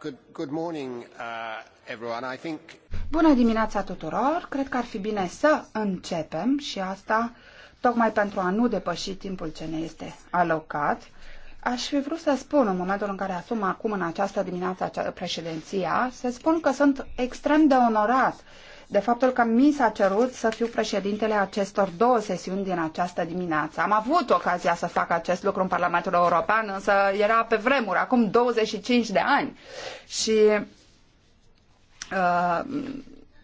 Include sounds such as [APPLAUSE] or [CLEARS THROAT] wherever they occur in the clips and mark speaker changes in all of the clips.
Speaker 1: Uh,
Speaker 2: Bună dimineața tuturor! Cred că ar fi bine să începem și asta tocmai pentru a nu depăși timpul ce ne este alocat. Aș fi vrut să spun, în momentul în care asum acum în această dimineață președinția, să spun că sunt extrem de onorat de faptul că mi s-a cerut să fiu președintele acestor două sesiuni din această dimineață. Am avut ocazia să fac acest lucru în Parlamentul European, însă era pe vremuri, acum 25 de ani. Și uh,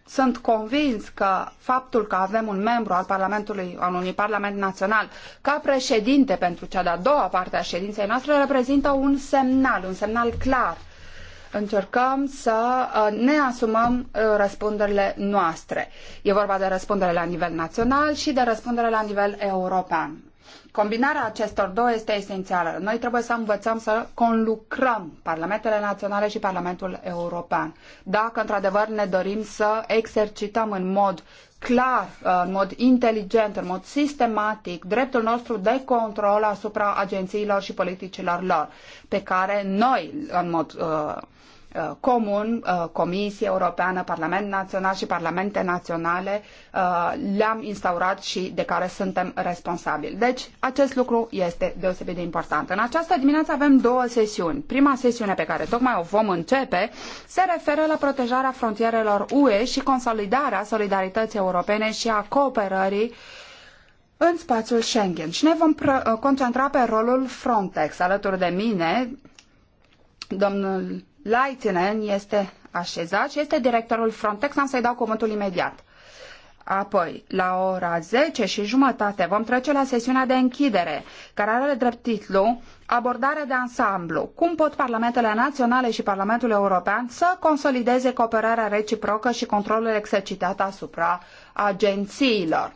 Speaker 2: sunt convins că faptul că avem un membru al Parlamentului, al unui Parlament Național, ca președinte pentru cea de-a doua parte a ședinței noastre, reprezintă un semnal, un semnal clar uh, încercăm să uh, ne asumăm uh, răspunderile noastre. E vorba de răspundere la nivel național și de răspundere la nivel european. Combinarea acestor două este esențială. Noi trebuie să învățăm să conlucrăm Parlamentele Naționale și Parlamentul European. Dacă într-adevăr ne dorim să exercităm în mod clar, uh, în mod inteligent, în mod sistematic, dreptul nostru de control asupra agențiilor și politicilor lor, pe care noi, în mod uh, Uh, comun, uh, Comisie Europeană, Parlament Național și Parlamente Naționale uh, le-am instaurat și de care suntem responsabili. Deci, acest lucru este deosebit de important. În această dimineață avem două sesiuni. Prima sesiune pe care tocmai o vom începe se referă la protejarea frontierelor UE și consolidarea solidarității europene și a cooperării în spațiul Schengen și ne vom concentra pe rolul Frontex. Alături de mine, domnul Leitinen este așezat și este directorul Frontex. Am să-i dau cuvântul imediat. Apoi, la ora 10 și jumătate vom trece la sesiunea de închidere, care are drept titlu Abordare de ansamblu. Cum pot parlamentele naționale și Parlamentul European să consolideze cooperarea reciprocă și controlul exercitat asupra agențiilor?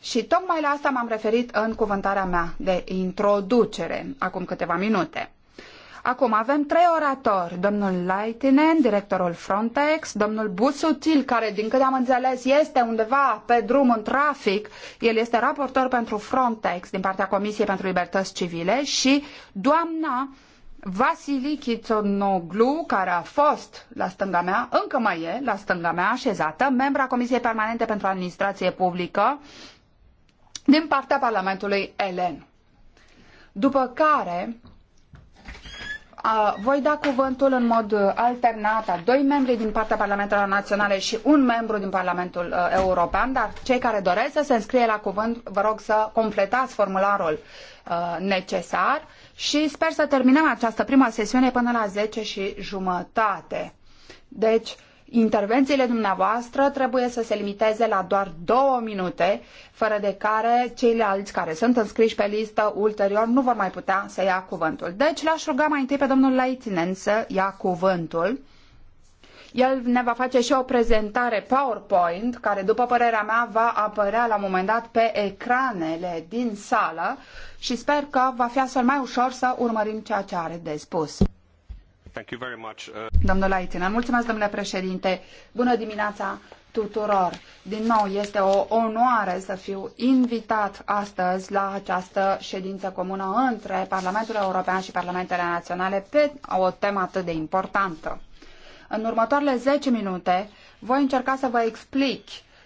Speaker 2: Și tocmai la asta m-am referit în cuvântarea mea de introducere, acum câteva minute. Acum avem trei oratori, domnul Leitinen, directorul Frontex, domnul Busutil, care din câte am înțeles este undeva pe drum în trafic, el este raportor pentru Frontex din partea Comisiei pentru Libertăți Civile și doamna Vasili Chițonoglu, care a fost la stânga mea, încă mai e la stânga mea așezată, membra Comisiei Permanente pentru Administrație Publică din partea Parlamentului Elen. După care voi da cuvântul în mod uh, alternat a doi membri din partea Parlamentelor Naționale și un membru din Parlamentul uh, European, dar cei care doresc să se înscrie la cuvânt, vă rog să completați formularul uh, necesar și sper să terminăm această prima sesiune până la zece și jumătate. Deci, intervențiile dumneavoastră trebuie să se limiteze la doar două minute, fără de care ceilalți care sunt înscriși pe listă ulterior nu vor mai putea să ia cuvântul. Deci l-aș ruga mai întâi pe domnul Leitinen să ia cuvântul. El ne va face și o prezentare PowerPoint, care, după părerea mea, va apărea la un moment dat pe ecranele din sală și sper că va fi astfel mai ușor să urmărim ceea ce are de spus.
Speaker 1: Uh,
Speaker 2: Domnul Aitina, mulțumesc, domnule președinte. Bună dimineața tuturor. Din nou, este o onoare să fiu invitat astăzi la această ședință comună între Parlamentul European și Parlamentele Naționale pe o temă atât de importantă. În următoarele 10 minute voi încerca să vă explic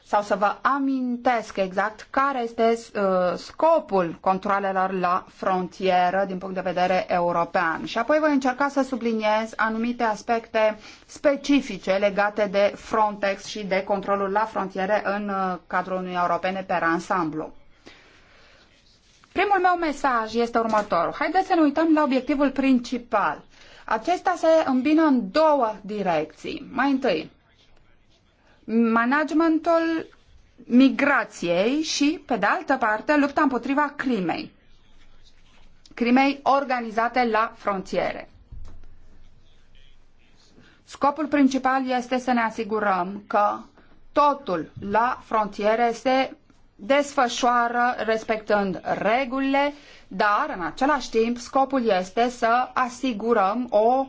Speaker 2: sau să vă amintesc exact care este uh, scopul controlelor la frontieră din punct de vedere european. Și apoi voi încerca să subliniez anumite aspecte specifice legate de Frontex și de controlul la frontiere în uh, cadrul Uniunii Europene pe ansamblu. Primul meu mesaj este următorul. Haideți să ne uităm la obiectivul principal. Acesta se îmbină în două direcții. Mai întâi, managementul migrației și, pe de altă parte, lupta împotriva crimei, crimei organizate la frontiere. Scopul principal este să ne asigurăm că totul la frontiere se desfășoară respectând regulile, dar în același timp scopul este să asigurăm o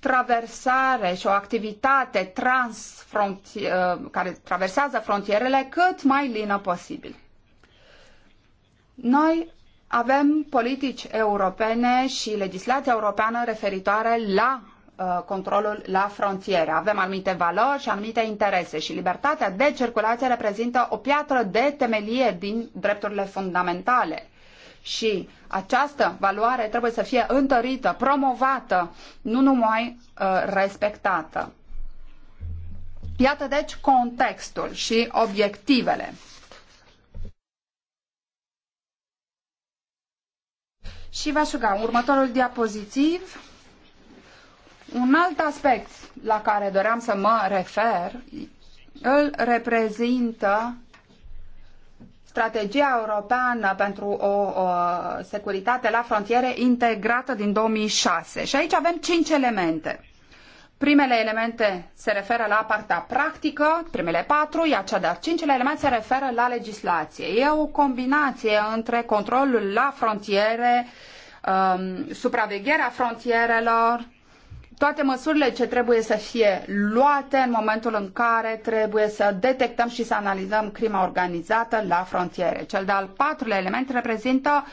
Speaker 2: traversare și o activitate trans uh, care traversează frontierele cât mai lină posibil. Noi avem politici europene și legislația europeană referitoare la uh, controlul la frontiere. Avem anumite valori și anumite interese și libertatea de circulație reprezintă o piatră de temelie din drepturile fundamentale și această valoare trebuie să fie întărită, promovată, nu numai uh, respectată. Iată deci contextul și obiectivele. Și v-aș ruga următorul diapozitiv. Un alt aspect la care doream să mă refer îl reprezintă strategia europeană pentru o, o securitate la frontiere integrată din 2006. Și aici avem cinci elemente. Primele elemente se referă la partea practică, primele patru, iar cea de-a cincilea element se referă la legislație. E o combinație între controlul la frontiere, um, supravegherea frontierelor, toate măsurile ce trebuie să fie luate în momentul în care trebuie să detectăm și să analizăm crima organizată la frontiere. Cel de-al patrulea element reprezintă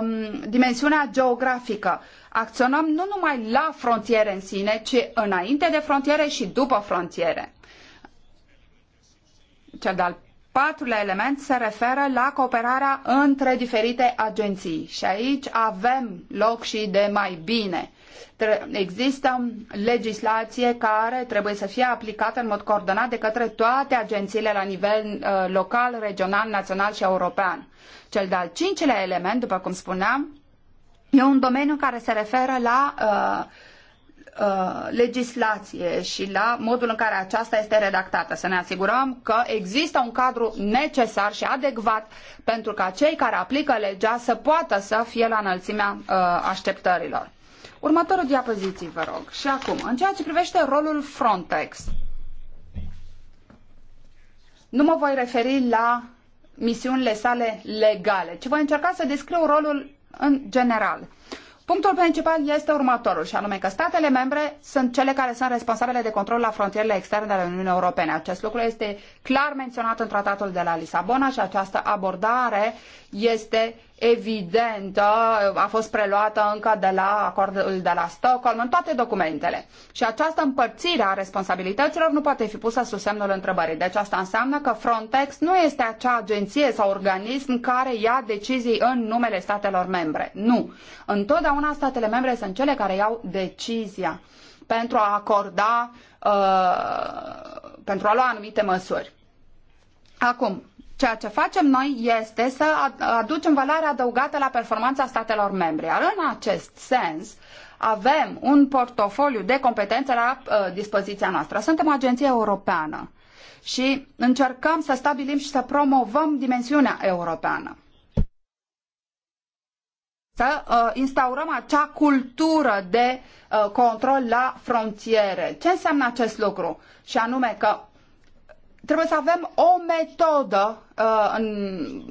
Speaker 2: um, dimensiunea geografică. Acționăm nu numai la frontiere în sine, ci înainte de frontiere și după frontiere. Cel de-al patrulea element se referă la cooperarea între diferite agenții și aici avem loc și de mai bine Există legislație care trebuie să fie aplicată în mod coordonat de către toate agențiile la nivel uh, local, regional, național și european. Cel de-al cincilea element, după cum spuneam, e un domeniu care se referă la uh, uh, legislație și la modul în care aceasta este redactată. Să ne asigurăm că există un cadru necesar și adecvat pentru ca cei care aplică legea să poată să fie la înălțimea așteptărilor. Următorul diapozitiv, vă rog. Și acum, în ceea ce privește rolul Frontex, nu mă voi referi la misiunile sale legale, ci voi încerca să descriu rolul în general. Punctul principal este următorul, și anume că statele membre sunt cele care sunt responsabile de control la frontierele externe ale Uniunii Europene. Acest lucru este clar menționat în tratatul de la Lisabona și această abordare este evidentă, a fost preluată încă de la acordul de la Stockholm, în toate documentele. Și această împărțire a responsabilităților nu poate fi pusă sub semnul întrebării. Deci asta înseamnă că Frontex nu este acea agenție sau organism care ia decizii în numele statelor membre. Nu. Întotdeauna statele membre sunt cele care iau decizia pentru a acorda, uh, pentru a lua anumite măsuri. Acum, Ceea ce facem noi este să aducem valoare adăugată la performanța statelor membre. Iar în acest sens, avem un portofoliu de competențe la uh, dispoziția noastră. Suntem o agenție europeană și încercăm să stabilim și să promovăm dimensiunea europeană. Să uh, instaurăm acea cultură de uh, control la frontiere. Ce înseamnă acest lucru? Și anume că trebuie să avem o metodă uh,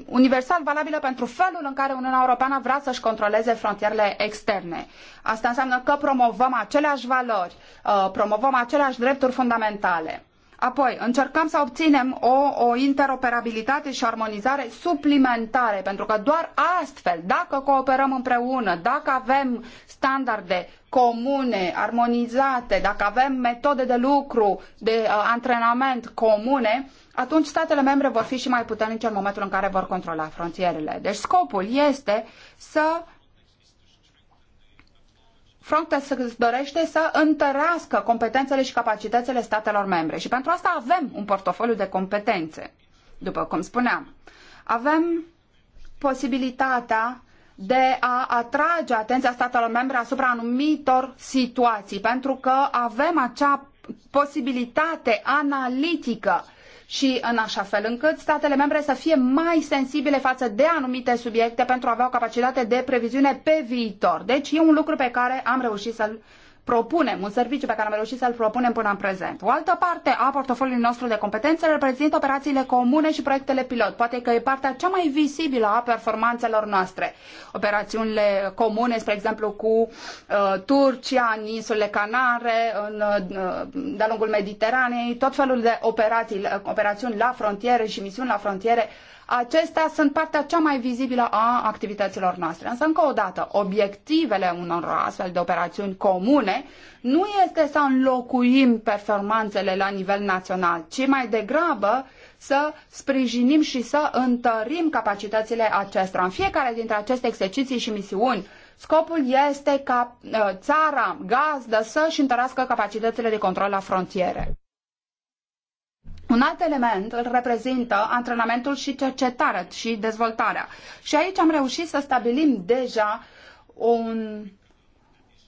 Speaker 2: universal valabilă pentru felul în care Uniunea Europeană vrea să-și controleze frontierele externe. Asta înseamnă că promovăm aceleași valori, uh, promovăm aceleași drepturi fundamentale. Apoi, încercăm să obținem o, o interoperabilitate și armonizare suplimentare, pentru că doar astfel, dacă cooperăm împreună, dacă avem standarde comune, armonizate, dacă avem metode de lucru, de uh, antrenament comune, atunci statele membre vor fi și mai puternice în momentul în care vor controla frontierele. Deci scopul este să Frontex dorește să întărească competențele și capacitățile statelor membre și pentru asta avem un portofoliu de competențe, după cum spuneam. Avem posibilitatea de a atrage atenția statelor membre asupra anumitor situații, pentru că avem acea posibilitate analitică uh, și în așa fel încât statele membre să fie mai sensibile față de anumite subiecte pentru a avea o capacitate de previziune pe viitor. Deci e un lucru pe care am reușit să-l propunem, un serviciu pe care am reușit să-l propunem până în prezent. O altă parte a portofoliului nostru de competențe reprezintă operațiile comune și proiectele pilot. Poate că e partea cea mai vizibilă a performanțelor noastre. Operațiunile comune, spre exemplu, cu uh, Turcia, în insulele Canare, în, uh, de-a lungul Mediteranei, tot felul de operații, operațiuni la frontiere și misiuni la frontiere acestea sunt partea cea mai vizibilă a activităților noastre. Însă, încă o dată, obiectivele unor astfel de operațiuni comune nu este să înlocuim performanțele la nivel național, ci mai degrabă să sprijinim și să întărim capacitățile acestora. În fiecare dintre aceste exerciții și misiuni, Scopul este ca uh, țara gazdă să-și întărească capacitățile de control la frontiere. Un alt element îl reprezintă antrenamentul și cercetarea și dezvoltarea. Și aici am reușit să stabilim deja un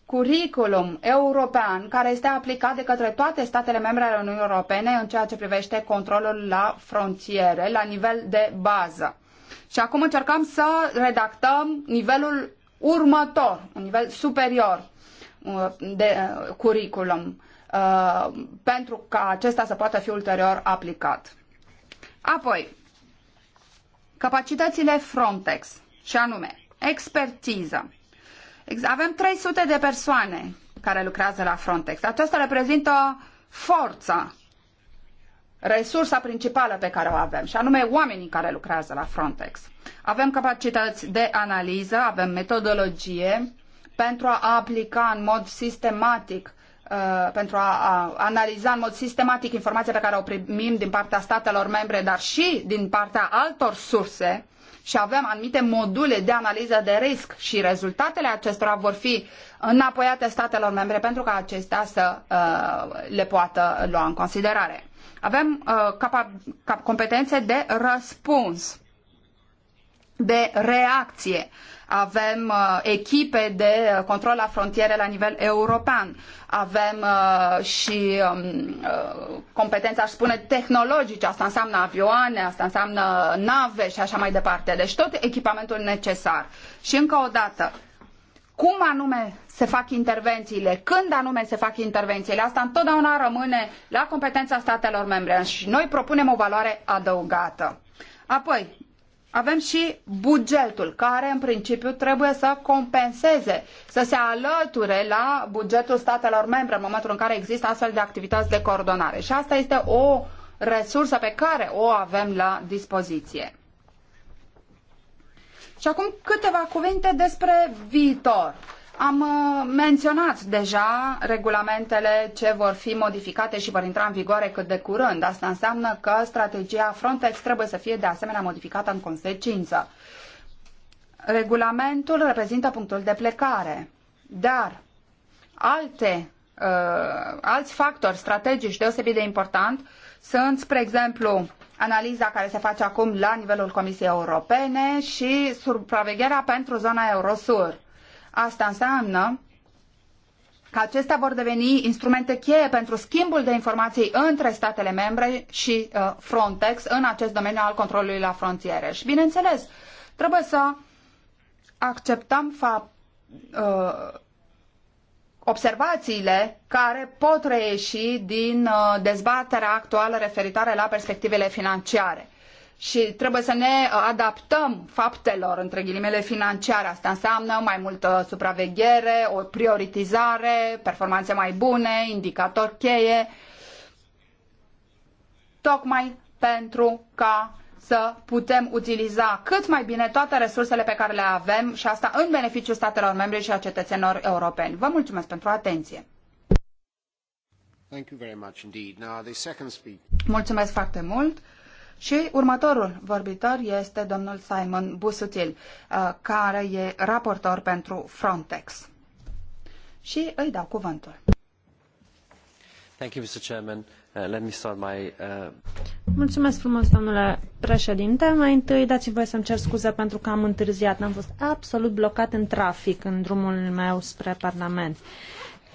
Speaker 2: curriculum european care este aplicat de către toate statele membre ale Uniunii Europene în ceea ce privește controlul la frontiere, la nivel de bază. Și acum încercăm să redactăm nivelul următor, un nivel superior uh, de uh, curriculum Uh, pentru ca acesta să poată fi ulterior aplicat. Apoi, capacitățile Frontex, și anume expertiză. Avem 300 de persoane care lucrează la Frontex. Aceasta reprezintă forța, resursa principală pe care o avem, și anume oamenii care lucrează la Frontex. Avem capacități de analiză, avem metodologie pentru a aplica în mod sistematic Uh, pentru a, a, analiza în mod sistematic informația pe care o primim din partea statelor membre, dar și din partea altor surse și avem anumite module de analiză de risc și rezultatele acestora vor fi înapoiate statelor membre pentru ca acestea să uh, le poată lua în considerare. Avem uh, competențe de răspuns, de reacție. Uh, avem uh, echipe de uh, control la frontiere la nivel european, avem uh, și um, competențe, aș spune, tehnologice, asta înseamnă avioane, asta înseamnă nave și așa mai departe, deci tot echipamentul necesar. Și încă o dată, cum anume se fac intervențiile, când anume se fac intervențiile, asta întotdeauna rămâne la competența statelor membre și noi propunem o valoare adăugată. Apoi, avem și bugetul, care în principiu trebuie să compenseze, să se alăture la bugetul statelor membre în momentul în care există astfel de activități de coordonare. Și asta este o resursă pe care o avem la dispoziție. Și acum câteva cuvinte despre viitor. Am uh, menționat deja regulamentele ce vor fi modificate și vor intra în vigoare cât de curând. Asta înseamnă că strategia Frontex trebuie să fie de asemenea modificată în consecință. Regulamentul reprezintă punctul de plecare, dar alte, uh, alți factori strategici deosebit de important sunt, spre exemplu, analiza care se face acum la nivelul Comisiei Europene și supravegherea pentru zona Eurosur. Asta înseamnă că acestea vor deveni instrumente cheie pentru schimbul de informații între statele membre și uh, Frontex în acest domeniu al controlului la frontiere. Și bineînțeles, trebuie să acceptăm fapt, uh, observațiile care pot reieși din uh, dezbaterea actuală referitoare la perspectivele financiare și trebuie să ne uh, adaptăm faptelor, între ghilimele, financiare. Asta înseamnă mai multă supraveghere, o prioritizare, performanțe mai bune, indicatori cheie, tocmai pentru ca să putem utiliza cât mai bine toate resursele pe care le avem și asta în beneficiul statelor membre și a cetățenilor europeni. Vă mulțumesc pentru atenție! Mulțumesc foarte mult! Și următorul vorbitor este domnul Simon Busutil, uh, care e raportor pentru Frontex. Și îi dau cuvântul.
Speaker 3: Thank
Speaker 1: you, Mr. Chairman. Uh, let me start my, uh...
Speaker 2: Mulțumesc frumos, domnule președinte.
Speaker 4: Mai întâi dați-mi să-mi cer scuze pentru că am întârziat. N-am fost absolut blocat în trafic în drumul meu spre Parlament. Uh,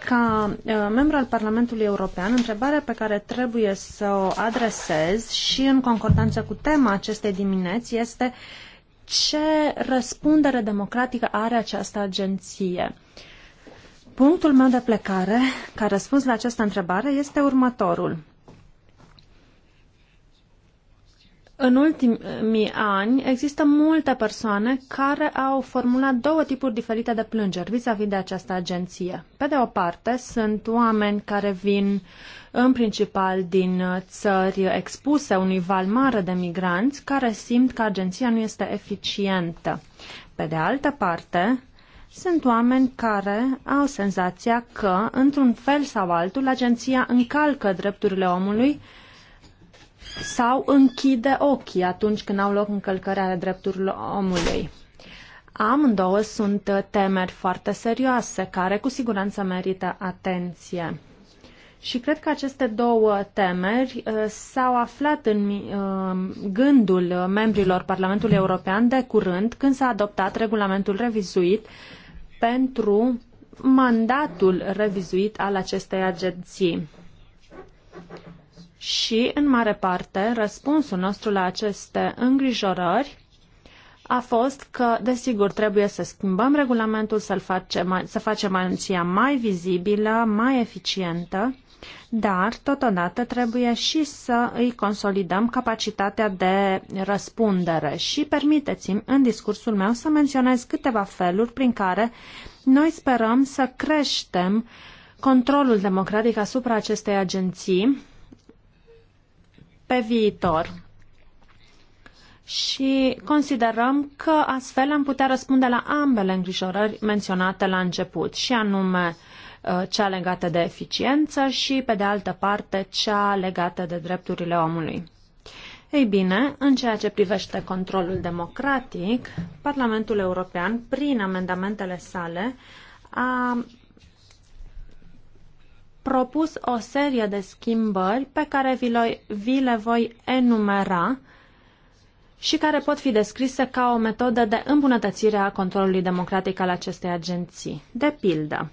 Speaker 4: ca uh, membru al Parlamentului European, întrebarea pe care trebuie să o adresez și în concordanță cu tema acestei dimineți este ce răspundere democratică are această agenție. Punctul meu de plecare ca răspuns la această întrebare este următorul. În ultimii ani există multe persoane care au formulat două tipuri diferite de plângeri vis-a-vis -vis de această agenție. Pe de o parte, sunt oameni care vin în principal din uh, țări expuse unui val mare de migranți care simt că agenția nu este eficientă. Pe de altă parte, sunt oameni care au senzația că, într-un fel sau altul, agenția încalcă drepturile omului sau închide ochii atunci când au loc încălcări ale drepturilor omului. Amândouă sunt temeri foarte serioase, care cu siguranță merită atenție. Și cred că aceste două temeri uh, s-au aflat în uh, gândul membrilor Parlamentului European de curând, când s-a adoptat regulamentul revizuit pentru mandatul revizuit al acestei agenții și, în mare parte, răspunsul nostru la aceste îngrijorări a fost că, desigur, trebuie să schimbăm regulamentul, să-l facem, să facem agenția mai vizibilă, mai eficientă, dar, totodată, trebuie și să îi consolidăm capacitatea de răspundere. Și permiteți-mi, în discursul meu, să menționez câteva feluri prin care noi sperăm să creștem controlul democratic asupra acestei agenții, pe viitor. Și considerăm că astfel am putea răspunde la ambele îngrijorări menționate la început, și anume uh, cea legată de eficiență și, pe de altă parte, cea legată de drepturile omului. Ei bine, în ceea ce privește controlul democratic, Parlamentul European, prin amendamentele sale, a propus o serie de schimbări pe care vi le, vi le voi enumera și care pot fi descrise ca o metodă de îmbunătățire a controlului democratic al acestei agenții. De pildă,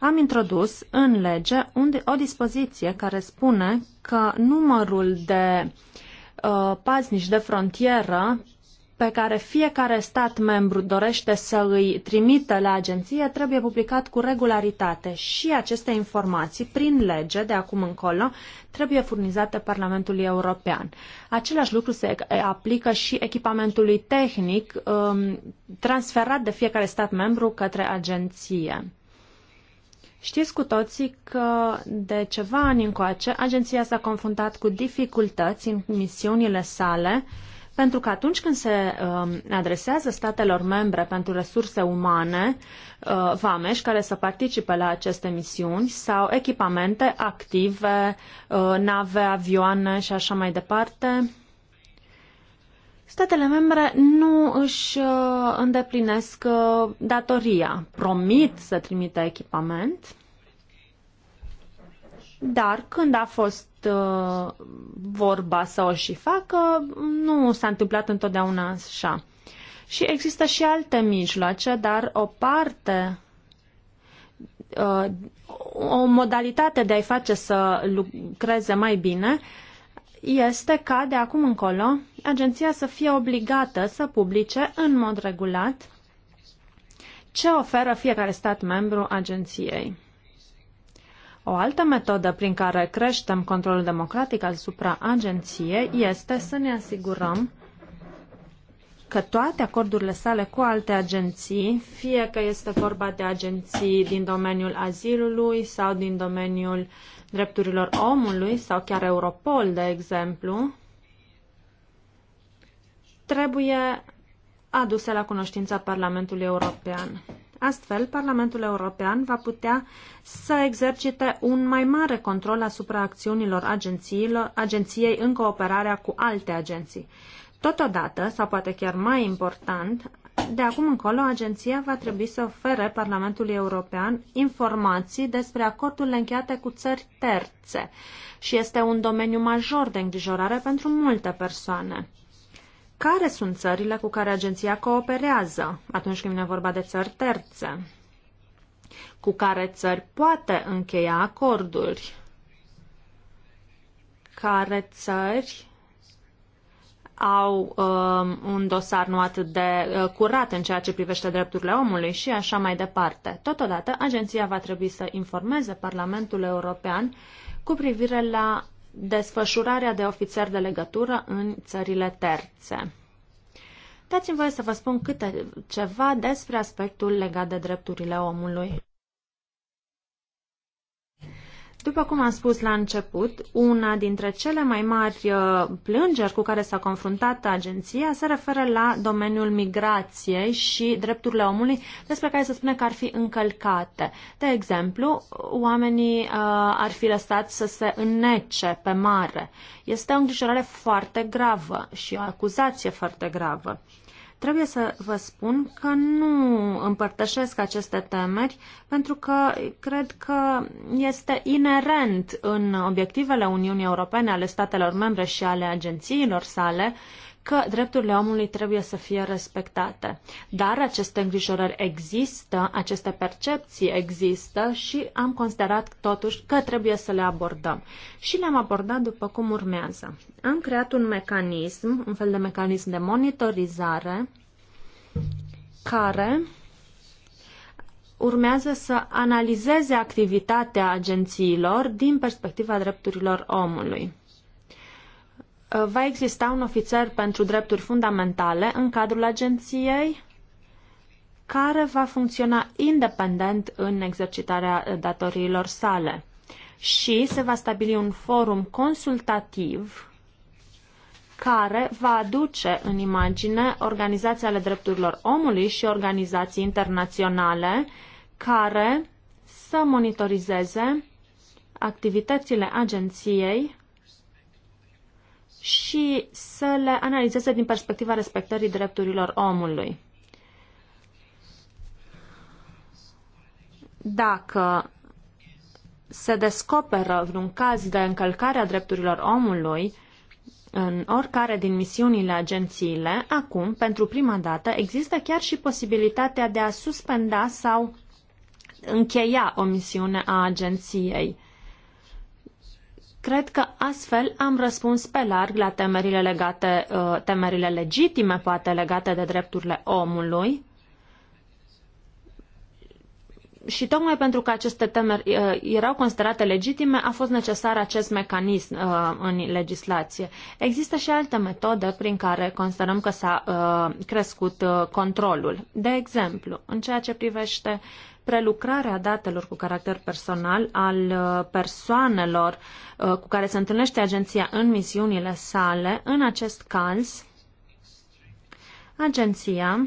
Speaker 4: am introdus în lege unde, o dispoziție care spune că numărul de uh, paznici de frontieră pe care fiecare stat membru dorește să îi trimită la agenție trebuie publicat cu regularitate și aceste informații, prin lege, de acum încolo, trebuie furnizate Parlamentului European. Același lucru se aplică și echipamentului tehnic um, transferat de fiecare stat membru către agenție. Știți cu toții că de ceva ani încoace agenția s-a confruntat cu dificultăți în misiunile sale uh, pentru că atunci când se um, adresează statelor membre pentru resurse umane, uh, vameși care să participe la aceste misiuni sau echipamente active, uh, nave, avioane și așa mai departe, statele membre nu își uh, îndeplinesc datoria. Promit să trimită echipament, dar când a fost Uh, vorba să o și facă, nu s-a întâmplat întotdeauna așa. Și există și alte mijloace, dar o parte, uh, o modalitate de a-i face să lucreze mai bine este ca de acum încolo agenția să fie obligată să publice în mod regulat ce oferă fiecare stat membru agenției. O altă metodă prin care creștem controlul democratic asupra agenției este să ne asigurăm că toate acordurile sale cu alte agenții, fie că este vorba de agenții din domeniul azilului sau din domeniul drepturilor omului sau chiar Europol, de exemplu, trebuie aduse la cunoștința Parlamentului European. Astfel, Parlamentul European va putea să exercite un mai mare control asupra acțiunilor agenției în cooperarea cu alte agenții. Totodată, sau poate chiar mai important, de acum încolo, agenția va trebui să ofere Parlamentului European informații despre acordurile încheiate cu țări terțe și este un domeniu major de îngrijorare pentru multe persoane care sunt țările cu care agenția cooperează atunci când vine vorba de țări terțe, cu care țări poate încheia acorduri, care țări au um, un dosar nu atât de uh, curat în ceea ce privește drepturile omului și așa mai departe. Totodată, agenția va trebui să informeze Parlamentul European cu privire la desfășurarea de ofițeri de legătură în țările terțe. Dați-mi voie să vă spun câte ceva despre aspectul legat de drepturile omului. După cum am spus la început, una dintre cele mai mari uh, plângeri cu care s-a confruntat agenția se referă la domeniul migrației și drepturile omului despre care se spune că ar fi încălcate. De exemplu, oamenii uh, ar fi lăsați să se înnece pe mare. Este o îngrijorare foarte gravă și o acuzație foarte gravă. Trebuie să vă spun că nu împărtășesc aceste temeri pentru că cred că este inerent în obiectivele Uniunii Europene ale statelor membre și ale agențiilor sale uh, că drepturile omului trebuie să fie respectate. Dar aceste îngrijorări există, aceste percepții există și am considerat totuși că trebuie să le abordăm. Și le-am abordat după cum urmează. Am creat un mecanism, un fel de mecanism de monitorizare care urmează să analizeze activitatea agențiilor din perspectiva drepturilor omului. Uh, va exista un ofițer pentru drepturi fundamentale în cadrul agenției care va funcționa independent în exercitarea uh, datoriilor sale și se va stabili un forum consultativ care va aduce în imagine organizații ale drepturilor omului și organizații internaționale care să monitorizeze activitățile agenției și să le analizeze din perspectiva respectării drepturilor omului. Dacă se descoperă vreun caz de încălcare a drepturilor omului în oricare din misiunile agențiile, acum, pentru prima dată, există chiar și posibilitatea de a suspenda sau încheia o misiune a agenției. Cred că astfel am răspuns pe larg la temerile, legate, uh, temerile legitime, poate legate de drepturile omului. Și tocmai pentru că aceste temeri uh, erau considerate legitime, a fost necesar acest mecanism uh, în legislație. Există și alte metode prin care considerăm că s-a crescut controlul. De exemplu, în ceea ce privește prelucrarea datelor cu caracter personal al uh, persoanelor uh, cu care se întâlnește agenția în misiunile sale, în acest caz, agenția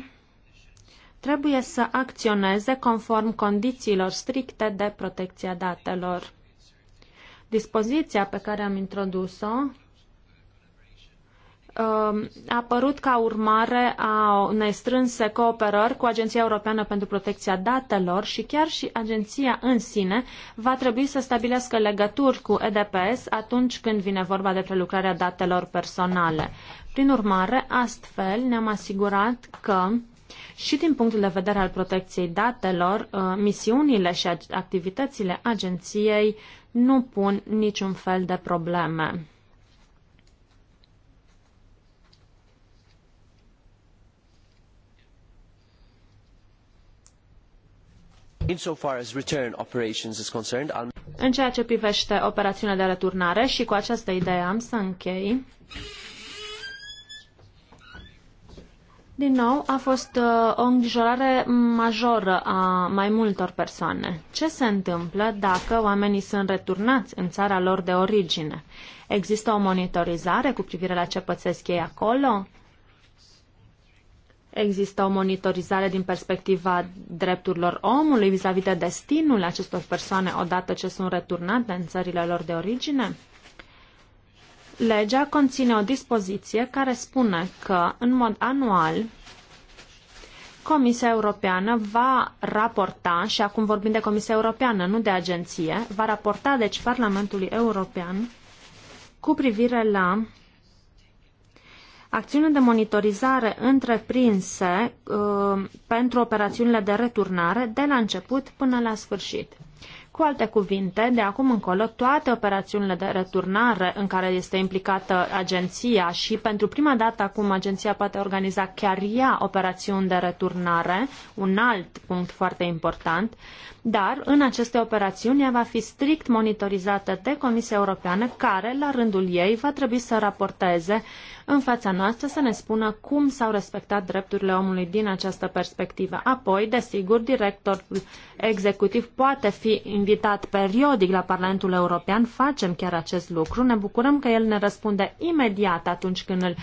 Speaker 4: trebuie să acționeze conform condițiilor stricte de protecția datelor. Dispoziția pe care am introdus-o Um, a apărut ca urmare a unei strânse cooperări cu Agenția Europeană pentru Protecția Datelor și chiar și agenția în sine va trebui să stabilească legături cu EDPS atunci când vine vorba de prelucrarea datelor personale. Prin urmare, astfel ne-am asigurat că și din punctul de vedere al protecției datelor, uh, misiunile și activitățile agenției nu pun niciun fel de probleme. În ceea ce privește operațiunea de returnare și cu această idee am să închei. Din nou, a fost uh, o îngrijorare majoră a mai multor persoane. Ce se întâmplă dacă oamenii sunt returnați în țara lor de origine? Există o monitorizare cu privire la ce pățesc ei acolo? Există o monitorizare din perspectiva drepturilor omului vis-a-vis -vis de destinul acestor persoane odată ce sunt returnate în țările lor de origine? Legea conține o dispoziție care spune că, în mod anual, Comisia Europeană va raporta, și acum vorbim de Comisia Europeană, nu de agenție, va raporta, deci, Parlamentului European cu privire la Acțiune de monitorizare întreprinse uh, pentru operațiunile de returnare de la început până la sfârșit. Cu alte cuvinte, de acum încolo, toate operațiunile de returnare în care este implicată agenția și pentru prima dată acum agenția poate organiza chiar ea operațiuni de returnare, un alt punct foarte important, dar în aceste operațiuni ea va fi strict monitorizată de Comisia Europeană, care, la rândul ei, va trebui să raporteze în fața noastră să ne spună cum s-au respectat drepturile omului din această perspectivă. Apoi, desigur, directorul executiv poate fi invitat periodic la Parlamentul European, facem chiar acest lucru, ne bucurăm că el ne răspunde imediat atunci când îl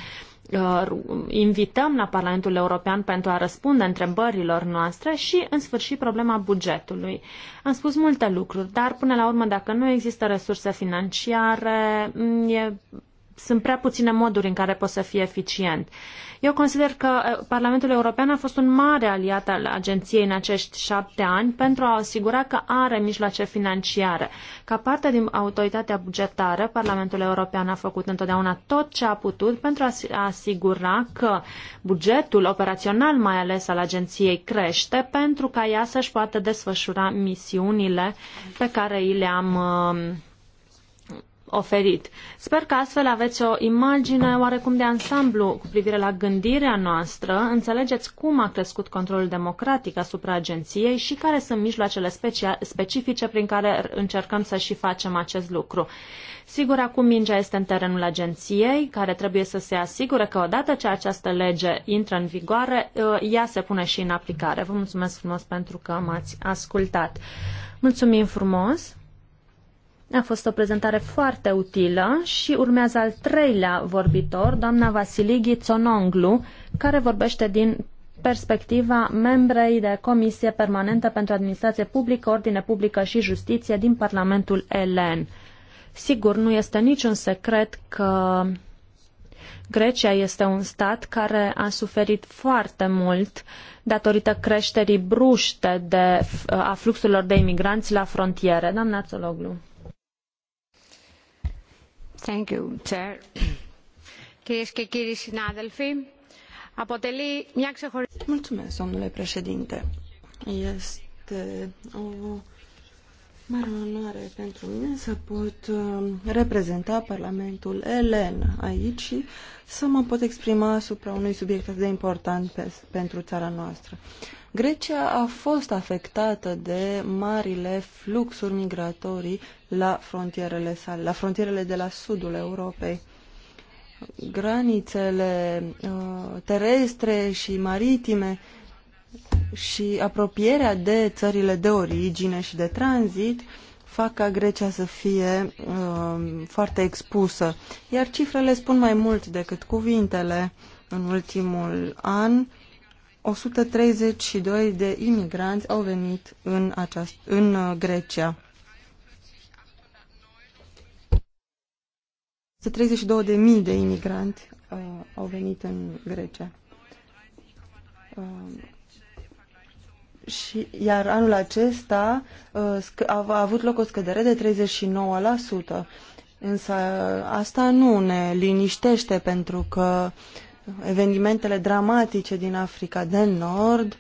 Speaker 4: Uh, invităm la Parlamentul European pentru a răspunde întrebărilor noastre și, în sfârșit, problema bugetului. Am spus multe lucruri, dar, până la urmă, dacă nu există resurse financiare, mm, e sunt prea puține moduri în care poți să fie eficient. Eu consider că eh, Parlamentul European a fost un mare aliat al agenției în acești șapte ani pentru a asigura că are mijloace financiare. Ca parte din autoritatea bugetară, Parlamentul European a făcut întotdeauna tot ce a putut pentru a asigura că bugetul operațional, mai ales al agenției, crește pentru ca ea să-și poată desfășura misiunile pe care i le-am uh, oferit. Sper că astfel aveți o imagine oarecum de ansamblu cu privire la gândirea noastră, înțelegeți cum a crescut controlul democratic asupra agenției și care sunt mijloacele specifice prin care încercăm să și facem acest lucru. Sigur, acum mingea este în terenul agenției, care trebuie să se asigure că odată ce această lege intră în vigoare, ă, ea se pune și în aplicare. Vă mulțumesc frumos pentru că m-ați ascultat. Mulțumim frumos! A fost o prezentare foarte utilă și urmează al treilea vorbitor, doamna Vasilighi Tsononglu, care vorbește din perspectiva membrei de Comisie Permanentă pentru Administrație Publică, Ordine Publică și Justiție din Parlamentul Elen. Sigur, nu este niciun secret că Grecia este un stat care a suferit foarte mult datorită creșterii bruște de, a fluxurilor de imigranți la frontiere. Doamna Țologlu.
Speaker 2: [CLEARS THROAT]
Speaker 3: Mulțumesc, domnule președinte. Este o mare onoare pentru mine să pot uh, reprezenta Parlamentul Elen aici și să mă pot exprima asupra unui subiect atât de important pe, pentru țara noastră. Grecia a fost afectată de marile fluxuri migratorii la frontierele sale, la frontierele de la sudul Europei. Granițele uh, terestre și maritime și apropierea de țările de origine și de tranzit fac ca Grecia să fie uh, foarte expusă. Iar cifrele spun mai mult decât cuvintele. În ultimul an, uh, 132 de imigranți au venit în, aceast, în uh, Grecia. 132.000 de imigranți uh, au venit în Grecia. Uh, și, iar anul acesta uh, a, a avut loc o scădere de 39%. Însă uh, asta nu ne liniștește pentru că uh, evenimentele dramatice din Africa de Nord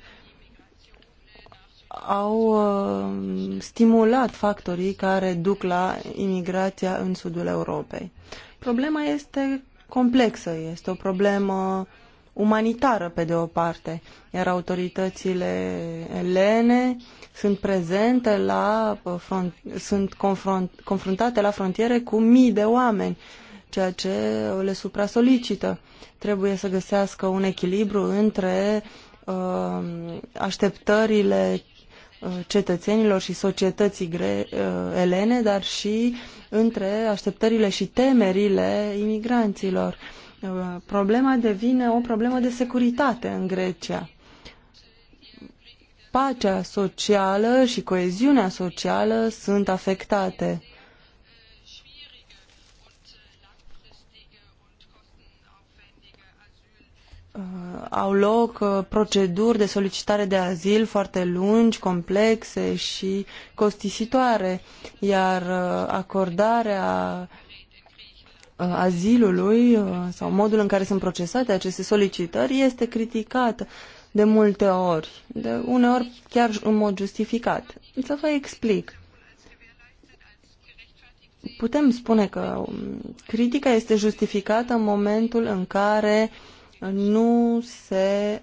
Speaker 3: au uh, stimulat factorii care duc la imigrația în sudul Europei. Problema este complexă, este o problemă umanitară pe de o parte, iar autoritățile elene sunt prezente la, uh, sunt confrunt, confruntate la frontiere cu mii de oameni ceea ce le supra-solicită. Trebuie să găsească un echilibru între uh, așteptările uh, cetățenilor și societății gre, uh, elene, dar și între așteptările și temerile imigranților. Uh, problema devine o problemă de securitate în Grecia. Pacea socială și coeziunea socială sunt afectate Uh, au loc uh, proceduri de solicitare de azil foarte lungi, complexe și costisitoare, iar uh, acordarea azilului sau modul în care sunt procesate aceste solicitări este criticat de multe ori, de uneori chiar în mod justificat. Să vă explic. Putem spune că um, critica este justificată în momentul în care uh, nu se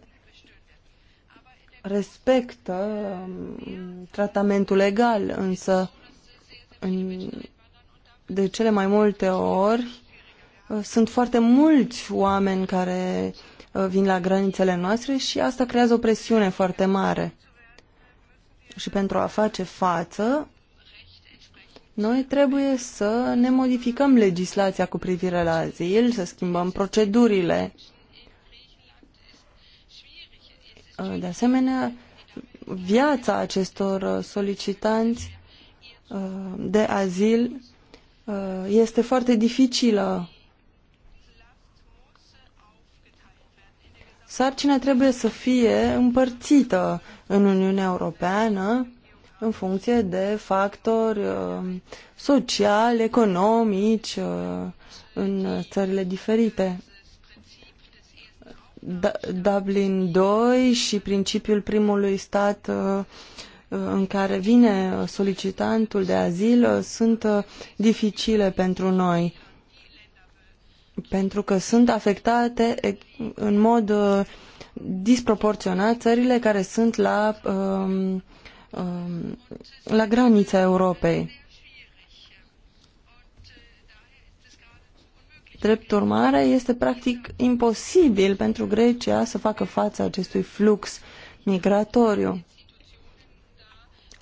Speaker 3: respectă um, tratamentul legal, însă în, de cele mai multe ori uh, sunt foarte mulți oameni care uh, vin la granițele noastre și asta creează o presiune foarte mare. Și pentru a face față, noi trebuie să ne modificăm legislația cu privire la azil, să schimbăm procedurile Uh, de asemenea, viața acestor uh, solicitanți uh, de azil este foarte dificilă. Sarcina trebuie să fie împărțită în Uniunea Europeană în funcție de factori sociali, economici, în țările diferite. Da, Dublin 2 și principiul primului stat uh, uh, în care vine uh, solicitantul de azil sunt dificile pentru noi pentru că sunt afectate în mod disproporționat țările care sunt la, um, um, la granița Europei. Drept urmare, este practic imposibil pentru Grecia să facă față acestui flux migratoriu.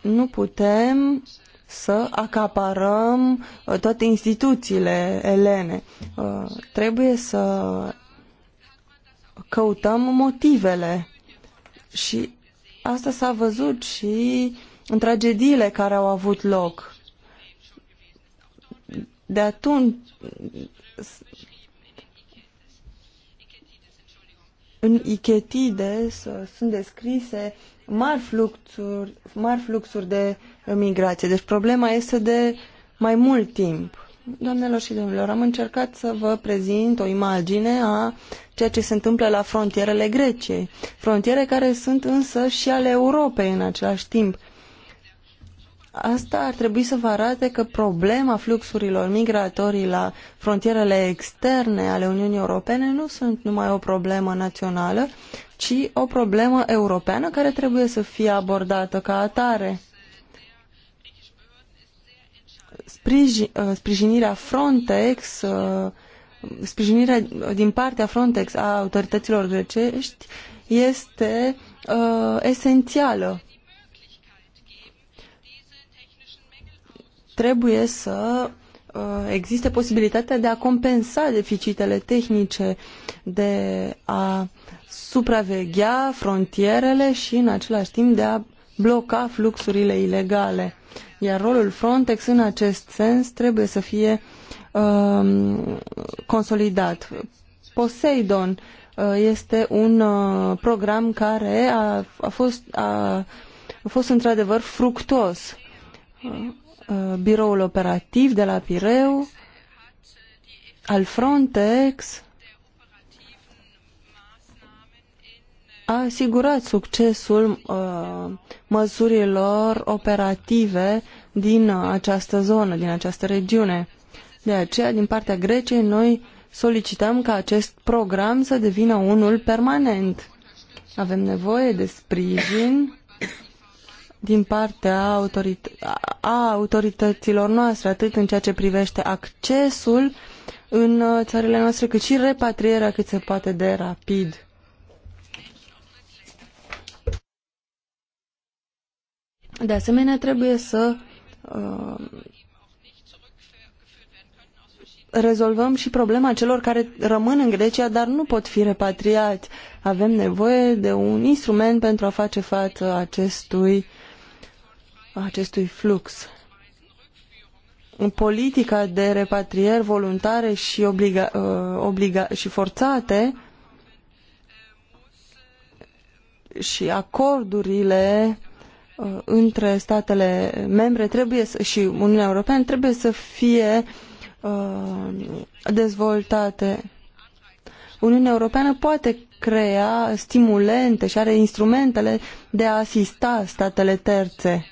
Speaker 3: Nu putem să acaparăm uh, toate instituțiile elene. Uh, trebuie să căutăm motivele și asta s-a văzut și în tragediile care au avut loc. De atunci, în Ichetide sunt descrise mari fluxuri, mari fluxuri de migrație. Deci problema este de mai mult timp. Doamnelor și domnilor, am încercat să vă prezint o imagine a ceea ce se întâmplă la frontierele Greciei. Frontiere care sunt însă și ale Europei în același timp. Asta ar trebui să vă arate că problema fluxurilor migratorii la frontierele externe ale Uniunii Europene nu sunt numai o problemă națională, ci o problemă europeană care trebuie să fie abordată ca atare. Sprijin, uh, sprijinirea Frontex, uh, sprijinirea din partea Frontex a autorităților grecești este uh, esențială trebuie să uh, existe posibilitatea de a compensa deficitele tehnice, de a supraveghea frontierele și în același timp de a bloca fluxurile ilegale. Iar rolul Frontex în acest sens trebuie să fie um, consolidat. Poseidon uh, este un uh, program care a, a fost, a, a fost într-adevăr fructos Uh, biroul operativ de la Pireu, al Frontex, a asigurat succesul uh, măsurilor operative din uh, această zonă, din această regiune. De aceea, din partea Greciei, noi solicităm ca acest program să devină unul permanent. Avem nevoie de sprijin din partea autorit a autorităților noastre, atât în ceea ce privește accesul în uh, țările noastre, cât și repatrierea cât se poate de rapid. De asemenea, trebuie să uh, rezolvăm și problema celor care rămân în Grecia, dar nu pot fi repatriați. Avem nevoie de un instrument pentru a face față acestui acestui flux. Politica de repatrieri voluntare și, obliga, uh, obliga, și forțate și acordurile uh, între statele membre trebuie să, și Uniunea Europeană trebuie să fie uh, dezvoltate. Uniunea Europeană poate crea stimulente și are instrumentele de a asista statele terțe.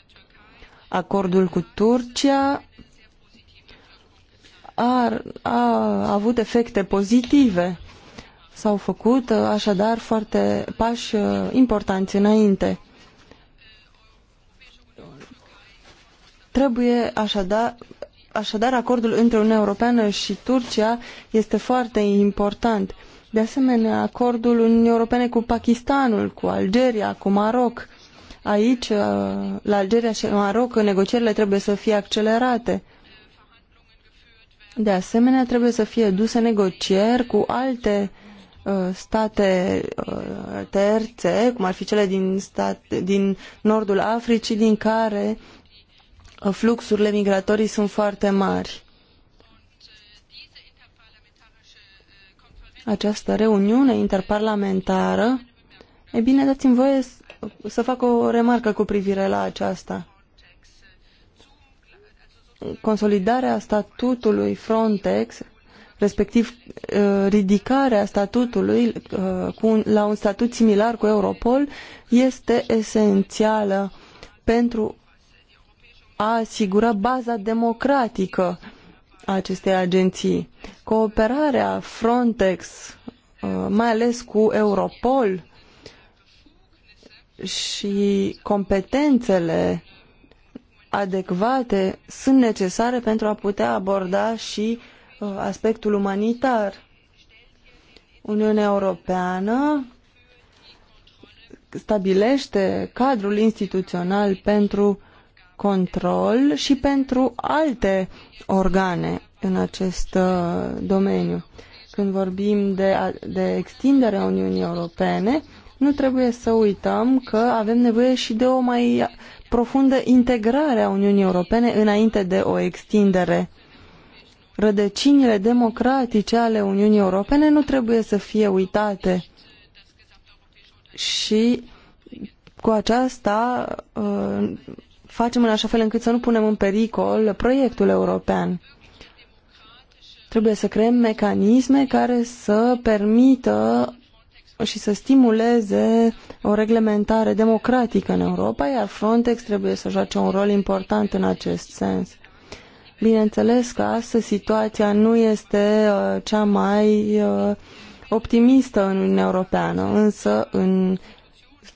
Speaker 3: Acordul cu Turcia a, a avut efecte pozitive. S-au făcut uh, așadar foarte pași uh, importanți înainte. Trebuie așadar, așadar acordul între Uniunea Europeană și Turcia este foarte important. De asemenea, acordul Uniunii Europene cu Pakistanul, cu Algeria, cu Maroc Aici, uh, la Algeria și Maroc, negocierile trebuie să fie accelerate. De asemenea, trebuie să fie duse negocieri cu alte uh, state uh, terțe, cum ar fi cele din, stat, din nordul Africii, din care fluxurile migratorii sunt foarte mari. Această reuniune interparlamentară, e bine, dați-mi voie să fac o remarcă cu privire la aceasta. Consolidarea statutului Frontex, respectiv uh, ridicarea statutului uh, la un statut similar cu Europol, este esențială pentru a asigura baza democratică a acestei agenții. Cooperarea Frontex, uh, mai ales cu Europol, și competențele adecvate sunt necesare pentru a putea aborda și uh, aspectul umanitar. Uniunea Europeană stabilește cadrul instituțional pentru control și pentru alte organe în acest uh, domeniu. Când vorbim de, de extinderea Uniunii Europene, nu trebuie să uităm că avem nevoie și de o mai profundă integrare a Uniunii Europene înainte de o extindere. Rădăcinile democratice ale Uniunii Europene nu trebuie să fie uitate și cu aceasta uh, facem în așa fel încât să nu punem în pericol proiectul european. Trebuie să creăm mecanisme care să permită și să stimuleze o reglementare democratică în Europa, iar Frontex trebuie să joace un rol important în acest sens. Bineînțeles că astăzi situația nu este uh, cea mai uh, optimistă în Uniunea Europeană, însă în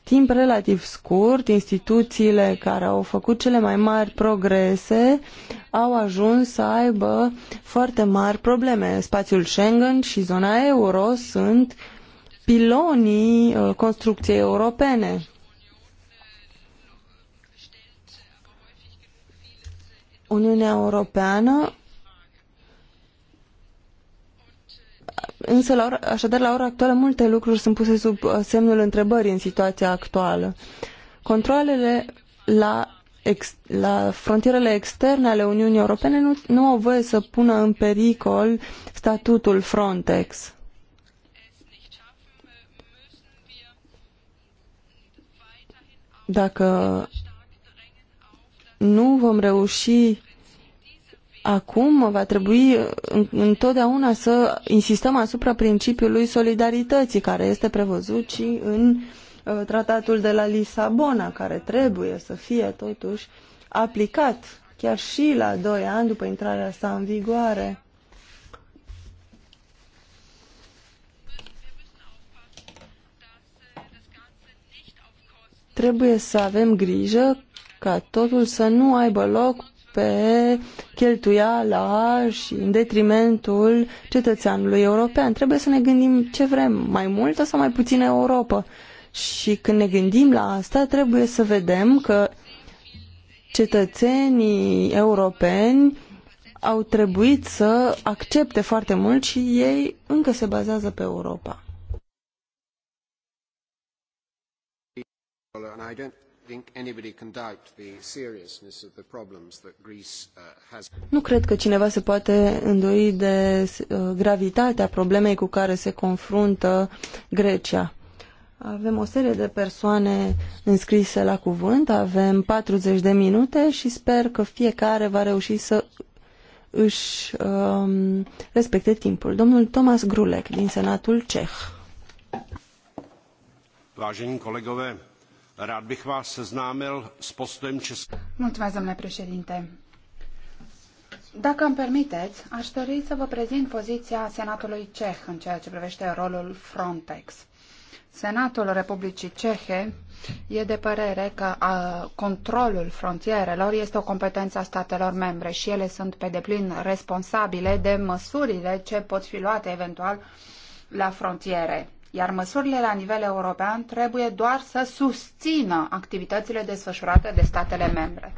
Speaker 3: timp relativ scurt, instituțiile care au făcut cele mai mari progrese au ajuns să aibă foarte mari probleme. Spațiul Schengen și zona euro sunt pilonii uh, construcției europene. Uniunea Europeană Însă, la ora, așadar, la ora actuală, multe lucruri sunt puse sub uh, semnul întrebării în situația actuală. Controlele la, ex, la frontierele externe ale Uniunii Europene nu, nu au voie să pună în pericol statutul Frontex. Dacă nu vom reuși acum, va trebui întotdeauna să insistăm asupra principiului solidarității, care este prevăzut și în uh, tratatul de la Lisabona, care trebuie să fie totuși aplicat chiar și la doi ani după intrarea sa în vigoare. trebuie să avem grijă ca totul să nu aibă loc pe cheltuiala și în detrimentul cetățeanului european. Trebuie să ne gândim ce vrem, mai multă sau mai puțină Europa. Și când ne gândim la asta, trebuie să vedem că cetățenii europeni au trebuit să accepte foarte mult și ei încă se bazează pe Europa.
Speaker 1: And I don't think anybody can doubt the seriousness of the problems that Greece uh, has.
Speaker 3: Nu cred că cineva se poate îndoi de uh, gravitatea problemei cu care se confruntă Grecia. Avem o serie de persoane înscrise la cuvânt, avem 40 de minute și sper că fiecare va reuși să își um, respecte timpul. Domnul Thomas Grulek din Senatul Ceh.
Speaker 1: Vážení kolegové, Rád bych vás seznámil s postojem České...
Speaker 2: Mulțumesc, domnule președinte. Dacă îmi permiteți, aș dori să vă prezint poziția Senatului Ceh în ceea ce privește rolul Frontex. Senatul Republicii Cehe e de părere că a, controlul frontierelor este o competență a statelor membre și ele sunt pe deplin responsabile de măsurile ce pot fi luate eventual la frontiere iar măsurile la nivel european trebuie doar să susțină activitățile desfășurate de statele membre.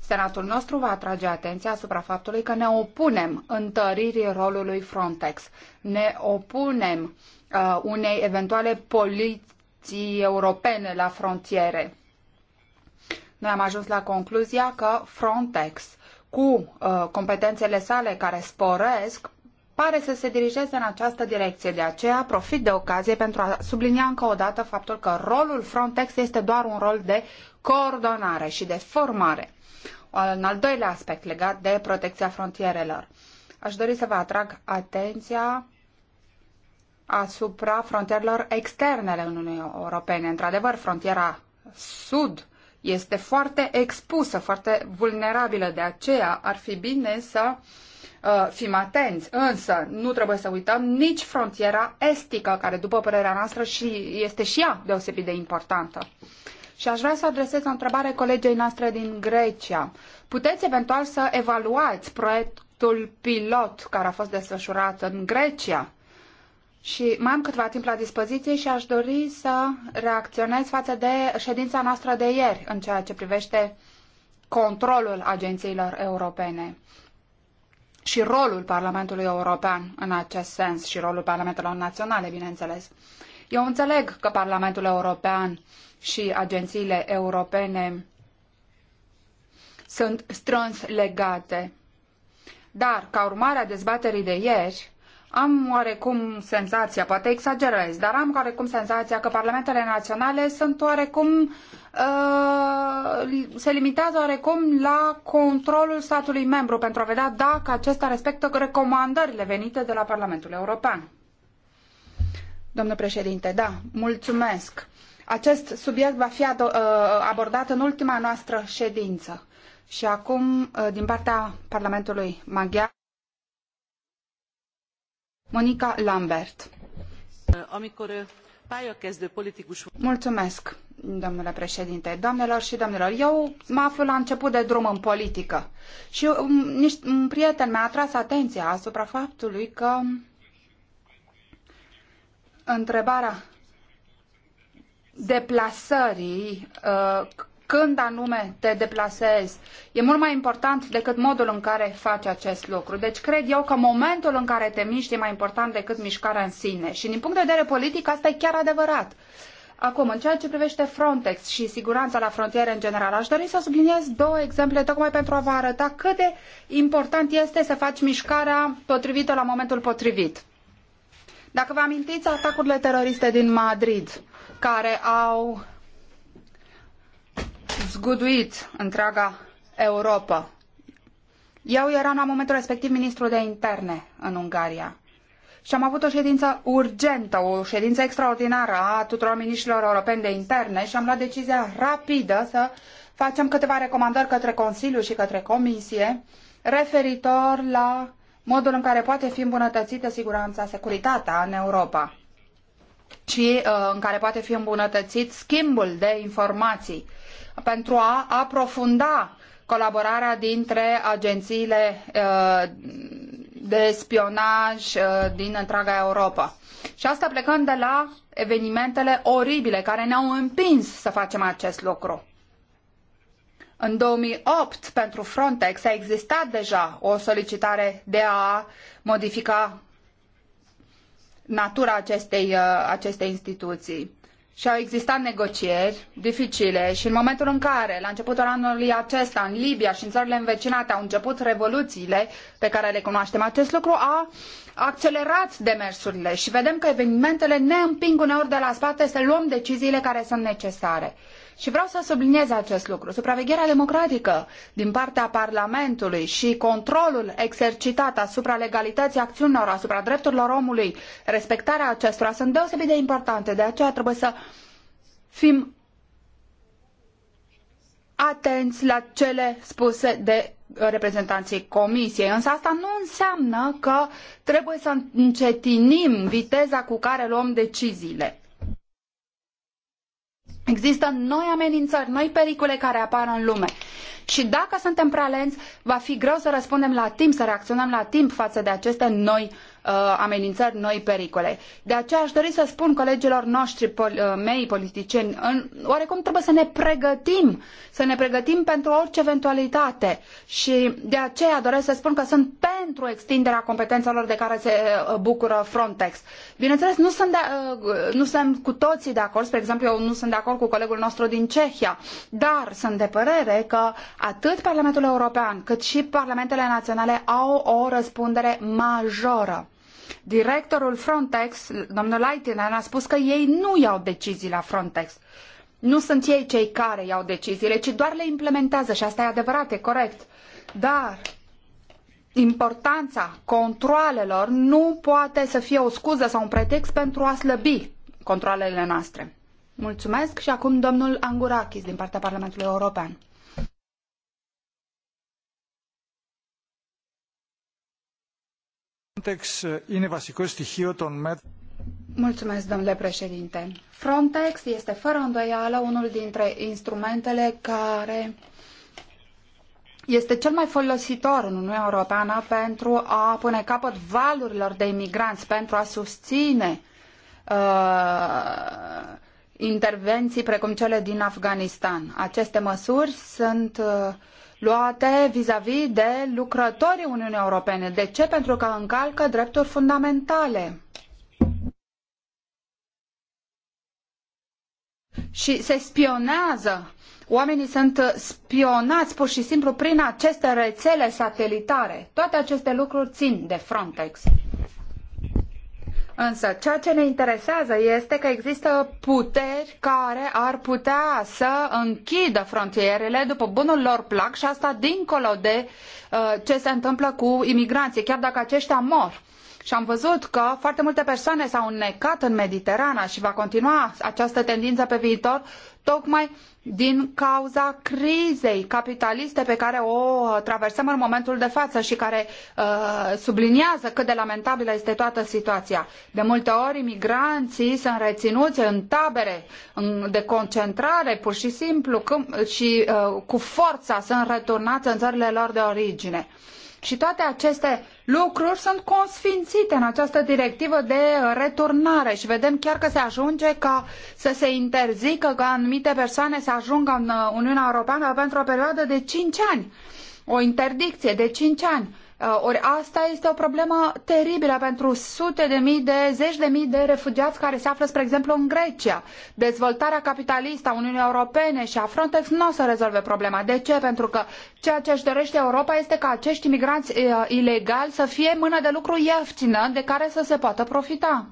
Speaker 2: Senatul nostru va atrage atenția asupra faptului că ne opunem întăririi rolului Frontex, ne opunem uh, unei eventuale poliții europene la frontiere. Noi am ajuns la concluzia că Frontex, cu uh, competențele sale care sporesc, pare să se dirigeze în această direcție. De aceea profit de ocazie pentru a sublinia încă o dată faptul că rolul Frontex este doar un rol de coordonare și de formare. În al doilea aspect legat de protecția frontierelor. Aș dori să vă atrag atenția asupra frontierelor externe ale Uniunii Europene. Într-adevăr, frontiera sud este foarte expusă, foarte vulnerabilă. De aceea ar fi bine să uh, Uh, fim atenți, însă nu trebuie să uităm nici frontiera estică, care după părerea noastră și este și ea deosebit de importantă. Și aș vrea să adresez o întrebare colegei noastre din Grecia. Puteți eventual să evaluați proiectul pilot care a fost desfășurat în Grecia? Și mai am câteva timp la dispoziție și aș dori să reacționez față de ședința noastră de ieri în ceea ce privește controlul agențiilor europene și rolul Parlamentului European în acest sens și rolul Parlamentelor Naționale, bineînțeles. Eu înțeleg că Parlamentul European și agențiile europene sunt strâns legate, dar ca urmare a dezbaterii de ieri, am oarecum senzația, poate exagerez, dar am oarecum senzația că parlamentele naționale sunt oarecum uh, se limitează oarecum la controlul statului membru pentru a vedea dacă acesta respectă recomandările venite de la Parlamentul European. Domnule președinte, da, mulțumesc. Acest subiect va fi uh, abordat în ultima noastră ședință. Și acum, uh, din partea Parlamentului Maghiar, domnule președinte, și domnilor. Eu mă aflu la început de drum în politică și un, un prieten mi-a atras atenția asupra faptului că întrebarea deplasării uh, când anume te deplasezi. E mult mai important decât modul în care faci acest lucru. Deci cred eu că momentul în care te miști e mai important decât mișcarea în sine. Și din punct de vedere politic asta e chiar adevărat. Acum, în ceea ce privește Frontex și siguranța la frontiere în general, aș dori să subliniez două exemple tocmai pentru a vă arăta cât de important este să faci mișcarea potrivită la momentul potrivit. Dacă vă amintiți atacurile teroriste din Madrid, care au zguduit întreaga Europa. Eu eram la momentul respectiv ministru de interne în Ungaria și am avut o ședință urgentă, o ședință extraordinară a tuturor miniștrilor europeni de interne și am luat decizia rapidă să facem câteva recomandări către Consiliu și către Comisie referitor la modul în care poate fi îmbunătățită siguranța, securitatea în Europa și uh, în care poate fi îmbunătățit schimbul de informații pentru a aprofunda colaborarea dintre agențiile uh, de spionaj uh, din întreaga Europa. Și asta plecând de la evenimentele oribile care ne-au împins să facem acest lucru. În 2008, pentru Frontex, a existat deja o solicitare de a modifica natura acestei, uh, acestei instituții. Și au existat negocieri dificile și în momentul în care, la începutul anului acesta, în Libia și în țările învecinate au început revoluțiile pe care le cunoaștem, acest lucru a accelerat demersurile și vedem că evenimentele ne împing uneori de la spate să luăm deciziile care sunt necesare. Și vreau să subliniez acest lucru. Supravegherea democratică din partea Parlamentului și controlul exercitat asupra legalității acțiunilor, asupra drepturilor omului, respectarea acestora sunt deosebit de importante. De aceea trebuie să fim atenți la cele spuse de reprezentanții comisiei. Însă asta nu înseamnă că trebuie să încetinim viteza cu care luăm deciziile. Există noi amenințări, noi pericole care apar în lume. Și dacă suntem prea lenți, va fi greu să răspundem la timp, să reacționăm la timp față de aceste noi Uh, ameninări, noi pericole. De aceea aș dori să spun colegilor noștri uh, mei politicieni, în, oarecum trebuie să ne pregătim, să ne pregătim pentru orice eventualitate și de aceea doresc să spun că sunt pentru extinderea competențelor de care se uh, bucură Frontex. Bineînțeles, nu sunt, de, nu sunt cu toții de acord, spre exemplu, eu nu sunt de acord cu colegul nostru din Cehia, dar sunt de părere că atât Parlamentul European cât și Parlamentele Naționale au o răspundere majoră. Directorul Frontex, domnul Laitinen, a spus că ei nu iau decizii la Frontex. Nu sunt ei cei care iau deciziile, ci doar le implementează și asta e adevărat, e corect. Dar importanța controalelor nu poate să fie o scuză sau un pretext pentru a slăbi controalele noastre. Mulțumesc și acum domnul Angurakis din partea Parlamentului European.
Speaker 4: Frontex
Speaker 1: είναι βασικό στοιχείο των
Speaker 2: Mulțumesc, domnule președinte. Frontex este fără îndoială unul dintre instrumentele care este cel mai folositor în Uniunea Europeană pentru a pune capăt valurilor de imigranți, pentru a susține uh, intervenții precum cele din Afganistan. Aceste măsuri sunt uh, luate vis-a-vis -vis de lucrătorii Uniunii Europene. De ce? Pentru că încalcă drepturi fundamentale. Și se spionează. Oamenii sunt spionați pur și simplu prin aceste rețele satelitare. Toate aceste lucruri țin de Frontex. Însă, ceea ce ne interesează este că există puteri care ar putea să închidă frontierele după bunul lor plac și asta dincolo de uh, ce se întâmplă cu imigranții, chiar dacă aceștia mor și am văzut că foarte multe persoane s-au înnecat în Mediterana și va continua această tendință pe viitor, tocmai din cauza crizei capitaliste pe care o uh, traversăm în momentul de față și care uh, subliniază cât de lamentabilă este toată situația. De multe ori, imigranții sunt reținuți în tabere în, de concentrare, pur și simplu, când, și uh, cu forța sunt returnați în țările lor de origine. Și toate aceste lucruri sunt consfințite în această directivă de returnare și vedem chiar că se ajunge ca să se interzică ca anumite persoane să ajungă în Uniunea Europeană pentru o perioadă de cinci ani. O interdicție de cinci ani. Uh, ori asta este o problemă teribilă pentru sute de mii de, zeci de mii de refugiați care se află, spre exemplu, în Grecia. Dezvoltarea capitalistă a Uniunii Europene și a Frontex nu o să rezolve problema. De ce? Pentru că ceea ce își dorește Europa este ca acești imigranți uh, ilegali să fie mână de lucru ieftină de care să se poată profita.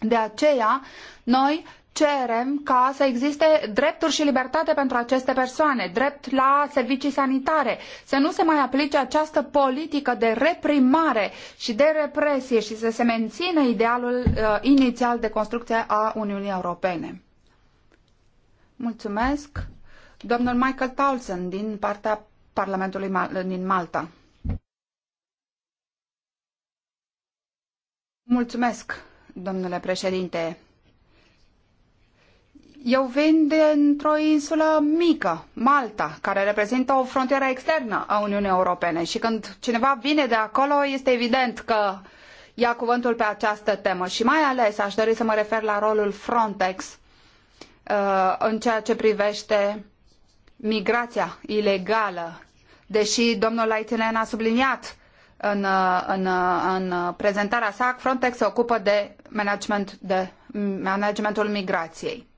Speaker 2: De aceea, noi cerem ca să existe drepturi și libertate pentru aceste persoane, drept la servicii sanitare, să nu se mai aplice această politică de reprimare și de represie și să se mențină idealul uh, inițial de construcție a Uniunii Europene. Mulțumesc. Domnul Michael Paulsen din partea Parlamentului Mal din Malta. Mulțumesc, domnule președinte. Eu vin dintr-o insulă mică, Malta, care reprezintă o frontieră externă a Uniunii Europene și când cineva vine de acolo, este evident că ia cuvântul pe această temă și mai ales aș dori să mă refer la rolul Frontex uh, în ceea ce privește migrația ilegală, deși domnul Laitinen a subliniat în, uh, în, uh, în prezentarea sa, Frontex se ocupă de, management, de managementul migrației.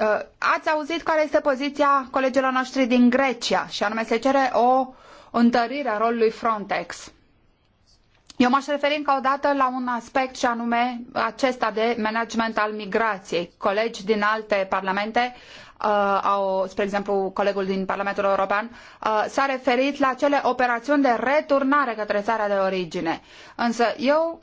Speaker 2: Uh, ați auzit care este poziția colegilor noștri din Grecia și anume se cere o întărire a rolului Frontex. Eu m-aș referi încă o dată la un aspect și anume acesta de management al migrației. Colegi din alte parlamente uh, au, spre exemplu, colegul din Parlamentul European, uh, s-a referit la cele operațiuni de returnare către țara de origine. Însă eu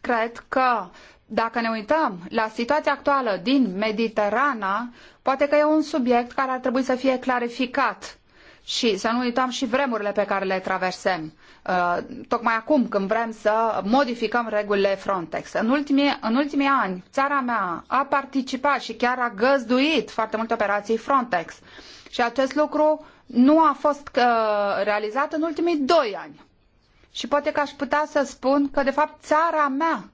Speaker 2: cred că dacă ne uităm la situația actuală din Mediterana, poate că e un subiect care ar trebui să fie clarificat și să nu uităm și vremurile pe care le traversăm. Uh, tocmai acum când vrem să modificăm regulile Frontex. În ultimii, în ultimii ani, țara mea a participat și chiar a găzduit foarte multe operații Frontex. Și acest lucru nu a fost uh, realizat în ultimii doi ani. Și poate că aș putea să spun că, de fapt, țara mea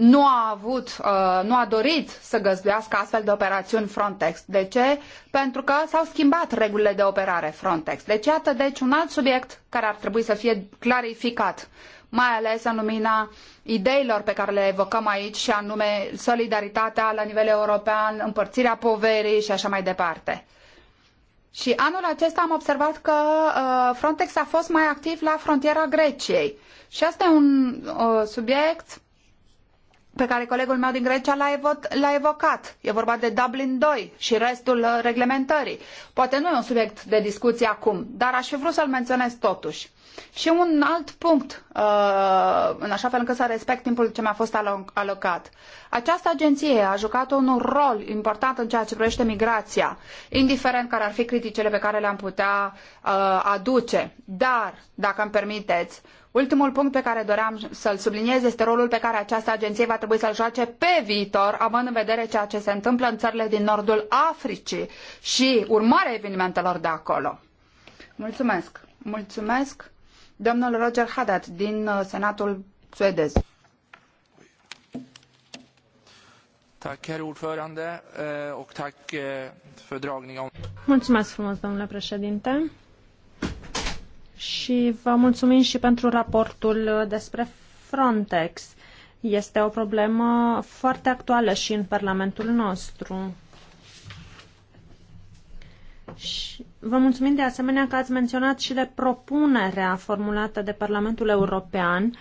Speaker 2: nu a avut, uh, nu a dorit să găzduiască astfel de operațiuni Frontex. De ce? Pentru că s-au schimbat regulile de operare Frontex. Deci iată deci un alt subiect care ar trebui să fie clarificat, mai ales în lumina ideilor pe care le evocăm aici și anume solidaritatea la nivel european, împărțirea poverii și așa mai departe. Și anul acesta am observat că uh, Frontex a fost mai activ la frontiera Greciei. Și asta e un uh, subiect pe care colegul meu din Grecia l-a, evocat. E vorba de Dublin 2 și restul uh, reglementării. Poate nu e un subiect de discuție acum, dar aș fi vrut să-l menționez totuși. Și un alt punct, uh, în așa fel încât să respect timpul ce mi-a fost alocat. Această agenție a jucat un rol important în ceea ce privește migrația, indiferent care ar fi criticile pe care le-am putea uh, aduce. Dar, dacă îmi permiteți, Ultimul punct pe care doream să-l subliniez este rolul pe care această agenție va trebui să-l joace pe viitor, având în vedere ceea ce se întâmplă în țările din nordul Africii și urmarea evenimentelor de acolo. Mulțumesc! Mulțumesc! Domnul Roger Haddad din uh, Senatul suedez.
Speaker 4: Eh, eh,
Speaker 2: Mulțumesc frumos,
Speaker 4: domnule președinte. Și vă mulțumim și pentru raportul despre Frontex. Este o problemă foarte actuală și în Parlamentul nostru. Și vă mulțumim de asemenea că ați menționat și de propunerea formulată de Parlamentul European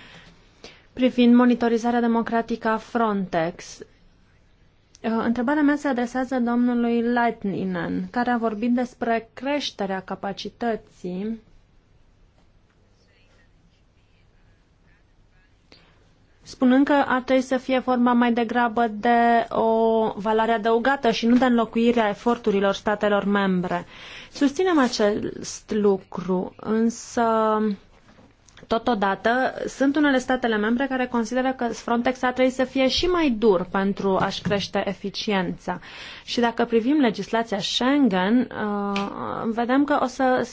Speaker 4: privind monitorizarea democratică a Frontex. Uh, întrebarea mea se adresează domnului Leitninen, care a vorbit despre creșterea capacității spunând că ar trebui să fie forma mai degrabă de o valoare adăugată și nu de înlocuirea eforturilor statelor membre. Susținem acest lucru, însă Totodată, sunt unele statele membre care consideră că Frontex ar trebui să fie și mai dur pentru a-și crește eficiența. Și dacă privim legislația Schengen, uh, vedem că o să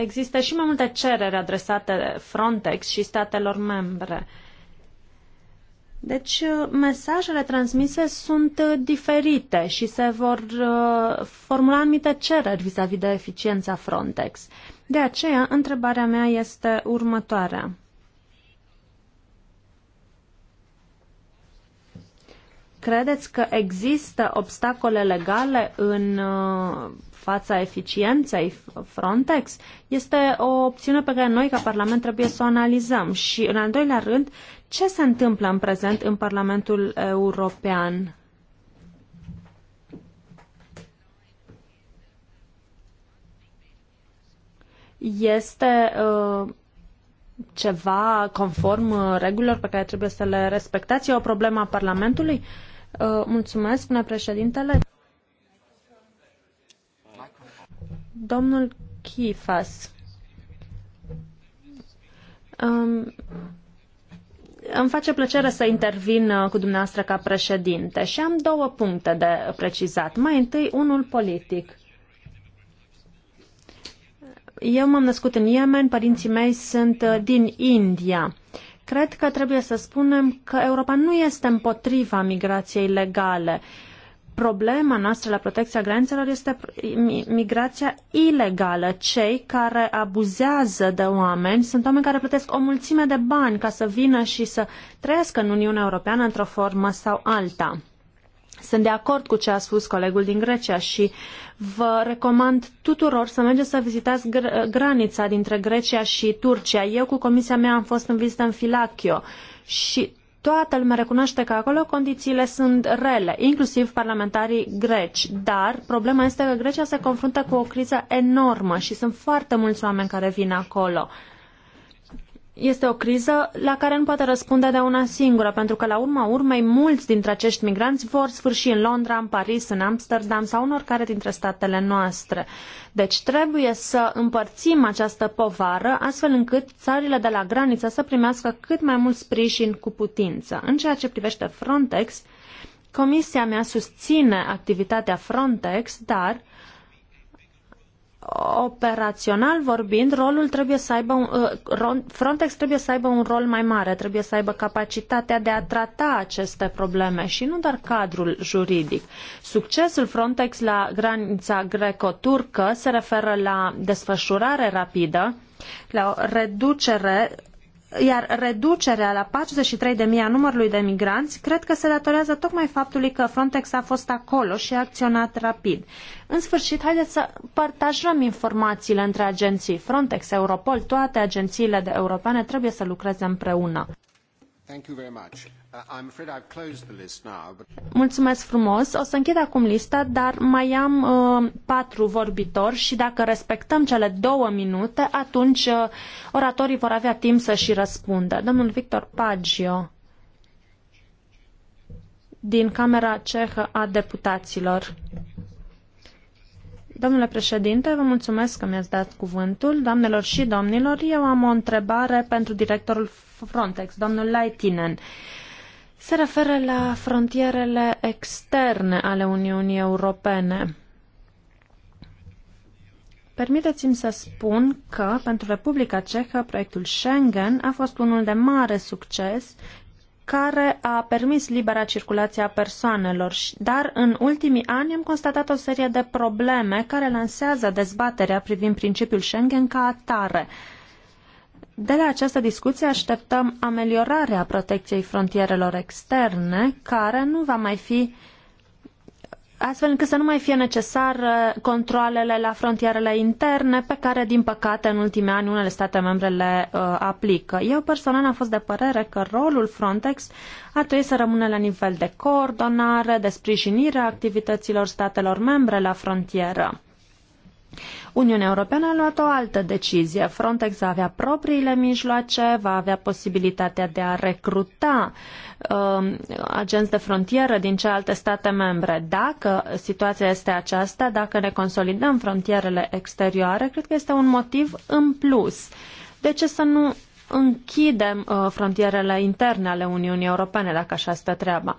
Speaker 4: existe și mai multe cereri adresate Frontex și statelor membre. Deci, uh, mesajele transmise sunt uh, diferite și se vor uh, formula anumite cereri vis-a-vis -vis de eficiența Frontex. De aceea, întrebarea mea este următoarea. Credeți că există obstacole legale în fața eficienței Frontex? Este o opțiune pe care noi, ca Parlament, trebuie să o analizăm. Și, în al doilea rând, ce se întâmplă în prezent în Parlamentul European? Este uh, ceva conform uh, regulilor pe care trebuie să le respectați? E o problemă a Parlamentului? Uh, mulțumesc, spune președintele. Domnul Kifas. Um, îmi face plăcere să intervin uh, cu dumneavoastră ca președinte și am două puncte de precizat. Mai întâi, unul politic. Eu m-am născut în Yemen, părinții mei sunt uh, din India. Cred că trebuie să spunem că Europa nu este împotriva migrației legale problema noastră la protecția granițelor este migrația ilegală. Cei care abuzează de oameni sunt oameni care plătesc o mulțime de bani ca să vină și să trăiască în Uniunea Europeană într-o formă sau alta. Sunt de acord cu ce a spus colegul din Grecia și vă recomand tuturor să mergeți să vizitați gr- granița dintre Grecia și Turcia. Eu cu comisia mea am fost în vizită în Filachio și Toată lumea recunoaște că acolo condițiile sunt rele, inclusiv parlamentarii greci. Dar problema este că Grecia se confruntă cu o criză enormă și sunt foarte mulți oameni care vin acolo este o criză la care nu poate răspunde de una singură, pentru că la urma urmei mulți dintre acești migranți vor sfârși în Londra, în Paris, în Amsterdam sau în oricare dintre statele noastre. Deci trebuie să împărțim această povară astfel încât țările de la graniță să primească cât mai mult sprijin cu putință. În ceea ce privește Frontex, Comisia mea susține activitatea Frontex, dar operațional vorbind, rolul trebuie să aibă un, uh, Frontex trebuie să aibă un rol mai mare, trebuie să aibă capacitatea de a trata aceste probleme și nu doar cadrul juridic. Succesul Frontex la granița greco-turcă se referă la desfășurare rapidă, la o reducere iar reducerea la 43.000 a numărului de migranți cred că se datorează tocmai faptului că Frontex a fost acolo și a acționat rapid. În sfârșit, haideți să partajăm informațiile între agenții. Frontex, Europol, toate agențiile de europene trebuie să lucreze împreună.
Speaker 1: Thank you very much. Uh,
Speaker 4: mulțumesc frumos. O să închid acum lista, dar mai am uh,
Speaker 1: patru vorbitori și
Speaker 4: dacă respectăm cele două minute, atunci uh, oratorii vor avea timp să și răspundă. Domnul Victor Paggio din Camera Cehă a Deputaților. Domnule președinte, vă mulțumesc că mi-ați dat cuvântul. Doamnelor și domnilor, eu am o întrebare pentru directorul Frontex, domnul Laitinen. Uh, se referă la frontierele externe ale Uniunii Europene. Permiteți-mi să spun că pentru Republica Cehă proiectul Schengen a fost unul de mare succes care a permis libera circulație a persoanelor, dar în ultimii ani am constatat o serie de probleme care lansează dezbaterea privind principiul Schengen ca atare. De la această discuție așteptăm ameliorarea protecției frontierelor externe, care nu va mai fi astfel încât să nu mai fie necesar uh, controlele la frontierele interne pe care, din păcate, în ultimii ani unele state membre le uh, aplică. Eu personal am fost de părere că rolul Frontex ar trebui să rămână la nivel de coordonare, de sprijinire a activităților statelor membre la frontieră. Uniunea Europeană a luat o altă decizie. Frontex va avea propriile mijloace, va avea posibilitatea de a recruta uh, agenți de frontieră din celelalte state membre. Dacă situația este aceasta, dacă ne consolidăm frontierele exterioare, cred că este un motiv în plus. De ce să nu închidem uh, frontierele interne ale Uniunii Europene, dacă așa stă treaba?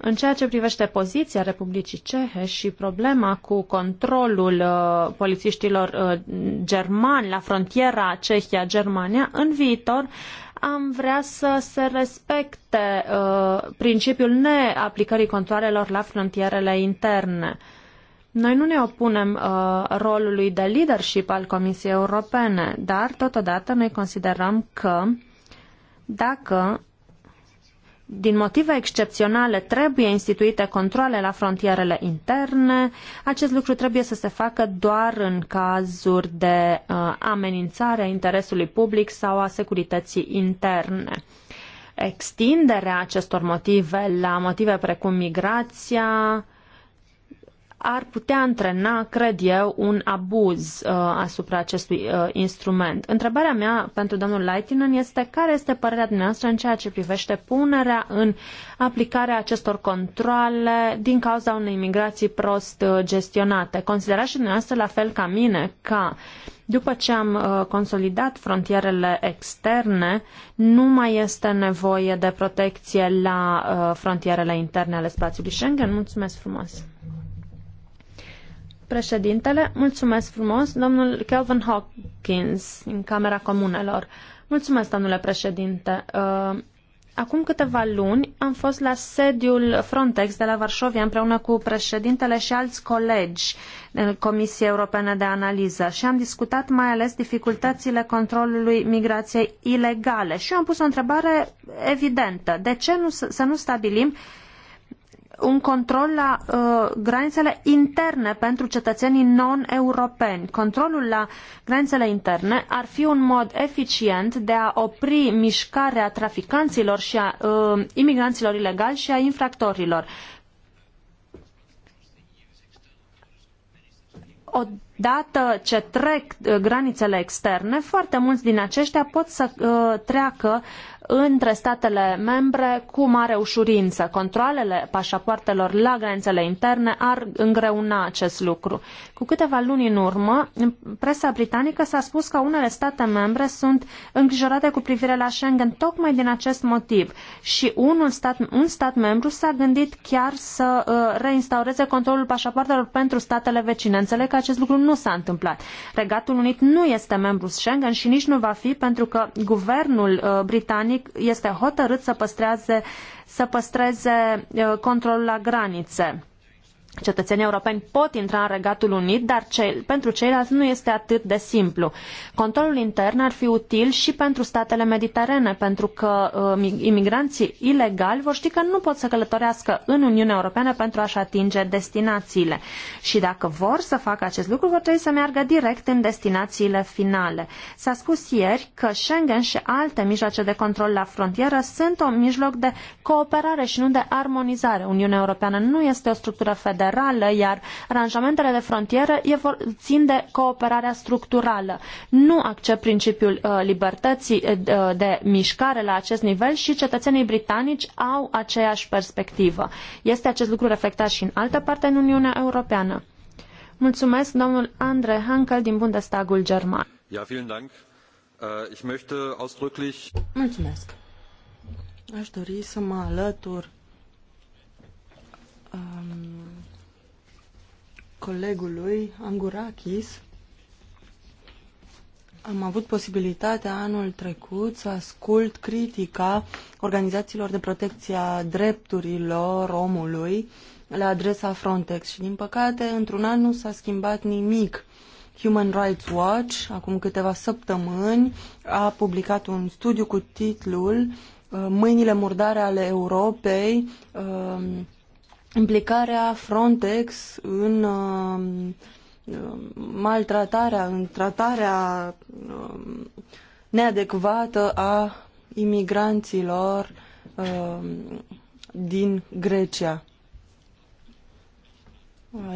Speaker 4: În ceea ce privește poziția Republicii Cehe și problema cu controlul uh, polițiștilor uh, germani la frontiera Cehia-Germania, în viitor am vrea să se respecte uh, principiul neaplicării controlelor la frontierele interne. Noi nu ne opunem uh, rolului de leadership al Comisiei Europene, dar totodată noi considerăm că dacă din motive excepționale trebuie instituite controle la frontierele interne. Acest lucru trebuie să se facă doar în cazuri de uh, amenințare a interesului public sau a securității interne. Extinderea acestor motive la motive precum migrația, uh, ar putea antrena, cred eu, un abuz uh, asupra acestui uh, instrument. Întrebarea mea pentru domnul Leitinen este care este părerea dumneavoastră în ceea ce privește punerea în aplicarea acestor controle din cauza unei migrații prost uh, gestionate. Considerați și dumneavoastră, la fel ca mine, ca după ce am uh, consolidat frontierele externe, nu mai este nevoie de protecție la uh, frontierele interne ale spațiului Schengen. Mulțumesc frumos! Președintele, mulțumesc frumos, domnul Kelvin Hawkins, în Camera Comunelor. Mulțumesc, domnule președinte. Uh, acum câteva luni am fost la sediul Frontex de la Varșovia împreună cu președintele și alți colegi din Comisia Europeană de Analiză și am discutat mai ales dificultățile controlului migrației ilegale și eu am pus o întrebare evidentă. De ce nu, să nu stabilim un control la uh, granițele interne pentru cetățenii non-europeni. Controlul la granițele interne ar fi un mod eficient de a opri mișcarea traficanților și a uh, imigranților ilegali și a infractorilor. Odată ce trec uh, granițele externe, foarte mulți din aceștia pot să uh, treacă uh, între statele membre cu mare ușurință. Controlele pașapoartelor la granițele interne ar îngreuna acest lucru. Cu câteva luni în urmă, presa britanică s-a spus că unele state membre sunt îngrijorate cu privire la Schengen tocmai din acest motiv și unul stat, un stat membru s-a gândit chiar să uh, reinstaureze controlul pașapoartelor pentru statele vecine. Înțeleg că acest lucru nu s-a întâmplat. Regatul Unit nu este membru Schengen și nici nu va fi pentru că guvernul uh, britanic britanic este hotărât să, păstreze, să păstreze uh, controlul la granițe cetățenii europeni pot intra în Regatul Unit, dar pentru ceilalți nu este atât de simplu. Controlul intern ar fi util și pentru statele mediterane, pentru că uh, imigranții ilegali vor ști că nu pot să călătorească în Uniunea Europeană pentru a-și atinge destinațiile. Și dacă vor să facă acest lucru, vor trebui să meargă direct în destinațiile finale. S-a spus ieri că Schengen și alte mijloace de control la frontieră sunt un mijloc de cooperare și nu de armonizare. Uniunea Europeană nu este o structură federală bilaterală, iar aranjamentele de frontieră e vor, țin de cooperarea structurală. Nu accept principiul uh, libertății uh, uh, de mișcare la acest nivel și cetățenii britanici au aceeași perspectivă. Este acest lucru reflectat și în altă parte în Uniunea Europeană. Mulțumesc, domnul Andre Hankel din Bundestagul German.
Speaker 2: Ja, vielen Dank. Äh, ich möchte ausdrücklich
Speaker 3: Mulțumesc. Aș dori să mă alătur um, colegului Angurakis, am avut posibilitatea anul trecut să ascult critica organizațiilor de protecție a drepturilor omului la adresa Frontex și, din păcate, într-un an nu s-a schimbat nimic. Human Rights Watch, acum câteva săptămâni, a publicat un studiu cu titlul uh, Mâinile murdare ale Europei, uh, implicarea Frontex în um, um, maltratarea, în tratarea um, neadecvată a imigranților din Grecia.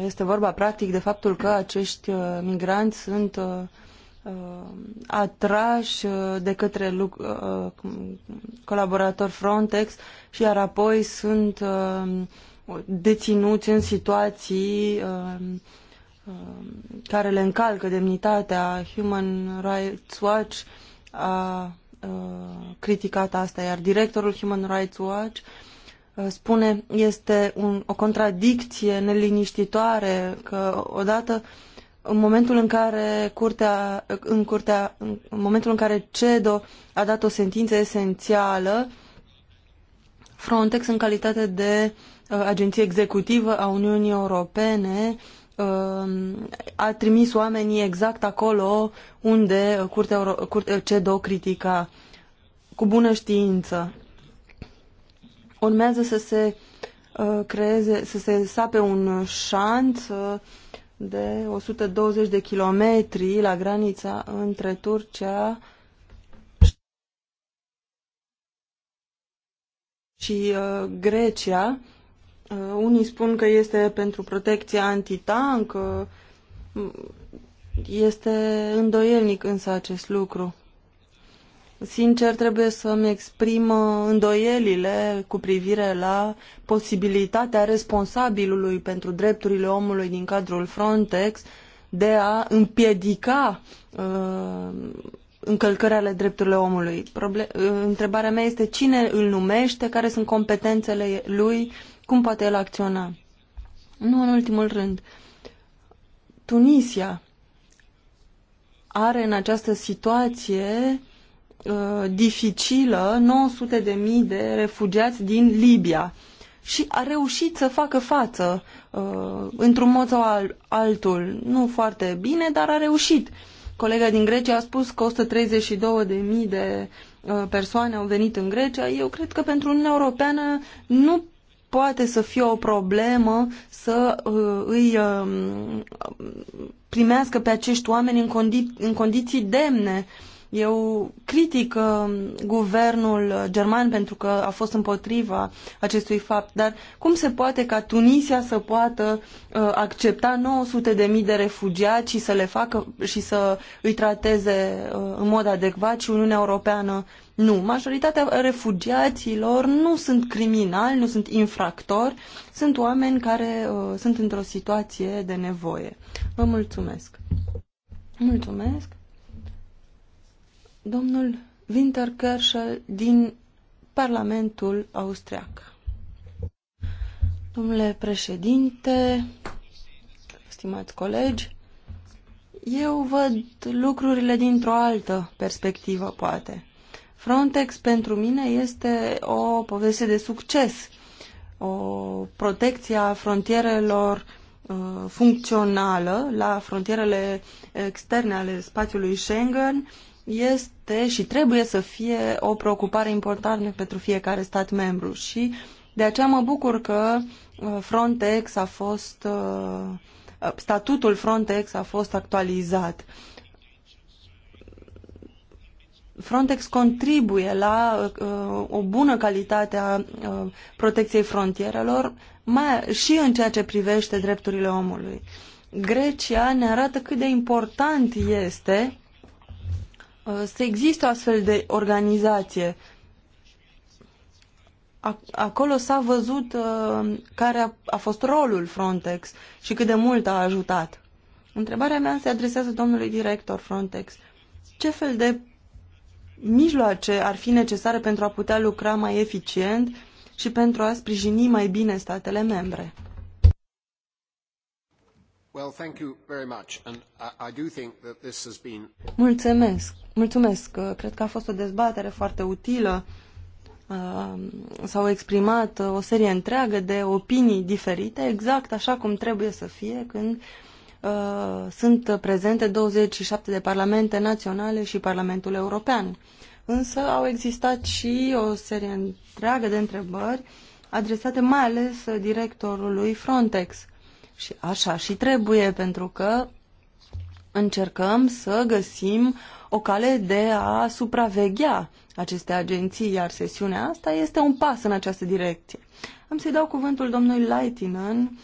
Speaker 3: Este vorba practic de faptul că acești uh, migranți sunt uh, uh, atrași de către colaboratori Frontex și iar apoi sunt deținuți în situații um, um, care le încalcă demnitatea. Human Rights Watch a uh, criticat asta, iar directorul Human Rights Watch uh, spune este un, o contradicție neliniștitoare că odată în momentul în care curtea, în curtea, în momentul în care CEDO a dat o sentință esențială, Frontex în calitate de Uh, agenție executivă a Uniunii Europene uh, a trimis oamenii exact acolo unde Curtea Euro Curte CEDO critica cu bună știință. Urmează să se uh, creeze, să se sape un șant de 120 de kilometri la granița între Turcia și Grecia Uh, unii spun că este pentru protecția antitank, mm, este îndoielnic însă acest lucru. Sincer, trebuie să-mi exprim uh, îndoielile cu privire la posibilitatea responsabilului pentru drepturile omului din cadrul Frontex de a împiedica uh, încălcări ale drepturilor omului. Proble uh, întrebarea mea este cine îl numește, care sunt competențele lui uh, cum poate el acționa. Nu în ultimul rând. Tunisia are în această situație uh, dificilă 900.000 de, mii de refugiați din Libia și a reușit să facă față uh, într-un mod sau al altul. Nu foarte bine, dar a reușit. Colega din Grecia a spus că 132.000 de, mii de uh, persoane au venit în Grecia. Eu cred că pentru Uniunea Europeană nu poate să fie o problemă să uh, îi uh, primească pe acești oameni în, condi- în condiții demne. Eu critic uh, guvernul german pentru că a fost împotriva acestui fapt, dar cum se poate ca Tunisia să poată uh, accepta 900.000 de mii de refugiați și să le facă și să îi trateze uh, în mod adecvat și Uniunea Europeană uh, nu, majoritatea refugiaților nu sunt criminali, nu sunt infractori, sunt oameni care uh, sunt într-o situație de nevoie. Vă mulțumesc. Mulțumesc. Domnul Kerschel din Parlamentul Austriac. Domnule președinte, stimați colegi, eu văd lucrurile dintr-o altă perspectivă, poate. Frontex pentru mine este o poveste de succes, o protecție a frontierelor uh, funcțională la frontierele externe ale spațiului Schengen este și trebuie să fie o preocupare importantă pentru fiecare stat membru și de aceea mă bucur că uh, Frontex a fost uh, statutul Frontex a fost actualizat. Uh, Frontex contribuie la uh, o bună calitate a uh, protecției frontierelor, mai, și în ceea ce privește drepturile omului. Grecia ne arată cât de important este uh, să existe o astfel de organizație. A, acolo s-a văzut uh, care a, a fost rolul Frontex și cât de mult a ajutat. Întrebarea mea se adresează domnului director Frontex. Ce fel de mijloace ar fi necesare pentru a putea lucra mai eficient și pentru a sprijini mai bine statele membre. Mulțumesc. Mulțumesc. Cred că a fost o dezbatere foarte utilă. S-au exprimat o serie întreagă de opinii diferite, exact așa cum trebuie să fie când Uh, sunt prezente 27 de parlamente naționale și Parlamentul European. Însă au existat și o serie întreagă de întrebări adresate mai ales directorului Frontex. Și așa și trebuie, pentru că încercăm să găsim o cale de a supraveghea aceste agenții, iar sesiunea asta este un pas în această direcție. Am să-i dau cuvântul domnului Leitinen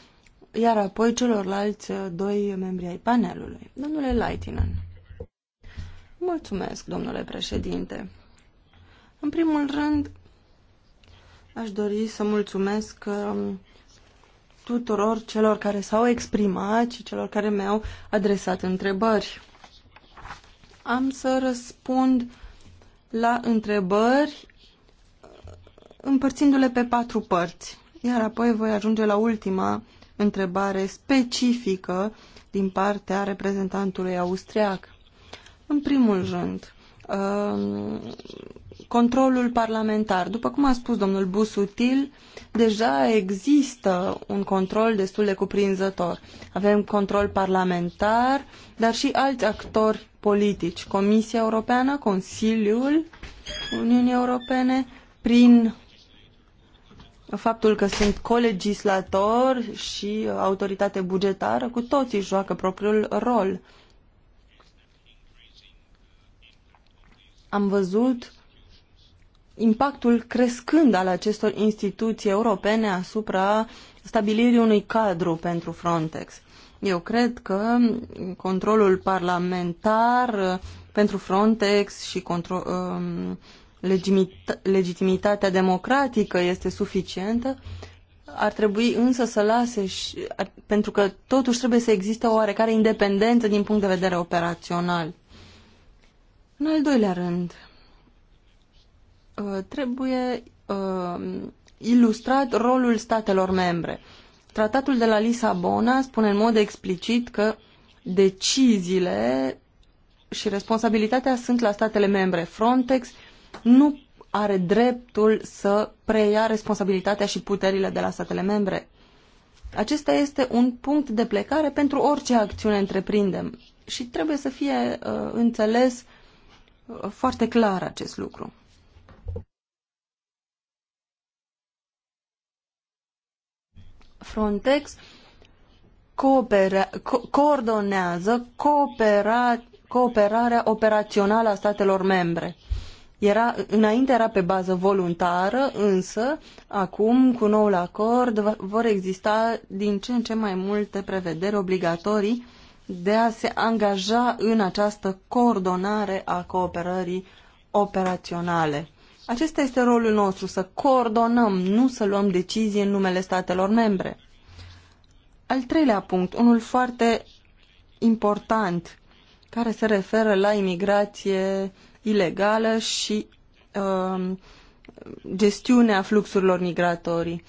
Speaker 3: iar apoi celorlalți uh, doi membri ai panelului. Domnule Leitinen. Mulțumesc, domnule președinte. În primul rând, aș dori să mulțumesc um, tuturor celor care s-au exprimat și celor care mi-au adresat întrebări. Am să răspund la întrebări uh, împărțindu-le pe patru părți, iar apoi voi ajunge la ultima întrebare specifică din partea reprezentantului austriac. În primul rând, um, controlul parlamentar. După cum a spus domnul Busutil, deja există un control destul de cuprinzător. Avem control parlamentar, dar și alți actori politici. Comisia Europeană, Consiliul Uniunii Europene, prin faptul că sunt colegislator și autoritate bugetară, cu toții joacă propriul rol. Am văzut impactul crescând al acestor instituții europene asupra stabilirii unui cadru pentru Frontex. Eu cred că controlul parlamentar pentru Frontex și control, um, legitimitatea democratică este suficientă, ar trebui însă să lase, și, pentru că totuși trebuie să existe o oarecare independență din punct de vedere operațional. În al doilea rând, uh, trebuie uh, ilustrat rolul statelor membre. Tratatul de la Lisabona spune în mod explicit că deciziile și responsabilitatea sunt la statele membre. Frontex nu are dreptul să preia responsabilitatea și puterile de la statele membre. Acesta este un punct de plecare pentru orice acțiune întreprindem și trebuie să fie uh, înțeles uh, foarte clar acest lucru. Frontex coopera, co coordonează coopera, cooperarea operațională a statelor membre era, înainte era pe bază voluntară, însă acum, cu noul acord, vor exista din ce în ce mai multe prevederi obligatorii de a se angaja în această coordonare a cooperării operaționale. Acesta este rolul nostru, să coordonăm, nu să luăm decizii în numele statelor membre. Al treilea punct, unul foarte important, care se referă la imigrație ilegală și uh, gestiunea fluxurilor migratorii.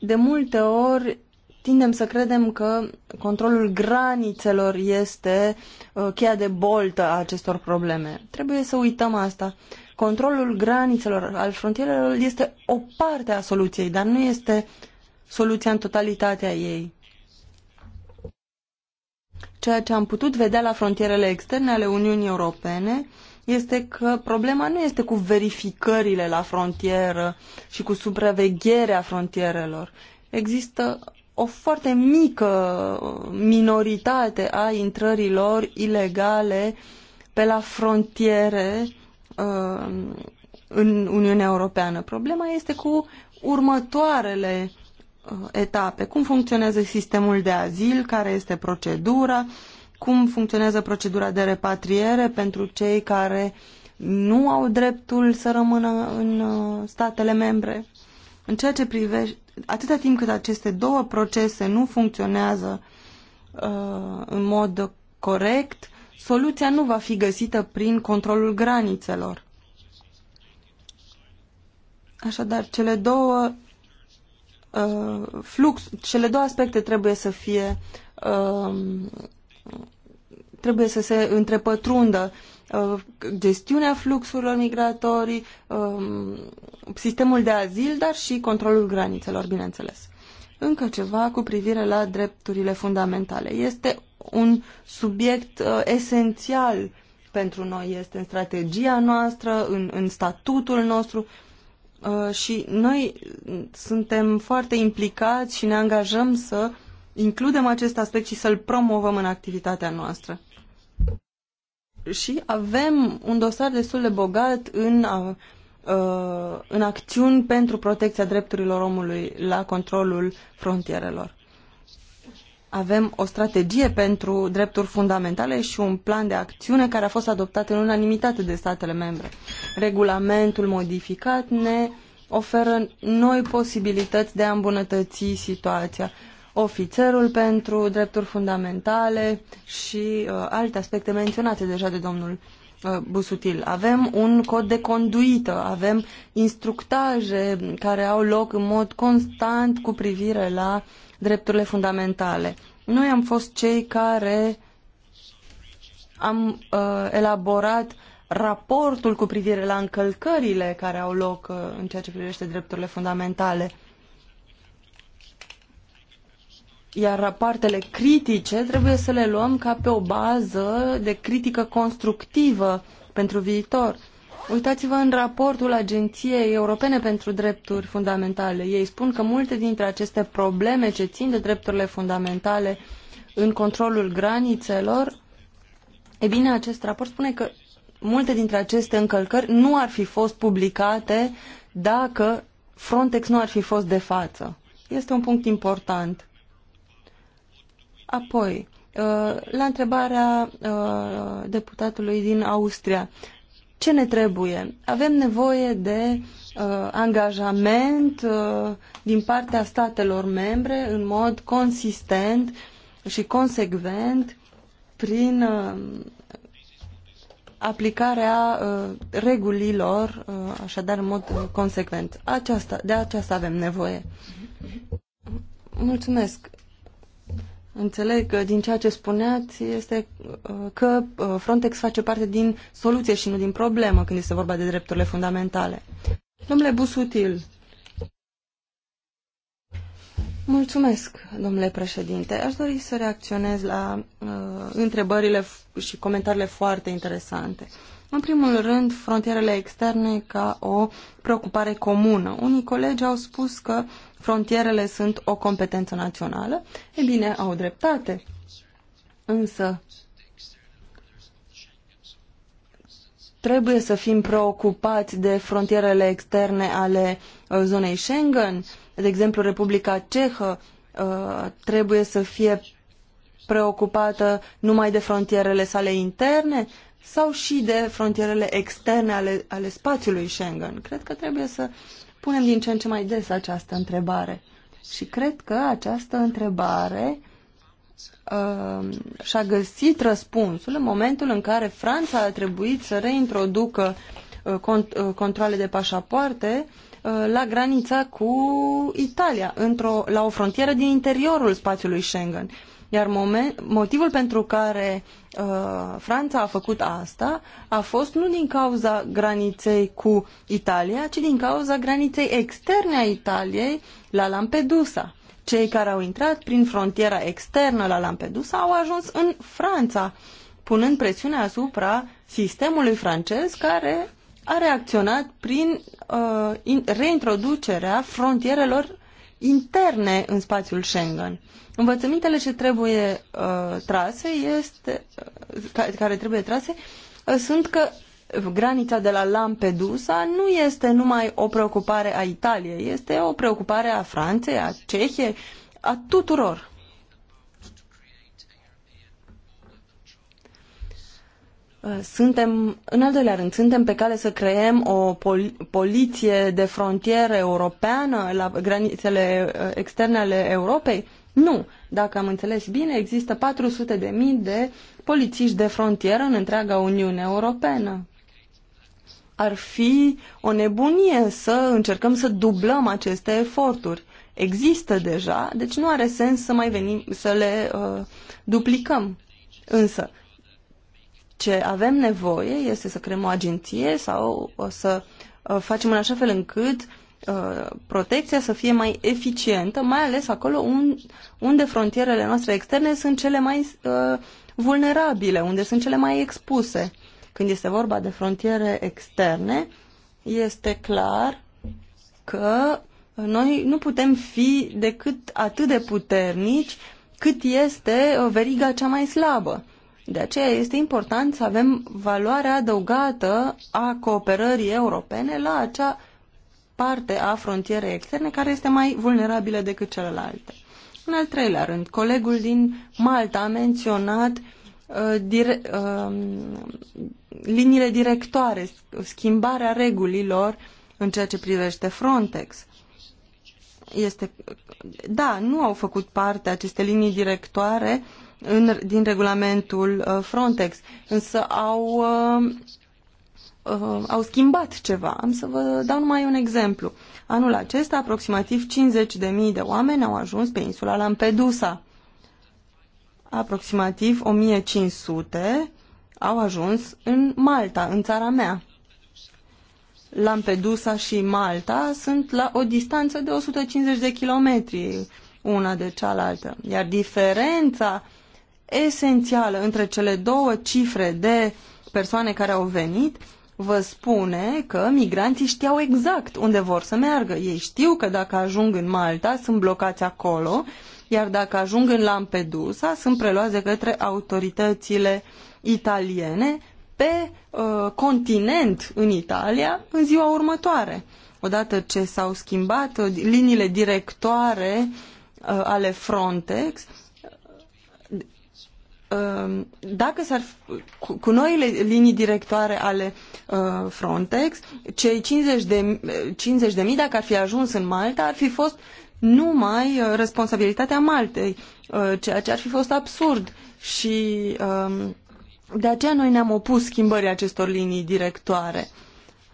Speaker 3: De multe ori tindem să credem că controlul granițelor este uh, cheia de boltă a acestor probleme. Trebuie să uităm asta. Controlul granițelor al frontierelor este o parte a soluției, dar nu este soluția în totalitatea ei. Ceea ce am putut vedea la frontierele externe ale Uniunii Europene este că problema nu este cu verificările la frontieră și cu supravegherea frontierelor. Există o foarte mică minoritate a intrărilor ilegale pe la frontiere uh, în Uniunea Europeană. Problema este cu următoarele uh, etape. Cum funcționează sistemul de azil, care este procedura, uh, cum funcționează procedura de repatriere pentru cei care nu au dreptul să rămână în uh, statele membre. În ceea ce privește, atâta timp cât aceste două procese nu funcționează uh, în mod corect, soluția nu va fi găsită prin controlul granițelor. Așadar, cele două uh, flux, cele două aspecte trebuie să fie uh, trebuie să se întrepătrundă uh, gestiunea fluxurilor migratorii, um, sistemul de azil, dar și controlul granițelor, bineînțeles. Încă ceva cu privire la drepturile fundamentale. Este un subiect uh, esențial pentru noi, este în strategia noastră, în, în statutul nostru uh, și noi suntem foarte implicați și ne angajăm să includem acest aspect și să-l promovăm în activitatea noastră și avem un dosar destul de bogat în, ă, în acțiuni pentru protecția drepturilor omului la controlul frontierelor. Avem o strategie pentru drepturi fundamentale și un plan de acțiune care a fost adoptat în unanimitate de statele membre. Regulamentul modificat ne oferă noi posibilități de a îmbunătăți situația ofițerul pentru drepturi fundamentale și uh, alte aspecte menționate deja de domnul uh, Busutil. Avem un cod de conduită, avem instructaje care au loc în mod constant cu privire la drepturile fundamentale. Noi am fost cei care am uh, elaborat raportul cu privire la încălcările care au loc uh, în ceea ce privește drepturile fundamentale iar partele critice trebuie să le luăm ca pe o bază de critică constructivă pentru viitor. Uitați-vă în raportul Agenției Europene pentru Drepturi Fundamentale. Ei spun că multe dintre aceste probleme ce țin de drepturile fundamentale în controlul granițelor, e bine, acest raport spune că multe dintre aceste încălcări nu ar fi fost publicate dacă Frontex nu ar fi fost de față. Este un punct important. Apoi, uh, la întrebarea uh, deputatului din Austria, ce ne trebuie? Avem nevoie de uh, angajament din partea statelor membre în mod consistent și consecvent prin aplicarea regulilor, așadar în mod consecvent. Aceasta, de aceasta avem nevoie. Mhm. Mulțumesc. Înțeleg uh, din ceea ce spuneați este uh, că uh, Frontex face parte din soluție și nu din problemă când este vorba de drepturile fundamentale. Domnule Busutil, Mulțumesc, domnule președinte. Aș dori să reacționez la uh, întrebările și comentariile foarte interesante. În primul rând, frontierele externe ca o preocupare comună. Unii colegi au spus că frontierele sunt o competență națională, e bine, au dreptate. Însă trebuie să fim preocupați de frontierele externe ale uh, zonei Schengen. De exemplu, Republica Cehă uh, trebuie să fie preocupată numai de frontierele sale interne sau și de frontierele externe ale, ale spațiului Schengen. Cred că trebuie să punem din ce în ce mai des această întrebare. Și cred că această întrebare uh, și-a găsit răspunsul în momentul în care Franța a trebuit să reintroducă uh, cont, uh, controle de pașapoarte uh, la granița cu Italia, într-o, la o frontieră din interiorul spațiului Schengen. Uh, iar moment, motivul pentru care uh, Franța a făcut asta a fost nu din cauza graniței cu Italia, ci din cauza graniței externe a Italiei la Lampedusa. Cei care au intrat prin frontiera externă la Lampedusa au ajuns în Franța, punând presiune asupra sistemului francez care a reacționat prin uh, reintroducerea frontierelor interne în spațiul Schengen. Învățămintele ce trebuie uh, trase este, uh, care trebuie trase uh, sunt că granița de la Lampedusa nu este numai o preocupare a Italiei, este o preocupare a Franței, a Cehiei, a tuturor. Uh, suntem, în al doilea rând, suntem pe cale să creăm o pol- poliție de frontieră europeană la granițele uh, externe ale Europei? Nu. Dacă am înțeles bine, există 400 de mii de polițiști de frontieră în întreaga Uniune Europeană. Ar fi o nebunie să încercăm să dublăm aceste eforturi. Există deja, deci nu are sens să mai venim să le uh, duplicăm. Însă, ce avem nevoie este să creăm o agenție sau o uh, să uh, facem în așa fel încât uh, protecția să fie mai eficientă, mai ales acolo unde frontierele noastre externe sunt cele mai vulnerabile, unde sunt cele mai expuse. Când este vorba de frontiere externe, este clar că noi nu putem fi decât atât de puternici cât este veriga cea mai slabă. De aceea este important să avem valoarea adăugată a cooperării europene la acea parte a frontierei externe care este mai vulnerabilă decât celelalte. În al treilea rând, colegul din Malta a menționat uh, dire, uh, liniile directoare, schimbarea regulilor în ceea ce privește Frontex. Este, da, nu au făcut parte aceste linii directoare uh, în, din regulamentul uh, Frontex, însă au, uh, uh, au schimbat ceva. Am să vă dau numai un exemplu. Anul acesta, aproximativ 50.000 de oameni au ajuns pe insula Lampedusa. Aproximativ 1500 au ajuns în Malta, în țara mea. Lampedusa și Malta sunt la o distanță de 150 de kilometri una de cealaltă, iar diferența esențială între cele două cifre de persoane care au venit vă spune că migranții știau exact unde vor să meargă. Ei știu că dacă ajung în Malta, sunt blocați acolo, iar dacă ajung în Lampedusa, sunt preluați de către autoritățile italiene pe uh, continent în Italia în ziua următoare. Odată ce s-au schimbat uh, liniile directoare uh, ale Frontex, Um, dacă s-ar, cu, noile linii directoare ale uh, Frontex, cei 50 de, 50 de mii, dacă ar fi ajuns în Malta, ar fi fost numai uh, responsabilitatea Maltei, uh, ceea ce ar fi fost absurd și um, de aceea noi ne-am opus schimbării acestor linii directoare.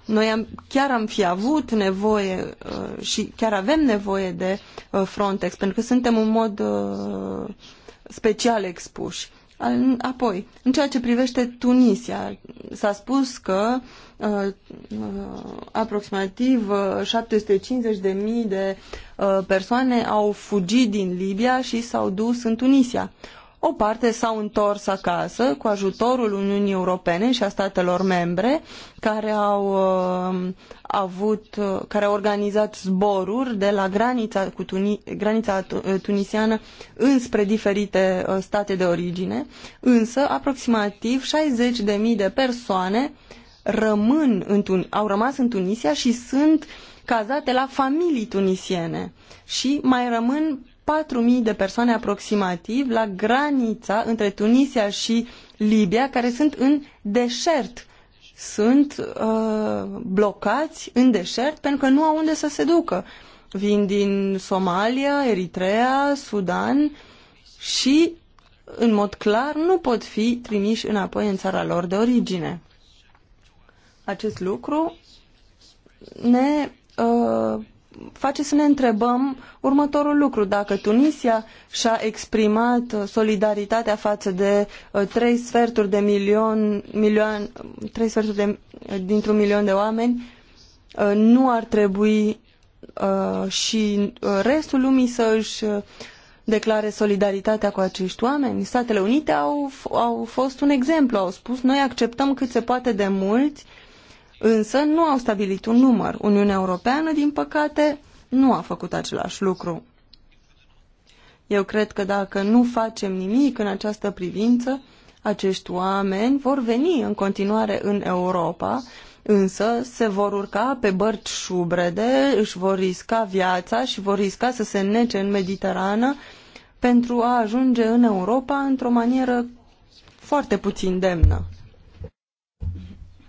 Speaker 3: Noi am, chiar am fi avut nevoie și chiar avem nevoie de Frontex, pentru că suntem în mod special expuși Apoi, în ceea ce privește Tunisia, s-a spus că uh, uh aproximativ 750.000 uh, de uh, persoane au fugit din Libia și s-au dus în Tunisia. O parte s-au întors acasă cu ajutorul Uniunii Europene și a statelor membre care au uh, avut, uh, care au organizat zboruri de la granița, cu Tuni, granița uh, tunisiană înspre diferite state de origine, însă aproximativ 60.000 de persoane rămân în, au rămas în Tunisia și sunt cazate la familii tunisiene și mai rămân 4.000 de persoane aproximativ la granița între Tunisia și Libia, care sunt în deșert. Sunt uh, blocați în deșert pentru că nu au unde să se ducă. Vin din Somalia, Eritrea, Sudan și, în mod clar, nu pot fi trimiși înapoi în țara lor de origine. Acest lucru ne uh, face să ne întrebăm următorul lucru. Dacă Tunisia și-a exprimat uh, solidaritatea față de uh, trei sferturi de milion, milion trei sferturi de, uh, dintr-un milion de oameni, nu ar trebui și restul lumii să își declare solidaritatea cu acești oameni. Statele Unite au, au fost un exemplu, au spus noi acceptăm cât se poate de mulți uh, însă nu au stabilit un număr. Uniunea Europeană, din păcate, nu a făcut același lucru. Eu cred că dacă nu facem nimic în această privință, acești oameni vor veni în continuare în Europa, însă se vor urca pe bărci șubrede, își vor risca viața și vor risca să se nece în Mediterană pentru a ajunge în Europa într-o manieră foarte puțin demnă.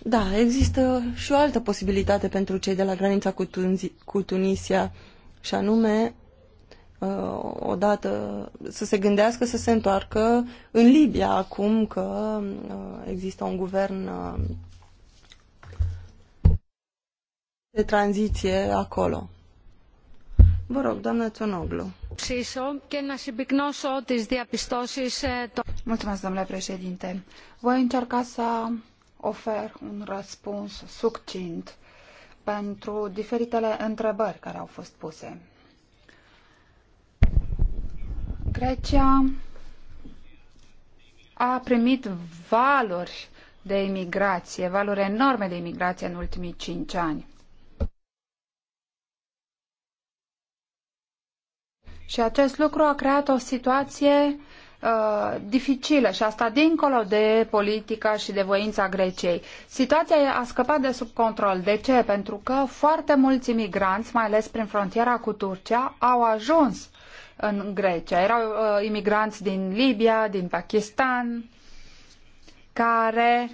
Speaker 3: Da, există și o altă posibilitate pentru cei de la granița cu, Tunzi, cu Tunisia, și anume uh, odată să se gândească să se întoarcă în Libia acum că uh, există un guvern uh, de tranziție acolo. Vă rog, doamna Tonoglu.
Speaker 2: Deci Mulțumesc, domnule președinte. Voi încerca să ofer un răspuns succint pentru diferitele întrebări care au fost puse. Grecia a primit valuri de imigrație, valuri enorme de imigrație în ultimii cinci ani. Și acest lucru a creat o situație Uh, dificilă dificile și asta dincolo de politica și de voința Greciei. Situația a scăpat de sub control. De ce? Pentru că foarte mulți imigranți, mai ales prin frontiera cu Turcia, au ajuns în Grecia. Erau uh, imigranți din Libia, din Pakistan, care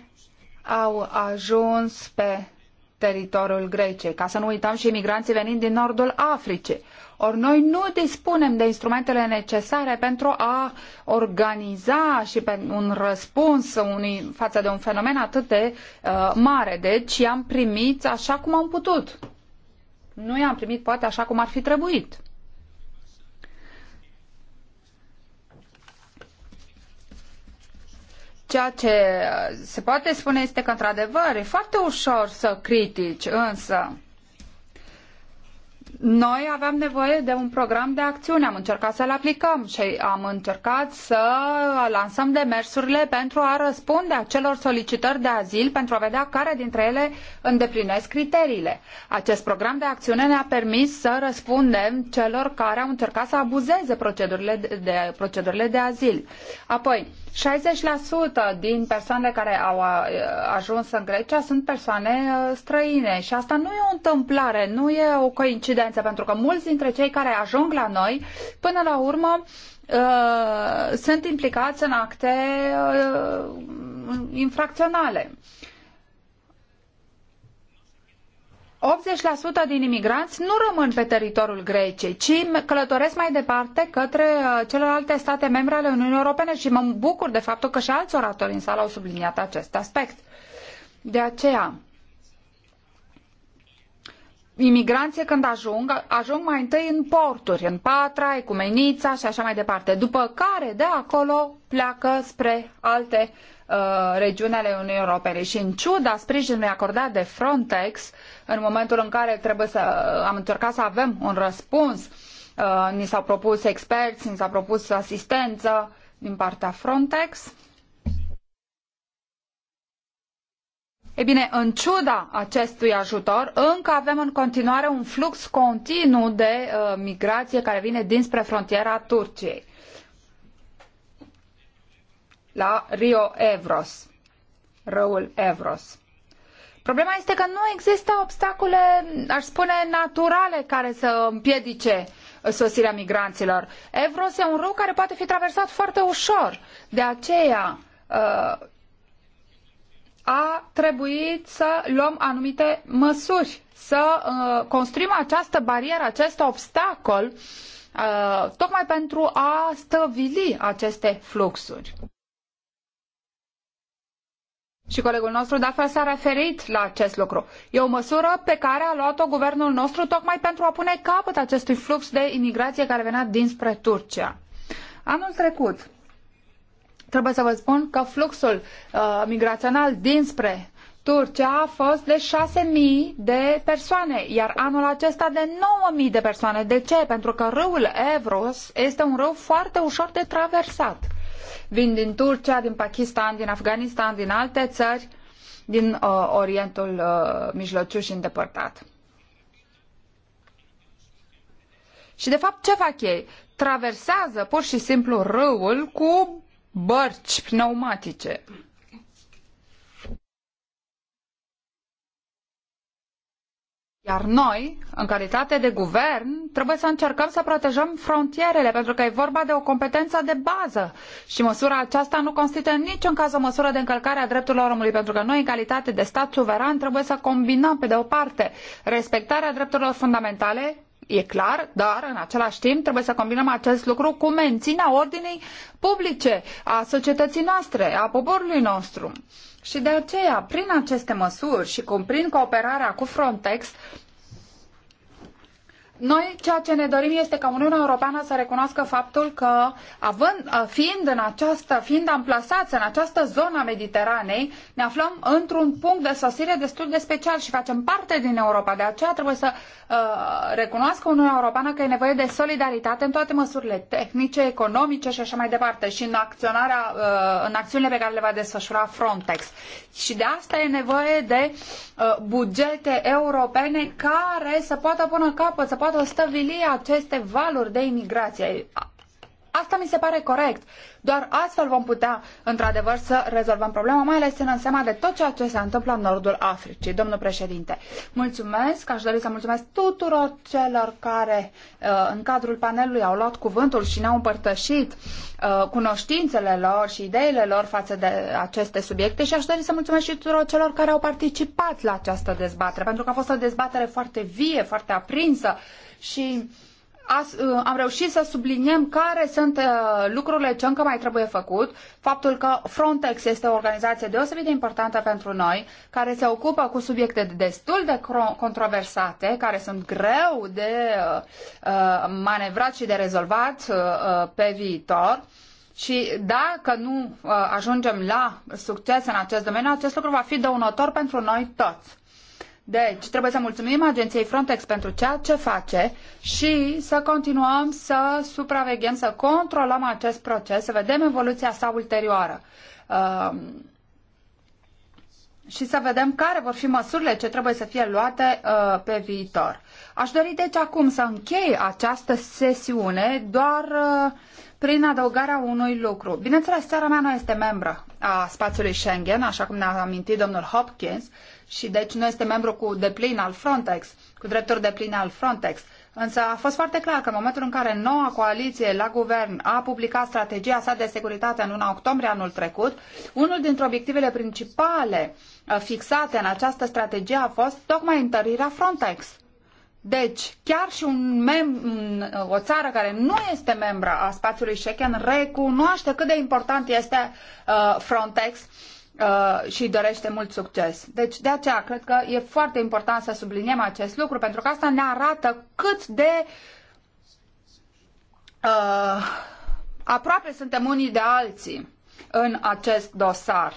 Speaker 2: au ajuns pe teritoriul Greciei. Ca să nu uităm și imigranții venind din nordul Africii. Ori noi nu dispunem de instrumentele necesare pentru a organiza și pe un răspuns unui, față de un fenomen atât de uh, mare. Deci i-am primit așa cum am putut. Nu i-am primit poate așa cum ar fi trebuit. Ceea ce uh, se poate spune este că, într-adevăr, e foarte ușor să critici, însă noi aveam nevoie de un program de acțiune, am încercat să-l aplicăm și am încercat să lansăm demersurile pentru a răspunde acelor solicitări de azil, pentru a vedea care dintre ele îndeplinesc criteriile. Acest program de acțiune ne-a permis să răspundem celor care au încercat să abuzeze procedurile de, de, procedurile de azil. Apoi, 60% din persoanele care au uh, ajuns în Grecia sunt persoane uh, străine și asta nu e o întâmplare, nu e o coincidență, pentru că mulți dintre cei care ajung la noi, până la urmă, uh, sunt implicați în acte infracționale. 80% din imigranți nu rămân pe teritoriul Greciei, ci călătoresc mai departe către uh, celelalte state membre ale Uniunii Europene și mă bucur de faptul că și alți oratori în sală au subliniat acest aspect. De aceea, imigranții când ajung, ajung mai întâi în porturi, în Patra, Ecumenița și așa mai departe, după care de acolo pleacă spre alte Uh, regiuni ale Uniunii Europene și în ciuda sprijinului acordat de Frontex, în momentul în care trebuie să am încercat să avem un răspuns, uh, ni s-au propus experți, ni s-a propus asistență din partea Frontex. E bine, în ciuda acestui ajutor, încă avem în continuare un flux continuu de uh, migrație care vine dinspre frontiera Turciei la Rio Evros, râul Evros. Problema este că nu există obstacole, aș spune, naturale care să împiedice sosirea migranților. Evros e un râu care poate fi traversat foarte ușor. De aceea uh, a trebuit să luăm anumite măsuri, să uh, construim această barieră, acest obstacol, uh, tocmai pentru a stăvili aceste fluxuri. Și colegul nostru, de altfel, s-a referit la acest lucru. E o măsură pe care a luat-o guvernul nostru tocmai pentru a pune capăt acestui flux de imigrație care venea dinspre Turcia. Anul trecut, trebuie să vă spun că fluxul uh, migrațional dinspre Turcia a fost de 6.000 de persoane, iar anul acesta de 9.000 de persoane. De ce? Pentru că râul Evros este un râu foarte ușor de traversat vin din Turcia, din Pakistan, din Afganistan, din alte țări din uh, Orientul uh, Mijlociu și îndepărtat. Și de fapt ce fac ei? Traversează pur și simplu râul cu bărci pneumatice. Iar noi, în calitate de guvern, trebuie să încercăm să protejăm frontierele, pentru că e vorba de o competență de bază. Și măsura aceasta nu constituie în niciun caz o măsură de încălcare a drepturilor omului, pentru că noi, în calitate de stat suveran, trebuie să combinăm, pe de o parte, respectarea drepturilor fundamentale, e clar, dar în același timp trebuie să combinăm acest lucru cu menținerea ordinii publice a societății noastre, a poporului nostru. Și de aceea, prin aceste măsuri și prin cooperarea cu Frontex, noi ceea ce ne dorim este ca Uniunea Europeană să recunoască faptul că, având, uh, fiind, în această, fiind amplasați în această zonă a Mediteranei, ne aflăm într-un punct de sosire destul de special și facem parte din Europa. De aceea trebuie să uh, recunoască Uniunea Europeană că e nevoie de solidaritate în toate măsurile tehnice, economice și așa mai departe și în, acționarea, uh, în acțiunile pe care le va desfășura Frontex. Și de asta e nevoie de uh, bugete europene care să poată pune capăt, să poată poată stăvili aceste valuri de imigrație Asta mi se pare corect. Doar astfel vom putea, într-adevăr, să rezolvăm problema, mai ales ținând seama de tot ceea ce se întâmplă în nordul Africii. Domnul președinte, mulțumesc, aș dori să mulțumesc tuturor celor care uh, în cadrul panelului au luat cuvântul și ne-au împărtășit uh, cunoștințele lor și ideile lor față de aceste subiecte și aș dori să mulțumesc și tuturor celor care au participat la această dezbatere, pentru că a fost o dezbatere foarte vie, foarte aprinsă și Uh, am reușit să subliniem care sunt uh, lucrurile ce încă mai trebuie făcut, faptul că Frontex este o organizație deosebit de importantă pentru noi, care se ocupă cu subiecte destul de controversate, care sunt greu de uh, manevrat și de rezolvat pe viitor. Și dacă nu ajungem la succes în acest domeniu, acest lucru va fi dăunător pentru noi toți. Deci, trebuie să mulțumim agenției Frontex pentru ceea ce face și să continuăm să supraveghem, să controlăm acest proces, să vedem evoluția sa ulterioară. Uh, și să vedem care vor fi măsurile ce trebuie să fie luate uh, pe viitor. Aș dori deci acum să închei această sesiune doar uh, prin adăugarea unui lucru. Bineînțeles, țara mea nu este membră a spațiului Schengen, așa cum ne-a amintit domnul Hopkins, uh, și deci nu este membru cu deplin al Frontex, cu drepturi plin al Frontex. Însă a fost foarte clar că în momentul în care noua coaliție la guvern a publicat strategia sa de securitate în luna octombrie anul trecut, unul dintre obiectivele principale uh, fixate în această strategie a fost tocmai întărirea Frontex. Deci, chiar și un uh, o țară care nu este membră a spațiului Schengen recunoaște cât de important este uh, Frontex uh, Uh, și dorește mult succes. Deci de aceea cred că e foarte important să subliniem acest lucru pentru că asta ne arată cât de uh, aproape suntem unii de alții în acest dosar.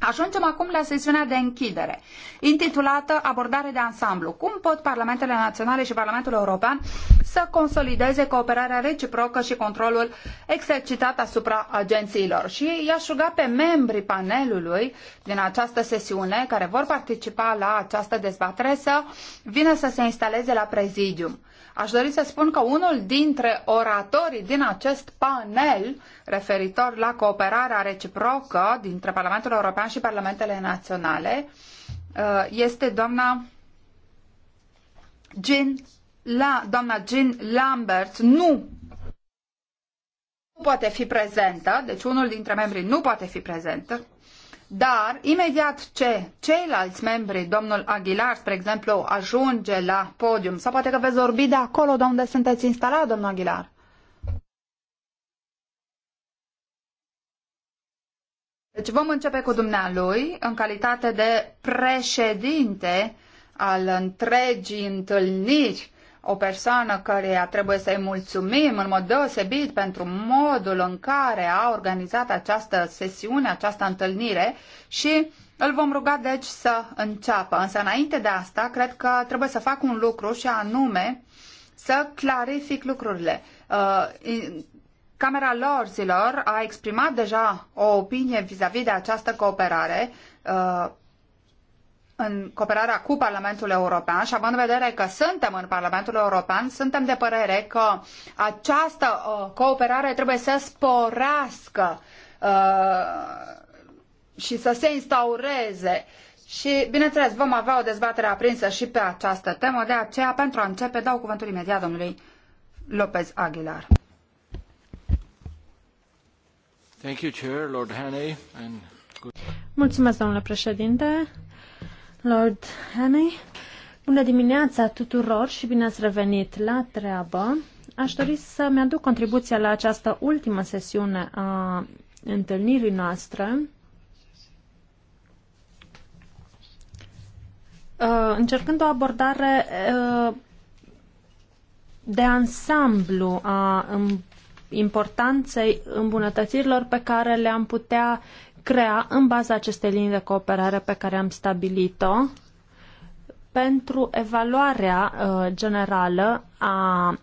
Speaker 2: Ajungem acum la sesiunea de închidere, intitulată Abordare de ansamblu. Cum pot Parlamentele Naționale și Parlamentul European să consolideze cooperarea reciprocă și controlul exercitat asupra agențiilor? Și i-aș ruga pe membrii panelului din această sesiune, care vor participa la această dezbatere, să vină să se instaleze la prezidium. Aș dori să spun că unul dintre oratorii din acest panel referitor la cooperarea reciprocă dintre Parlamentul European și Parlamentele Naționale uh, este doamna Jean, la, doamna Jean Lambert. Nu nu poate fi prezentă, deci unul dintre membrii nu poate fi prezent, dar, imediat ce ceilalți membri, domnul Aguilar, spre exemplu, ajunge la podium, sau poate că veți vorbi de acolo de unde sunteți instalat, domnul Aguilar. Deci vom începe cu dumnealui, în calitate de președinte al întregii întâlniri o persoană care trebuie să-i mulțumim în mod deosebit pentru modul în care a organizat această sesiune, această întâlnire și îl vom ruga deci să înceapă. Însă înainte de asta, cred că trebuie să fac un lucru și anume să clarific lucrurile. Uh, Camera Lorzilor a exprimat deja o opinie vis-a-vis -vis de această cooperare uh, în cooperarea cu Parlamentul European și având în vedere că suntem în Parlamentul European, suntem de părere că această uh, cooperare trebuie să sporească uh, și să se instaureze. Și, bineînțeles, vom avea o dezbatere aprinsă și pe această temă, de aceea, pentru a începe, dau cuvântul imediat domnului Lopez Aguilar.
Speaker 4: Mulțumesc, domnule președinte. Lord Henry, Bună dimineața tuturor și bine ați revenit la treabă. Aș dori să-mi aduc contribuția la această ultimă sesiune a întâlnirii noastre. Uh, încercând o abordare uh, de ansamblu a um, importanței îmbunătățirilor pe care le-am putea crea în baza acestei linii de cooperare pe care am stabilit-o pentru evaluarea uh, generală a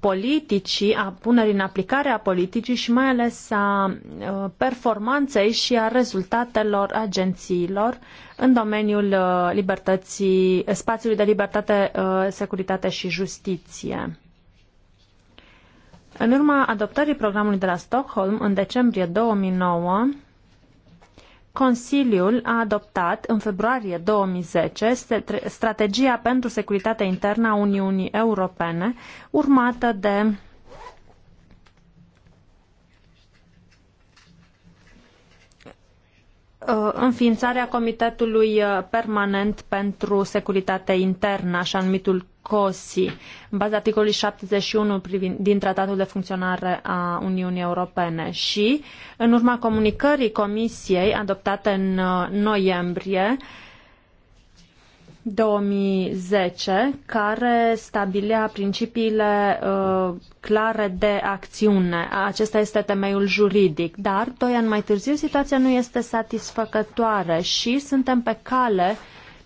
Speaker 4: politicii, a punerii în aplicare a politicii și mai ales a uh, performanței și a rezultatelor agențiilor în domeniul uh, libertății, spațiului de libertate, securitate și justiție. În urma adoptării programului de la Stockholm în decembrie 2009, Consiliul a adoptat în februarie 2010 strategia pentru securitatea internă a Uniunii Europene, urmată de Uh, înființarea Comitetului uh, Permanent pentru Securitate Internă, așa numitul COSI, în baza articolului 71 privind, din Tratatul de Funcționare a Uniunii Europene și, în urma comunicării Comisiei adoptate în uh, noiembrie, uh, 2010, care stabilea principiile uh, clare de acțiune. Acesta este temeiul juridic, dar doi ani mai târziu situația nu este satisfăcătoare și suntem pe cale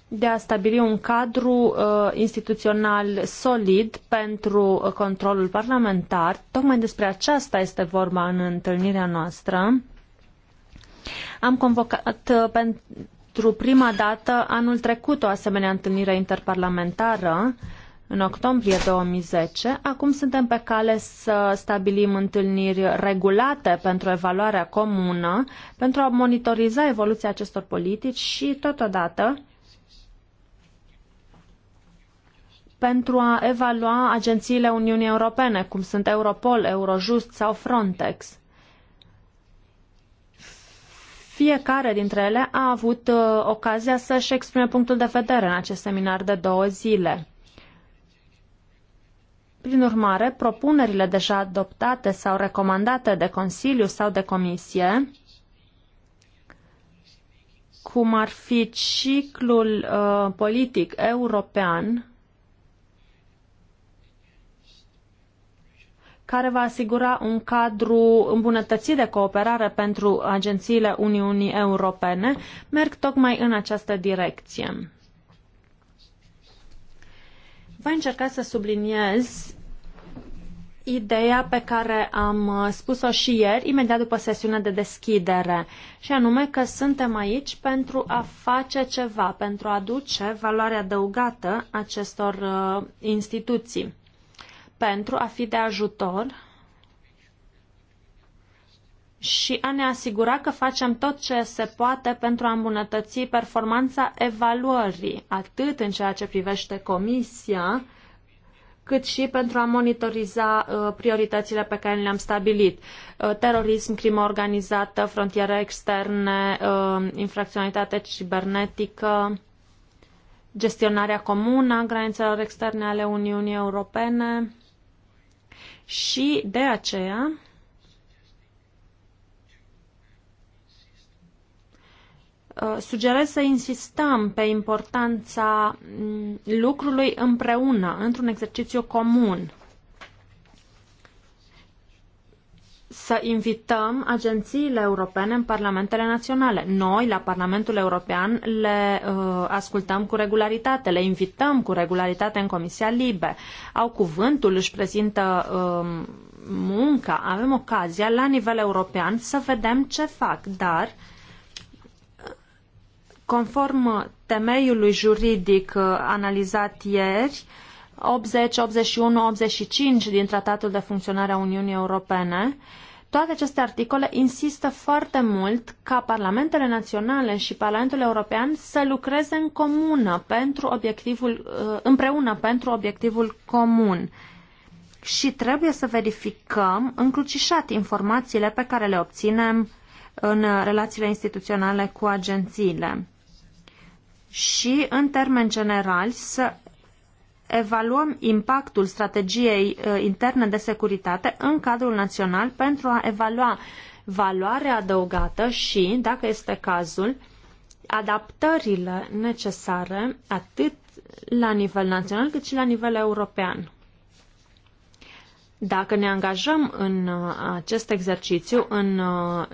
Speaker 4: de a stabili un cadru uh, instituțional solid pentru uh, controlul parlamentar. Tocmai despre aceasta este vorba în întâlnirea noastră. Am convocat uh, pentru prima dată anul trecut o asemenea întâlnire interparlamentară, în octombrie 2010. Acum suntem pe cale să stabilim întâlniri regulate pentru evaluarea comună, pentru a monitoriza evoluția acestor politici și, totodată, pentru a evalua agențiile Uniunii Europene, cum sunt Europol, Eurojust sau Frontex. Fiecare dintre ele a avut uh, ocazia să-și exprime punctul de vedere în acest seminar de două zile. Prin urmare, propunerile deja adoptate sau recomandate de Consiliu sau de Comisie, cum ar fi ciclul uh, politic european, care va asigura un cadru îmbunătățit de cooperare pentru agențiile Uniunii Europene, merg tocmai în această direcție. Voi încerca să subliniez ideea pe care am uh, spus-o și ieri, imediat după sesiunea de deschidere, și anume că suntem aici pentru a face ceva, pentru a aduce valoare adăugată acestor uh, instituții pentru a fi de ajutor și a ne asigura că facem tot ce se poate pentru a îmbunătăți performanța evaluării, atât în ceea ce privește comisia, cât și pentru a monitoriza uh, prioritățile pe care le-am stabilit. Uh, terorism, crimă organizată, frontiere externe, uh, infracționalitate cibernetică, gestionarea comună a granițelor externe ale Uniunii Europene, și de aceea uh, sugerez să insistăm pe importanța mm, lucrului împreună, într-un exercițiu comun. să invităm agențiile europene în parlamentele naționale. Noi, la Parlamentul European, le uh, ascultăm cu regularitate, le invităm cu regularitate în Comisia Libe. Au cuvântul, își prezintă uh, munca, avem ocazia la nivel european să vedem ce fac, dar conform temeiului juridic uh, analizat ieri, uh, 80, 81, 85 din Tratatul de Funcționare a Uniunii Europene, toate aceste articole insistă foarte mult ca parlamentele naționale și Parlamentul European să lucreze în comună pentru obiectivul, uh, împreună pentru obiectivul comun. Și trebuie să verificăm încrucișat informațiile pe care le obținem în relațiile instituționale cu agențiile și, în termen general, să evaluăm impactul strategiei uh, interne de securitate în cadrul național pentru a evalua valoarea adăugată și, dacă este cazul, adaptările necesare atât la nivel național cât și la nivel european. Dacă ne angajăm în uh, acest exercițiu în uh,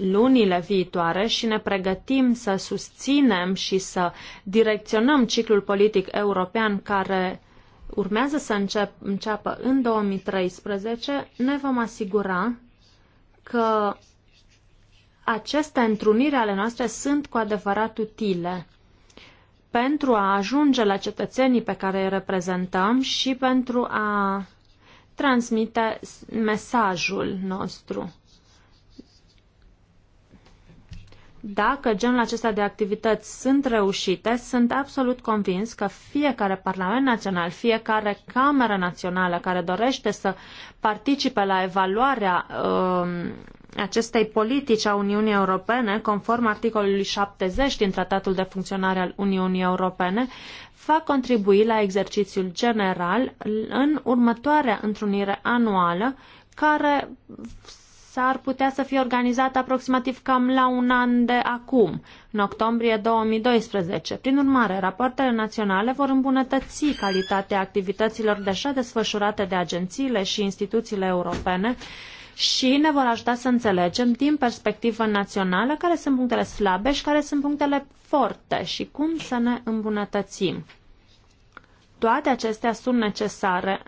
Speaker 4: lunile viitoare și ne pregătim să susținem și să direcționăm ciclul politic european care urmează să încep, înceapă în 2013, ne vom asigura că aceste întruniri ale noastre sunt cu adevărat utile pentru a ajunge la cetățenii pe care îi reprezentăm și pentru a transmite mesajul nostru. Dacă genul acesta de activități sunt reușite, sunt absolut convins că fiecare Parlament Național, fiecare Cameră Națională care dorește să participe la evaluarea um, acestei politici a Uniunii Europene, conform articolului 70 din Tratatul de Funcționare al Uniunii Europene, va contribui la exercițiul general în următoarea întrunire anuală care s-ar putea să fie organizată aproximativ cam la un an de acum, în octombrie 2012. Prin urmare, rapoartele naționale vor îmbunătăți calitatea activităților deja desfășurate de agențiile și instituțiile europene și ne vor ajuta să înțelegem din perspectivă națională care sunt punctele slabe și care sunt punctele forte și cum să ne îmbunătățim. Toate acestea sunt necesare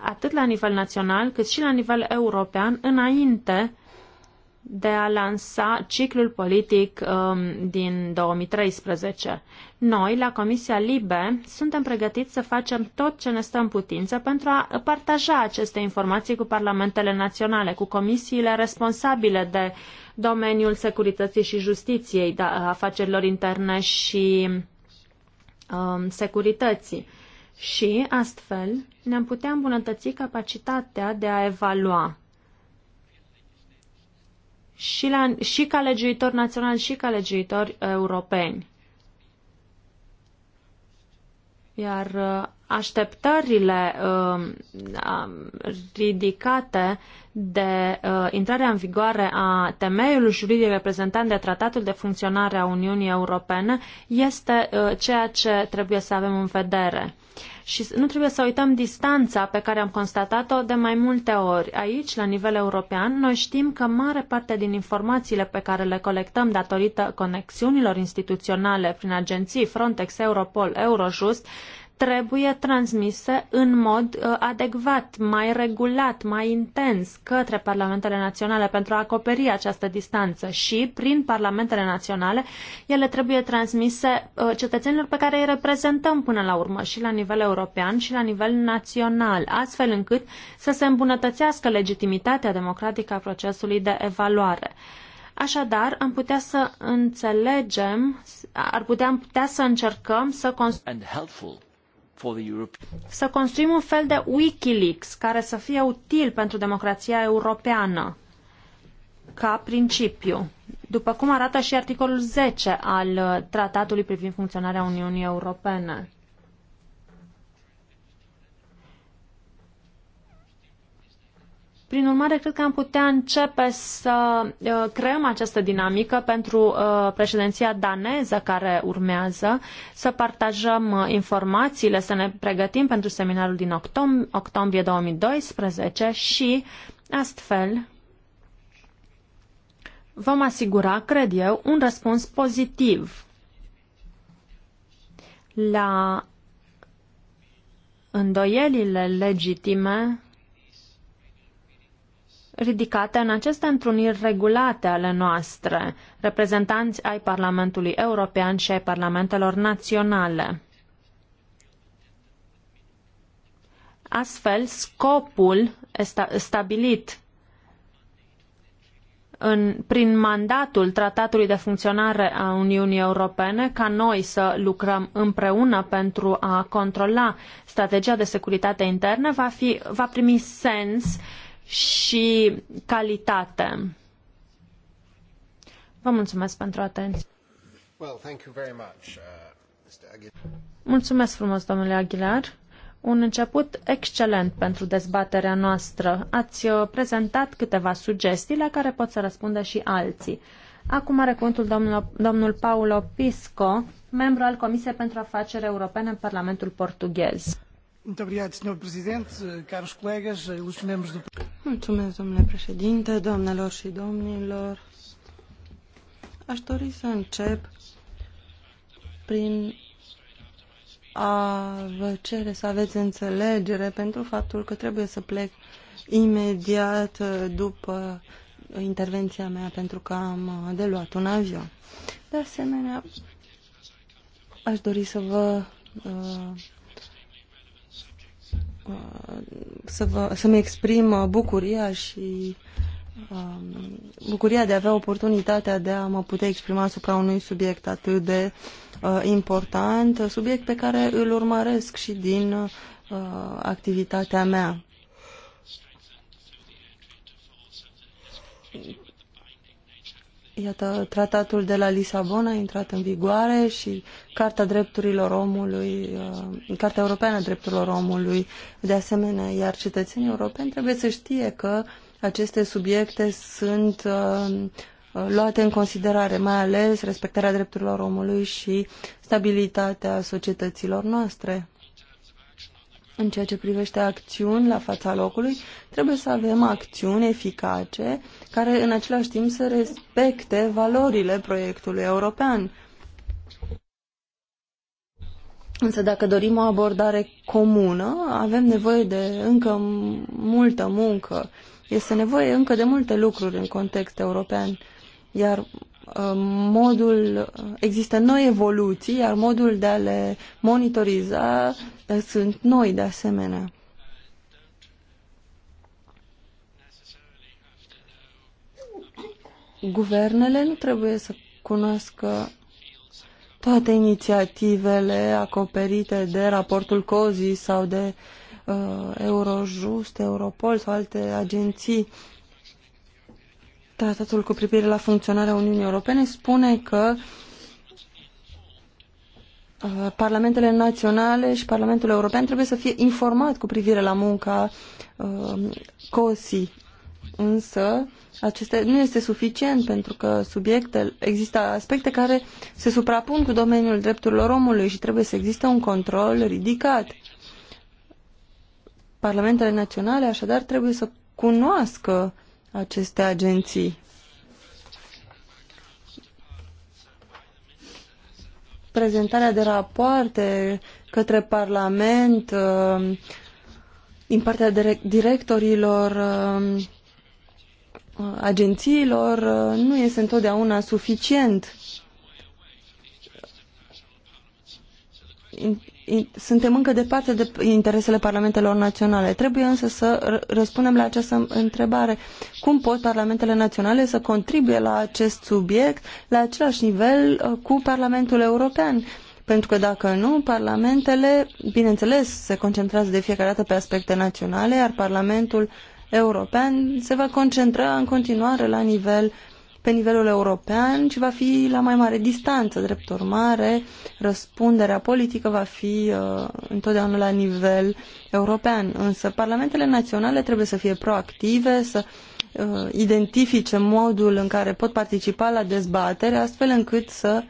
Speaker 4: atât la nivel național cât și la nivel european înainte de a lansa ciclul politic um, din 2013. Noi, la Comisia Libe, suntem pregătiți să facem tot ce ne stă în putință pentru a partaja aceste informații cu parlamentele naționale, cu comisiile responsabile de domeniul securității și justiției, da, afacerilor interne și um, securității. Și, astfel, ne-am putea îmbunătăți capacitatea de a evalua și, la, și ca legiuitori naționali și ca legiuitori uh, europeni. Iar uh, așteptările um, ridicate de uh, intrarea în vigoare a temeiului juridic reprezentant de Tratatul de Funcționare a Uniunii Europene este ceea ce trebuie să avem în vedere. Și nu trebuie să uităm distanța pe care am constatat-o de mai multe ori. Aici, la nivel european, noi știm că mare parte din informațiile pe care le colectăm datorită conexiunilor instituționale prin agenții Frontex, Europol, Eurojust, trebuie transmise în mod uh, adecvat, mai regulat, mai intens către parlamentele naționale pentru a acoperi această distanță și prin parlamentele naționale ele trebuie transmise uh, cetățenilor pe care îi reprezentăm până la urmă și la nivel european și la nivel național, astfel încât să se îmbunătățească legitimitatea democratică a procesului de evaluare. Așadar, am putea să înțelegem, ar putea, am putea să încercăm să construim să construim un fel de Wikileaks care să fie util pentru democrația europeană ca principiu, după cum arată și articolul 10 al uh, tratatului privind funcționarea Uniunii Europene. Prin urmare, cred că am putea începe să uh, creăm această dinamică pentru uh, președinția daneză care urmează, să partajăm uh, informațiile, să ne pregătim pentru seminarul din octom octombrie 2012 și astfel vom asigura, cred eu, un răspuns pozitiv la îndoielile legitime ridicate în aceste întruniri regulate ale noastre, reprezentanți ai Parlamentului European și ai Parlamentelor Naționale. Astfel, scopul stabilit în, prin mandatul Tratatului de Funcționare a Uniunii Europene ca noi să lucrăm împreună pentru a controla strategia de securitate internă va, fi, va primi sens uh, și calitate. Vă mulțumesc pentru atenție. Well, uh, Mulțumesc frumos, domnule Aguilar. Un început excelent pentru dezbaterea noastră. Ați uh, prezentat câteva sugestii la care pot să răspundă și alții. Acum are cuvântul domnul, domnul Paulo Pisco, membru al Comisiei pentru Afaceri Europene în Parlamentul Portughez.
Speaker 3: Mulțumesc, domnule președinte, doamnelor și domnilor. Aș dori să încep prin a vă cere să aveți înțelegere pentru faptul că trebuie să plec imediat după intervenția mea pentru că am de luat un avion. De asemenea, aș dori să vă uh, Uh, să vă, să-mi exprim uh, bucuria și um, bucuria de a avea oportunitatea de a mă putea exprima asupra unui subiect atât de uh, important, subiect pe care îl urmăresc și din activitatea mea. Iată, tratatul de la Lisabona a intrat în vigoare și Carta Drepturilor Omului, uh, Carta Europeană a Drepturilor Omului, de asemenea, iar cetățenii europeni trebuie să știe că aceste subiecte sunt uh, luate în considerare, mai ales respectarea drepturilor omului și stabilitatea societăților noastre. În ceea ce privește acțiuni la fața locului, trebuie să avem acțiuni eficace care în același timp să respecte valorile proiectului european. Însă dacă dorim o abordare comună, avem nevoie de încă multă muncă. Este nevoie încă de multe lucruri în context european. Iar uh, modul, există noi evoluții, iar modul de a le monitoriza uh, sunt noi de asemenea. guvernele nu trebuie să cunoască toate inițiativele acoperite de raportul COZI sau de uh, Eurojust, Europol sau alte agenții. Tratatul cu privire la funcționarea Uniunii Europene spune că uh, Parlamentele naționale și Parlamentul European trebuie să fie informat cu privire la munca uh, COSI însă aceste, nu este suficient pentru că subiecte, există aspecte care se suprapun cu domeniul drepturilor omului și trebuie să existe un control ridicat. Parlamentele naționale așadar trebuie să cunoască aceste agenții. Prezentarea de rapoarte către Parlament uh, din partea directorilor uh, agențiilor uh, nu este întotdeauna suficient. Suntem încă departe de interesele parlamentelor naționale. Trebuie însă să răspundem la această întrebare. Cum pot parlamentele naționale să contribuie la acest subiect la același nivel uh, cu Parlamentul European? Pentru că dacă nu, parlamentele, bineînțeles, se concentrează de fiecare dată pe aspecte naționale, iar Parlamentul european se va concentra în continuare la nivel pe nivelul european și va fi la mai mare distanță. Drept urmare, răspunderea politică va fi uh, întotdeauna la nivel european. Însă parlamentele naționale trebuie să fie proactive, să uh, identifice modul în care pot participa la dezbatere, astfel încât să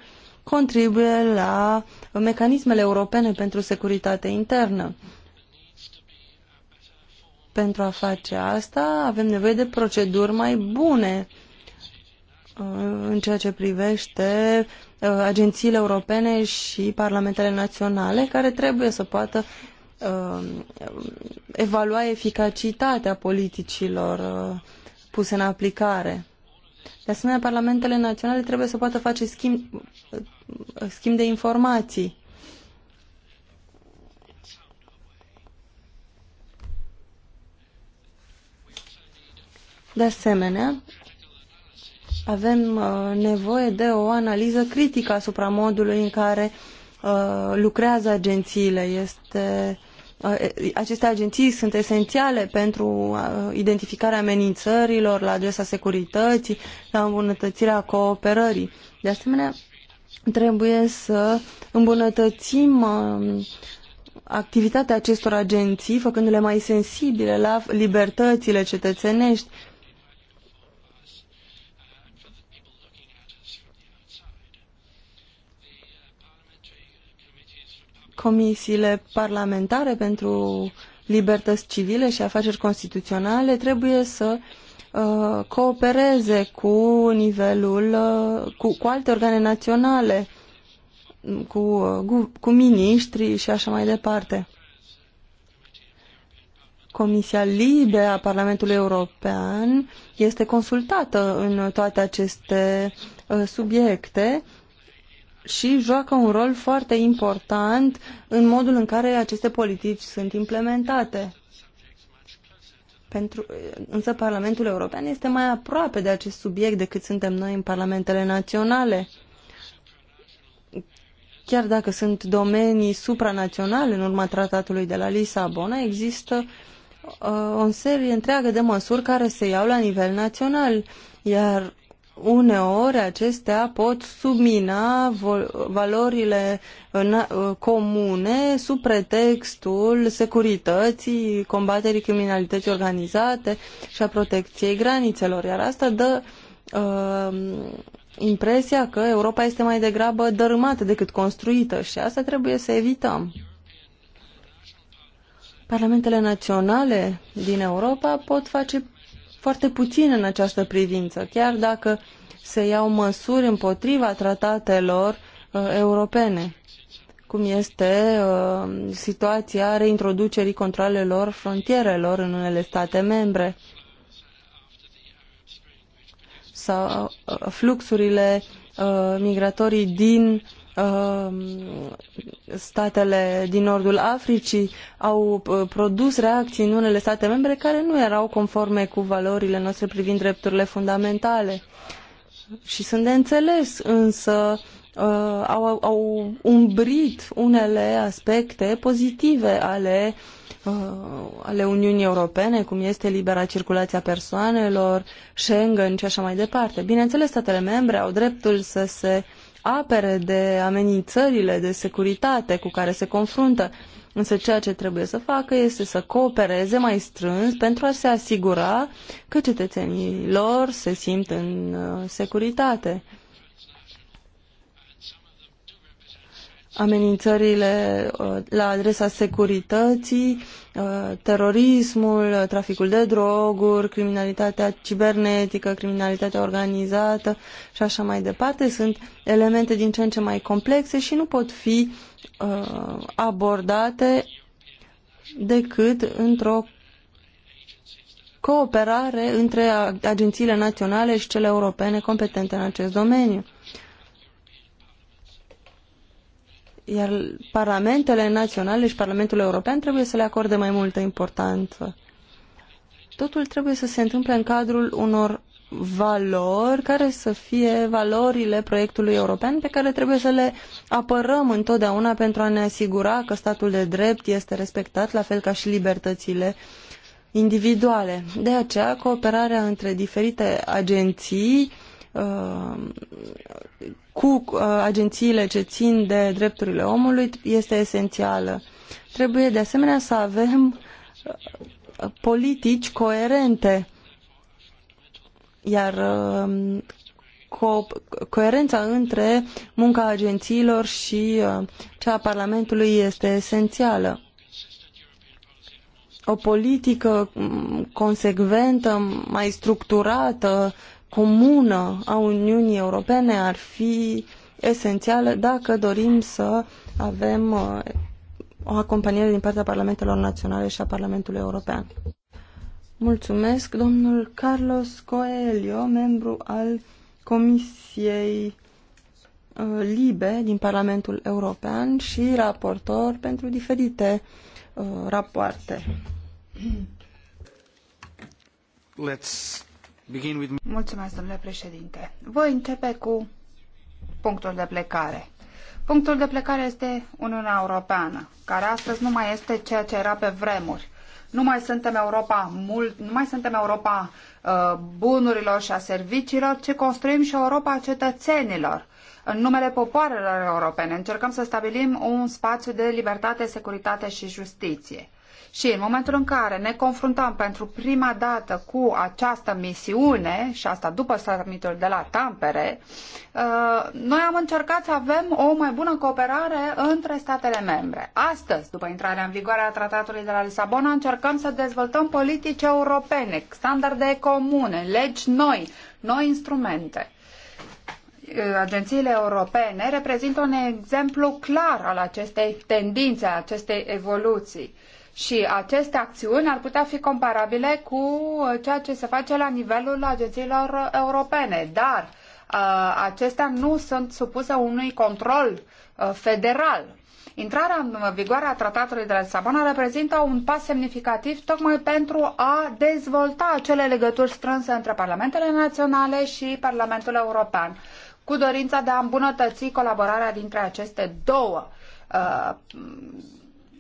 Speaker 3: contribuie la mecanismele europene pentru securitate internă. Pentru a face asta avem nevoie de proceduri mai bune uh, în ceea ce privește uh, agențiile europene și parlamentele naționale care trebuie să poată uh, evalua eficacitatea politicilor puse în aplicare. De asemenea, parlamentele naționale trebuie să poată face schimb, schimb de informații. De asemenea, avem uh, nevoie de o analiză critică asupra modului în care uh, lucrează agențiile. Este, uh, aceste agenții sunt esențiale pentru identificarea amenințărilor la adresa securității, la îmbunătățirea cooperării. De asemenea, trebuie să îmbunătățim um, activitatea acestor agenții, făcându-le mai sensibile la libertățile cetățenești, comisiile parlamentare pentru libertăți civile și afaceri constituționale trebuie să uh, coopereze cu nivelul, uh, cu, cu alte organe naționale, cu, uh, cu, cu miniștri și așa mai departe. Comisia Libe a Parlamentului European este consultată în toate aceste uh, subiecte și joacă un rol foarte important în modul în care aceste politici sunt implementate. Pentru, însă Parlamentul European este mai aproape de acest subiect decât suntem noi în parlamentele naționale. Chiar dacă sunt domenii supranaționale în urma tratatului de la Lisabona, există uh, o serie întreagă de măsuri care se iau la nivel național, iar uneori acestea pot submina valorile uh, comune sub pretextul securității, combaterii criminalității organizate și a protecției granițelor. Iar asta dă uh, impresia că Europa este mai degrabă dărâmată decât construită și asta trebuie să evităm. Parlamentele naționale din Europa pot face foarte puțin în această privință, chiar dacă se iau măsuri împotriva tratatelor uh, europene, cum este uh, situația reintroducerii controlelor frontierelor în unele state membre sau uh, fluxurile uh, migratorii din uh, Um, statele din nordul Africii au uh, produs reacții în unele state membre care nu erau conforme cu valorile noastre privind drepturile fundamentale. Și sunt de înțeles, însă uh, au, au umbrit unele aspecte pozitive ale, uh, ale Uniunii Europene, cum este libera circulație a persoanelor, Schengen și așa mai departe. Bineînțeles, statele membre au dreptul să se apere de amenințările de securitate cu care se confruntă. Însă ceea ce trebuie să facă este să coopereze mai strâns pentru a se asigura că cetățenii lor se simt în uh, securitate. amenințările uh, la adresa securității, uh, terorismul, traficul de droguri, criminalitatea cibernetică, criminalitatea organizată și așa mai departe. Sunt elemente din ce în ce mai complexe și nu pot fi uh, abordate decât într-o cooperare între agențiile naționale și cele europene competente în acest domeniu. Iar parlamentele naționale și Parlamentul European trebuie să le acorde mai multă importanță. Totul trebuie să se întâmple în cadrul unor valori care să fie valorile proiectului european pe care trebuie să le apărăm întotdeauna pentru a ne asigura că statul de drept este respectat, la fel ca și libertățile individuale. De aceea, cooperarea între diferite agenții Uh, cu uh, agențiile ce țin de drepturile omului este esențială. Trebuie de asemenea să avem uh, politici coerente, iar um, co- coerența între munca agențiilor și cea a Parlamentului este esențială. O politică um, consecventă, mai structurată, comună a Uniunii Europene ar fi esențială dacă dorim să avem uh, o acompaniere din partea Parlamentelor Naționale și a Parlamentului European. Mulțumesc, domnul Carlos Coelho, membru al Comisiei uh, Libe din Parlamentul European și raportor pentru diferite uh, rapoarte.
Speaker 2: Let's Mulțumesc, domnule președinte. Voi începe cu punctul de plecare. Punctul de plecare este Uniunea Europeană, care astăzi nu mai este ceea ce era pe vremuri. Nu mai suntem Europa mult, nu mai suntem Europa uh, bunurilor și a serviciilor, ci construim și Europa a cetățenilor. În numele popoarelor europene încercăm să stabilim un spațiu de libertate, securitate și justiție. Și în momentul în care ne confruntăm pentru prima dată cu această misiune, și asta după summitul de la Tampere, uh, noi am încercat să avem o mai bună cooperare între statele membre. Astăzi, după intrarea în vigoare a tratatului de la Lisabona, încercăm să dezvoltăm politici europene, standarde comune, legi noi, noi instrumente uh, agențiile europene reprezintă un exemplu clar al acestei tendințe, a acestei evoluții. Și aceste acțiuni ar putea fi comparabile cu ceea ce se face la nivelul agențiilor europene, dar uh, acestea nu sunt supuse unui control uh, federal. Intrarea în vigoare a tratatului de la Lisabona reprezintă un pas semnificativ tocmai pentru a dezvolta acele legături strânse între parlamentele naționale și Parlamentul European, cu dorința de a îmbunătăți colaborarea dintre aceste două uh,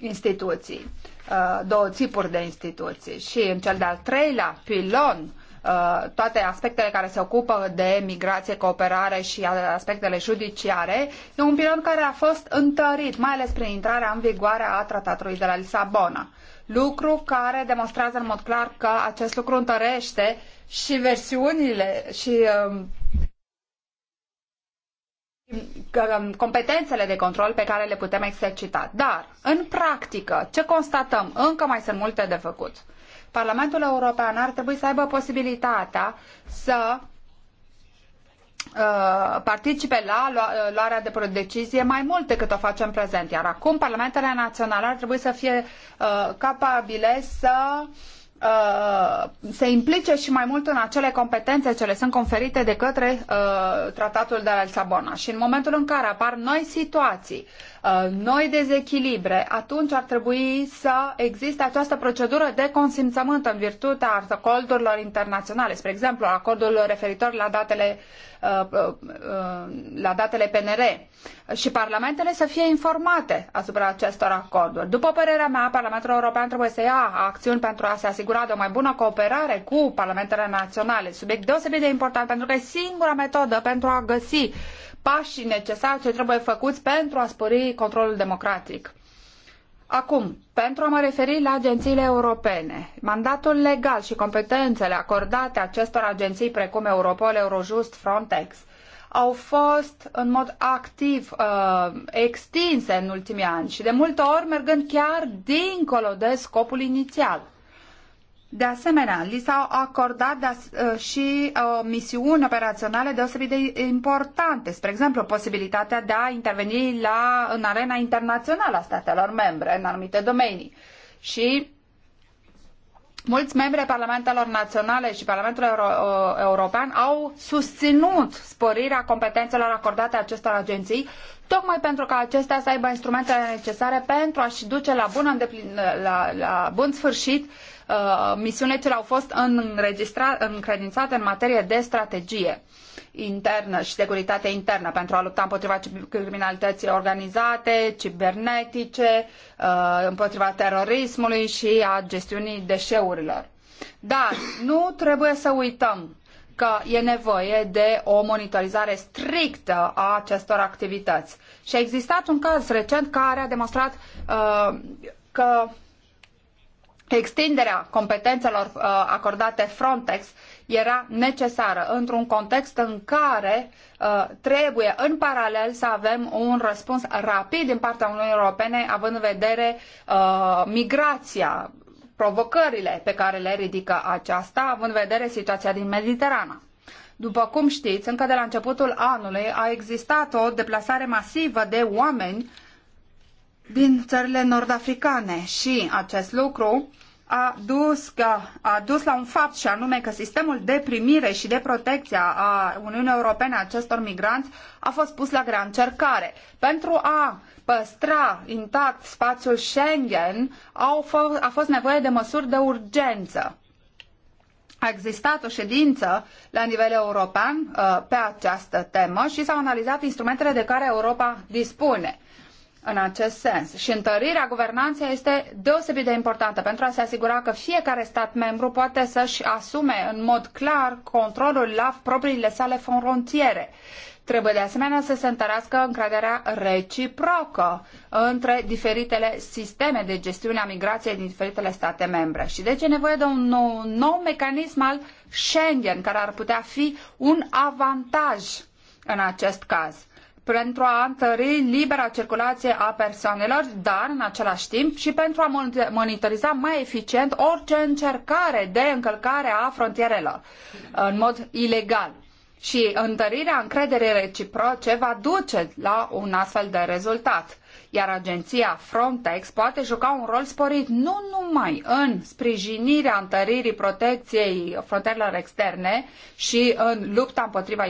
Speaker 2: instituții, uh, două tipuri de instituții și în cel de-al treilea pilon uh, toate aspectele care se ocupă de migrație, cooperare și aspectele judiciare, e un pilon care a fost întărit, mai ales prin intrarea în vigoare a tratatului de la Lisabona. Lucru care demonstrează în mod clar că acest lucru întărește și versiunile și um, Um, competențele de control pe care le putem exercita. Dar, în practică, ce constatăm? Încă mai sunt multe de făcut. Parlamentul European ar trebui să aibă posibilitatea să uh, participe la uh, luarea de decizie mai mult decât o facem prezent. Iar acum parlamentele naționale ar trebui să fie uh, capabile să uh, Uh, se implice și mai mult în acele competențe ce le sunt conferite de către uh, tratatul de la Lisabona. Și în momentul în care apar noi situații, Uh, noi dezechilibre, atunci ar trebui să existe această procedură de consimțământ în virtutea acordurilor internaționale, spre exemplu acordul referitor la datele, uh, uh, la datele PNR și parlamentele să fie informate asupra acestor acorduri. După părerea mea, Parlamentul European trebuie să ia acțiuni pentru a se asigura de o mai bună cooperare cu parlamentele naționale, subiect deosebit de important pentru că e singura metodă pentru a găsi pașii necesari ce trebuie făcuți pentru a spori controlul democratic. Acum, pentru a mă referi la agențiile europene, mandatul legal și competențele acordate acestor agenții precum Europol, Eurojust, Frontex au fost în mod activ uh, extinse în ultimii ani și de multe ori mergând chiar dincolo de scopul inițial. De asemenea, li s-au acordat uh, și uh, misiuni operaționale deosebit de importante, spre exemplu, posibilitatea de a interveni la, în arena internațională a statelor membre în anumite domenii. Și mulți membri Parlamentelor Naționale și Parlamentul Euro uh, European au susținut sporirea competențelor acordate acestor agenții tocmai pentru ca acestea să aibă instrumentele necesare pentru a-și duce la bun, la, la bun sfârșit uh, misiunile ce le-au fost încredințate în materie de strategie internă și securitate internă pentru a lupta împotriva criminalității organizate, cibernetice, uh, împotriva terorismului și a gestiunii deșeurilor. Dar nu trebuie să uităm că e nevoie de o monitorizare strictă a acestor activități. Și a existat un caz recent care a demonstrat uh, că extinderea competențelor uh, acordate Frontex era necesară într-un context în care uh, trebuie în paralel să avem un răspuns rapid din partea Uniunii Europene având în vedere uh, migrația, provocările pe care le ridică aceasta, având în vedere situația din Mediterana. După cum știți, încă de la începutul anului a existat o deplasare masivă de oameni din țările nord-africane și acest lucru a dus, că a dus la un fapt și anume că sistemul de primire și de protecție a Uniunii Europene a acestor migranți a fost pus la grea încercare. Pentru a păstra intact spațiul Schengen au a fost nevoie de măsuri de urgență. A existat o ședință la nivel european uh, pe această temă și s-au analizat instrumentele de care Europa dispune în acest sens. Și întărirea guvernanței este deosebit de importantă pentru a se asigura că fiecare stat membru poate să-și asume în mod clar controlul la propriile sale frontiere. Trebuie de asemenea să se întărească încrederea reciprocă între diferitele sisteme de gestiune a migrației din diferitele state membre. Și deci e nevoie de un nou, nou mecanism al Schengen, care ar putea fi un avantaj în acest caz pentru a întări libera circulație a persoanelor, dar în același timp și pentru a monitoriza mai eficient orice încercare de încălcare a frontierelor în mod ilegal. Și întărirea încrederii reciproce va duce la un astfel de rezultat iar agenția Frontex poate juca un rol sporit nu numai în sprijinirea întăririi protecției frontierelor externe și în lupta împotriva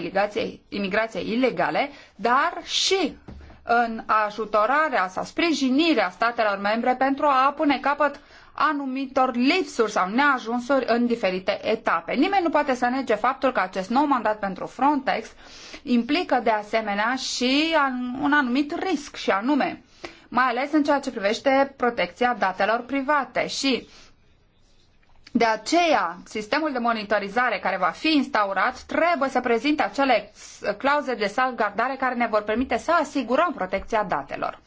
Speaker 2: imigrației ilegale, dar și în ajutorarea sau sprijinirea statelor membre pentru a pune capăt anumitor lipsuri sau neajunsuri în diferite etape. Nimeni nu poate să nege faptul că acest nou mandat pentru Frontex implică de asemenea și un anumit risc și anume mai ales în ceea ce privește protecția datelor private și de aceea, sistemul de monitorizare care va fi instaurat trebuie să prezinte acele clauze de salvgardare care ne vor permite să asigurăm protecția datelor.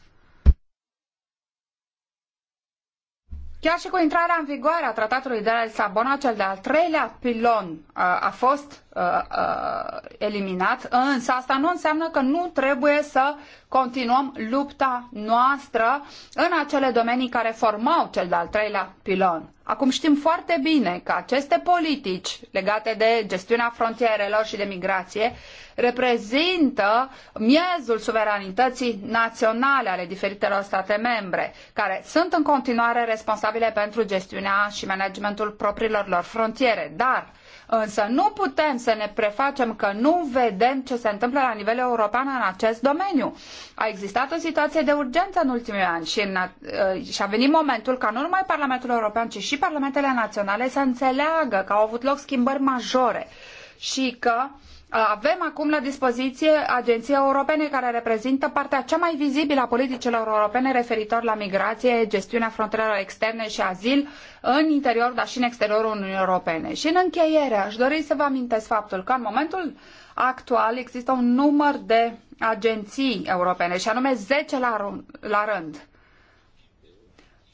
Speaker 2: Chiar și cu intrarea în vigoare a tratatului de la Lisabona, cel de-al treilea pilon uh, a fost Uh, uh, eliminat, însă asta nu înseamnă că nu trebuie să continuăm lupta noastră în acele domenii care formau cel de-al treilea pilon. Acum știm foarte bine că aceste politici legate de gestiunea frontierelor și de migrație reprezintă miezul suveranității naționale ale diferitelor state membre, care sunt în continuare responsabile pentru gestiunea și managementul propriilor lor frontiere, dar Însă nu putem să ne prefacem că nu vedem ce se întâmplă la nivel european în acest domeniu. A existat o situație de urgență în ultimii ani și, în, uh, și a venit momentul ca nu numai Parlamentul European, ci și Parlamentele Naționale să înțeleagă că au avut loc schimbări majore și că Uh, avem acum la dispoziție agenții europene care reprezintă partea cea mai vizibilă a politicilor europene referitor la migrație, gestiunea frontierelor externe și azil în interior, dar și în exteriorul Uniunii Europene. Și în încheiere, aș dori să vă amintesc faptul că în momentul actual există un număr de agenții europene, și anume zece la, la rând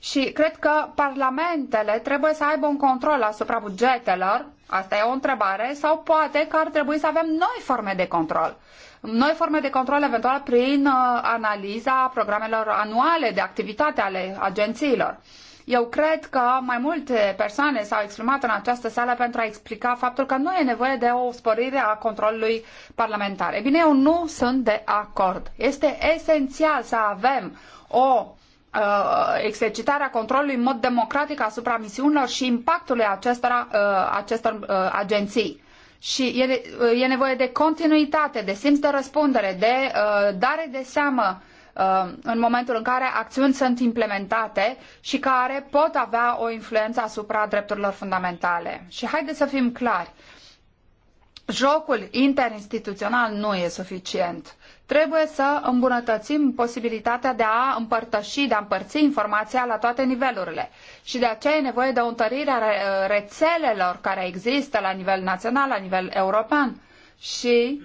Speaker 2: și cred că parlamentele trebuie să aibă un control asupra bugetelor, asta e o întrebare, sau poate că ar trebui să avem noi forme de control. Noi forme de control eventual prin uh, analiza programelor anuale de activitate ale agențiilor. Eu cred că mai multe persoane s-au exprimat în această sală pentru a explica faptul că nu e nevoie de o sporire a controlului parlamentar. E bine, eu nu sunt de acord. Este esențial să avem o Uh, exercitarea controlului în mod democratic asupra misiunilor și impactului acestora, uh, acestor uh, agenții. Și e, e nevoie de continuitate, de simț de răspundere, de dare de seamă în momentul în care acțiuni sunt implementate și care pot avea o influență asupra drepturilor fundamentale. Și haideți să fim clari. Jocul interinstituțional nu e suficient. Trebuie să îmbunătățim posibilitatea de a împărtăși, de a împărți informația la toate nivelurile. Și de aceea e nevoie de o întărire a rețelelor care există la nivel național, la nivel european. Și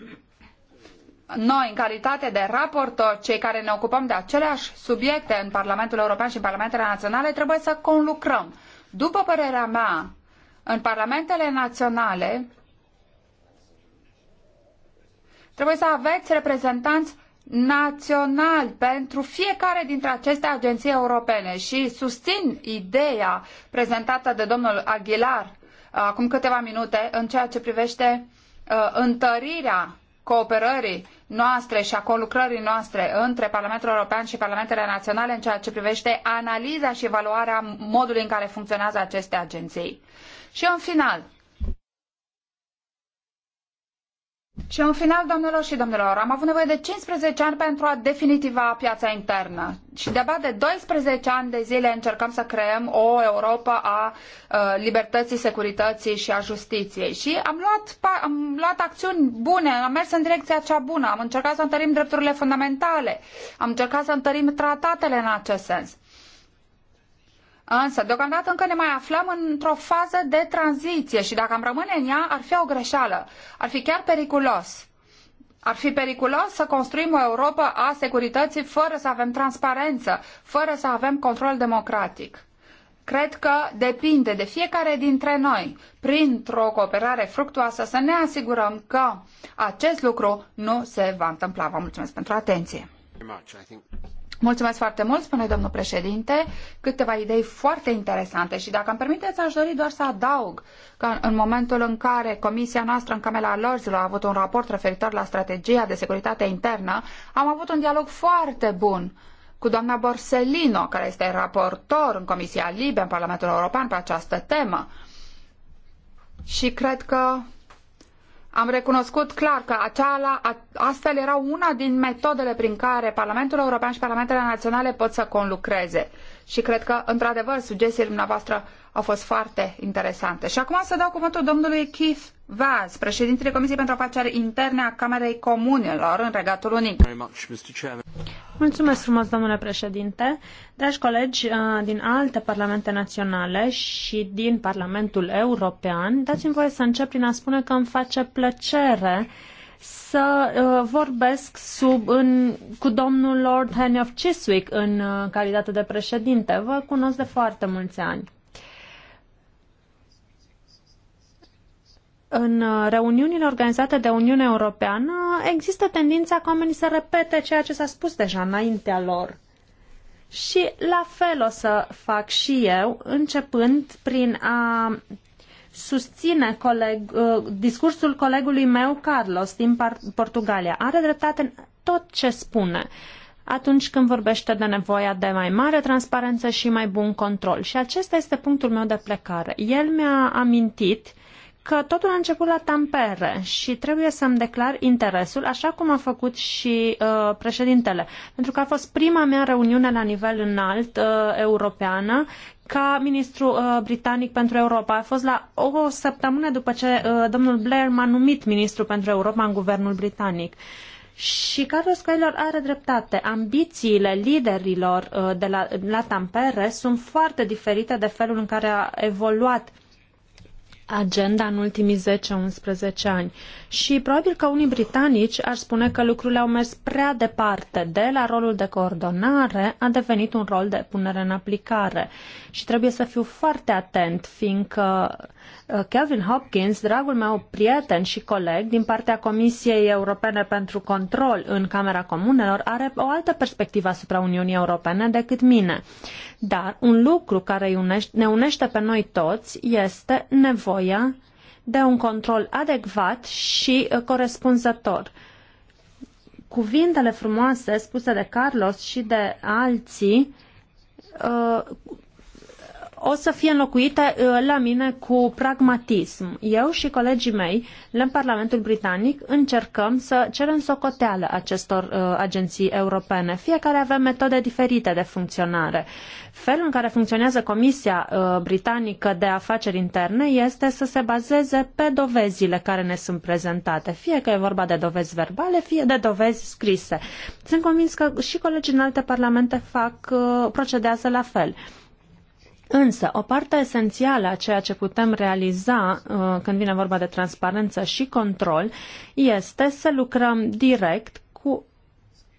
Speaker 2: noi, în calitate de raportor, cei care ne ocupăm de aceleași subiecte în Parlamentul European și în Parlamentele Naționale, trebuie să conlucrăm. După părerea mea, în Parlamentele Naționale Trebuie să aveți reprezentanți național pentru fiecare dintre aceste agenții europene și susțin ideea prezentată de domnul Aguilar uh, acum câteva minute în ceea ce privește uh, întărirea cooperării noastre și a conlucrării noastre între Parlamentul European și Parlamentele Naționale în ceea ce privește analiza și evaluarea modului în care funcționează aceste agenții. Și în final, Și în final, doamnelor și domnilor, am avut nevoie de 15 ani pentru a definitiva piața internă. Și de-abia de 12 ani de zile încercăm să creăm o Europa a uh, libertății, securității și a justiției. Și am luat, am luat acțiuni bune, am mers în direcția cea bună, am încercat să întărim drepturile fundamentale, am încercat să întărim tratatele în acest sens. Însă, deocamdată încă ne mai aflăm într-o fază de tranziție și dacă am rămâne în ea, ar fi o greșeală. Ar fi chiar periculos. Ar fi periculos să construim o Europa a securității fără să avem transparență, fără să avem control democratic. Cred că depinde de fiecare dintre noi, printr-o cooperare fructuoasă, să ne asigurăm că acest lucru nu se va întâmpla. Vă mulțumesc pentru atenție. Mulțumesc foarte mult, spune domnul președinte, câteva idei foarte interesante și dacă îmi permiteți, aș dori doar să adaug că în momentul în care Comisia noastră în Camera Lorzilor a avut un raport referitor la strategia de securitate internă, am avut un dialog foarte bun cu doamna Borsellino, care este raportor în Comisia Libe în Parlamentul European pe această temă. Și cred că am recunoscut clar că aceala, astfel era una din metodele prin care Parlamentul European și Parlamentele Naționale pot să conlucreze. Și cred că, într-adevăr, sugestiile dumneavoastră au fost foarte interesante. Și acum să dau cuvântul domnului Keith Vaz, președintele Comisiei pentru Afaceri Interne a Camerei Comunelor în Regatul Unit. Mulțumesc frumos, domnule președinte.
Speaker 4: Dragi colegi uh, din alte parlamente naționale și din Parlamentul European, dați-mi voie să încep prin a spune că îmi face plăcere să uh, vorbesc sub, în, cu domnul Lord Henry of Chiswick în uh, calitate de președinte. Vă cunosc de foarte mulți ani. în reuniunile organizate de Uniunea Europeană există tendința ca oamenii să repete ceea ce s-a spus deja înaintea lor. Și la fel o să fac și eu, începând prin a susține coleg, uh, discursul colegului meu, Carlos, din Portugalia. Are dreptate în tot ce spune atunci când vorbește de nevoia de mai mare transparență și mai bun control. Și acesta este punctul meu de plecare. El mi-a amintit uh, că totul a început la Tampere și trebuie să-mi declar interesul, așa cum a făcut și uh, președintele, pentru că a fost prima mea reuniune la nivel înalt uh, europeană ca ministru uh, britanic pentru Europa. A fost la o săptămână după ce uh, domnul Blair m-a numit ministru pentru Europa în guvernul britanic. Și Carlos Coelho are dreptate. Ambițiile liderilor uh, de la, la Tampere sunt foarte diferite de felul în care a evoluat uh, agenda în ultimii 10-11 ani. Și probabil că unii britanici ar spune că lucrurile au mers prea departe. De la rolul de coordonare a devenit un rol de punere în aplicare. Și trebuie să fiu foarte atent, fiindcă Kevin uh, Hopkins, dragul meu prieten și coleg din partea Comisiei Europene pentru Control în Camera Comunelor, are o altă perspectivă asupra Uniunii Europene decât mine. Dar un lucru care ne unește pe noi toți este nevoia de un control adecvat și uh, corespunzător cuvintele frumoase spuse de Carlos și de alții uh, o să fie înlocuite uh, la mine cu pragmatism. Eu și colegii mei în Parlamentul Britanic încercăm să cerem socoteală acestor uh, agenții europene. Fiecare avem metode diferite de funcționare. Felul în care funcționează Comisia uh, Britanică de Afaceri Interne este să se bazeze pe dovezile care ne sunt prezentate, fie că e vorba de dovezi verbale, fie de dovezi scrise. Sunt convins că și colegii în alte parlamente fac, procedează la fel. Însă, o parte esențială a ceea ce putem realiza uh, când vine vorba de transparență și control este să lucrăm direct cu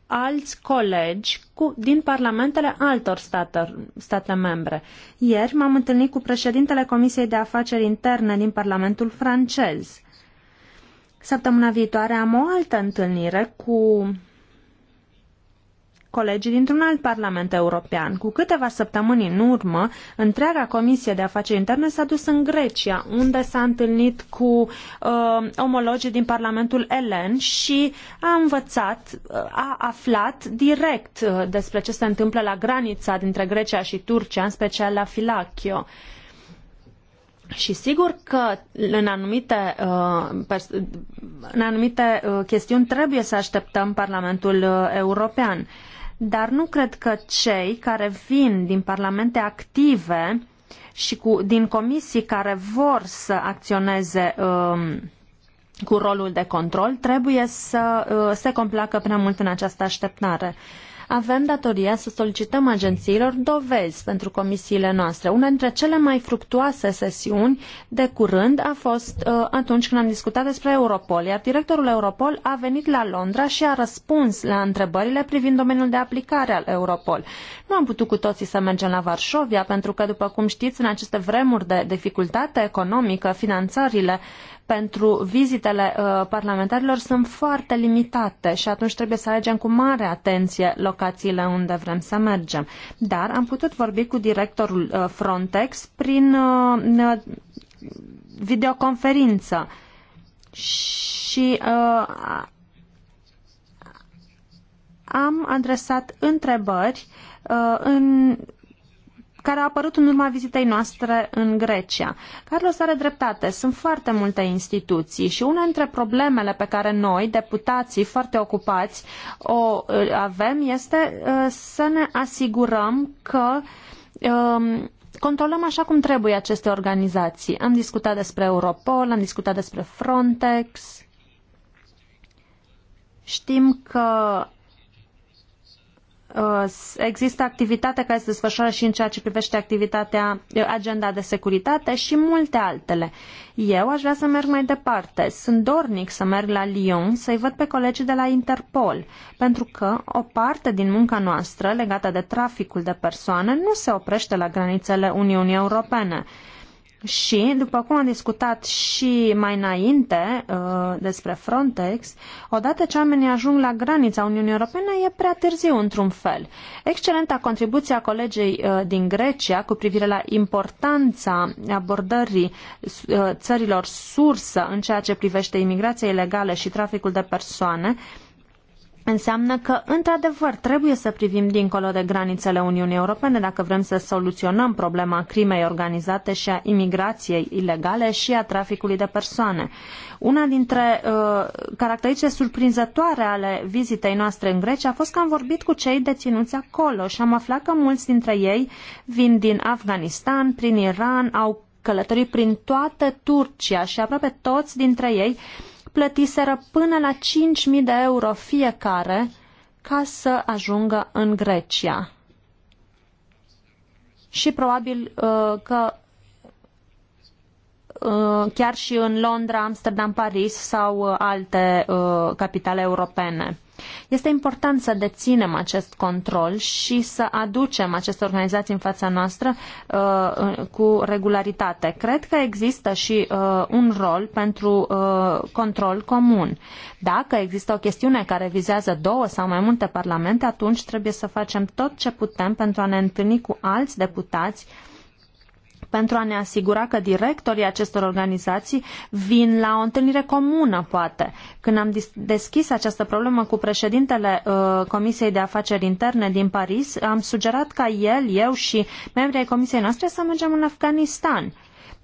Speaker 4: alți colegi cu, din parlamentele altor state, state membre. Ieri m-am întâlnit cu președintele Comisiei de Afaceri Interne din Parlamentul francez. Săptămâna viitoare am o altă întâlnire cu colegii dintr-un alt Parlament European. Cu câteva săptămâni în urmă, întreaga Comisie de Afaceri Interne s-a dus în Grecia, unde s-a întâlnit cu uh, omologii din Parlamentul Elen și a învățat, uh, a aflat direct uh, despre ce se întâmplă la granița dintre Grecia și Turcia, în special la Filachio. Și sigur că în anumite, uh, în anumite uh, chestiuni trebuie să așteptăm Parlamentul uh, European dar nu cred că cei care vin din parlamente active și cu, din comisii care vor să acționeze um, cu rolul de control trebuie să uh, se complacă prea mult în această așteptare. Uh, avem datoria să solicităm agențiilor dovezi pentru comisiile noastre. Una dintre cele mai fructuoase sesiuni de curând a fost uh, atunci când am discutat despre Europol, iar directorul Europol a venit la Londra și a răspuns la întrebările privind domeniul de aplicare al Europol. Nu am putut cu toții să mergem la Varșovia, pentru că, după cum știți, în aceste vremuri de dificultate economică, finanțările uh, pentru vizitele uh, parlamentarilor sunt foarte limitate și atunci trebuie să alegem cu mare atenție locațiile unde vrem să mergem. Dar am putut vorbi cu directorul uh, Frontex prin uh, videoconferință și uh, am adresat întrebări uh, în care a apărut în urma vizitei noastre în Grecia. Carlos are dreptate, sunt foarte multe instituții și una dintre problemele pe care noi, deputații foarte ocupați, o avem este ă, să ne asigurăm că ă, controlăm așa cum trebuie aceste organizații. Am discutat despre Europol, am discutat despre Frontex. Știm că Uh, există activitate care se desfășoară și în ceea ce privește activitatea, uh, agenda de securitate și multe altele. Eu aș vrea să merg mai departe. Sunt dornic să merg la Lyon să-i văd pe colegii de la Interpol, pentru că o parte din munca noastră legată de traficul de persoane nu se oprește la granițele Uniunii Europene. Și, după cum am discutat și mai înainte uh, despre Frontex, odată ce oamenii ajung la granița Uniunii Europene, e prea târziu într-un fel. Excelenta contribuție a colegei uh, din Grecia cu privire la importanța abordării uh, țărilor sursă în ceea ce privește imigrația ilegală și traficul de persoane uh, înseamnă că, într-adevăr, trebuie să privim dincolo de granițele Uniunii Europene dacă vrem să soluționăm problema crimei organizate și a imigrației ilegale și a traficului de persoane. Una dintre uh, surprinzătoare ale vizitei noastre în Grecia a fost că am vorbit cu cei deținuți acolo și am aflat că mulți dintre ei vin din Afganistan, prin Iran, au călătorit prin toată Turcia și aproape toți dintre ei plătiseră până la 5.000 de euro fiecare ca să ajungă în Grecia. Și probabil uh, că uh, chiar și în Londra, Amsterdam, Paris sau uh, alte uh, capitale europene. Este important să deținem acest control și să aducem aceste organizații în fața noastră uh, cu regularitate. Cred că există și uh, un rol pentru uh, control comun. Dacă există o chestiune care vizează două sau mai multe parlamente, atunci trebuie să facem tot ce putem pentru a ne întâlni cu alți deputați pentru a ne asigura că directorii acestor organizații vin la o întâlnire comună, poate. Când am deschis această problemă cu președintele uh, Comisiei de Afaceri Interne din Paris, am sugerat ca el, eu și membrii ai Comisiei noastre să mergem în Afganistan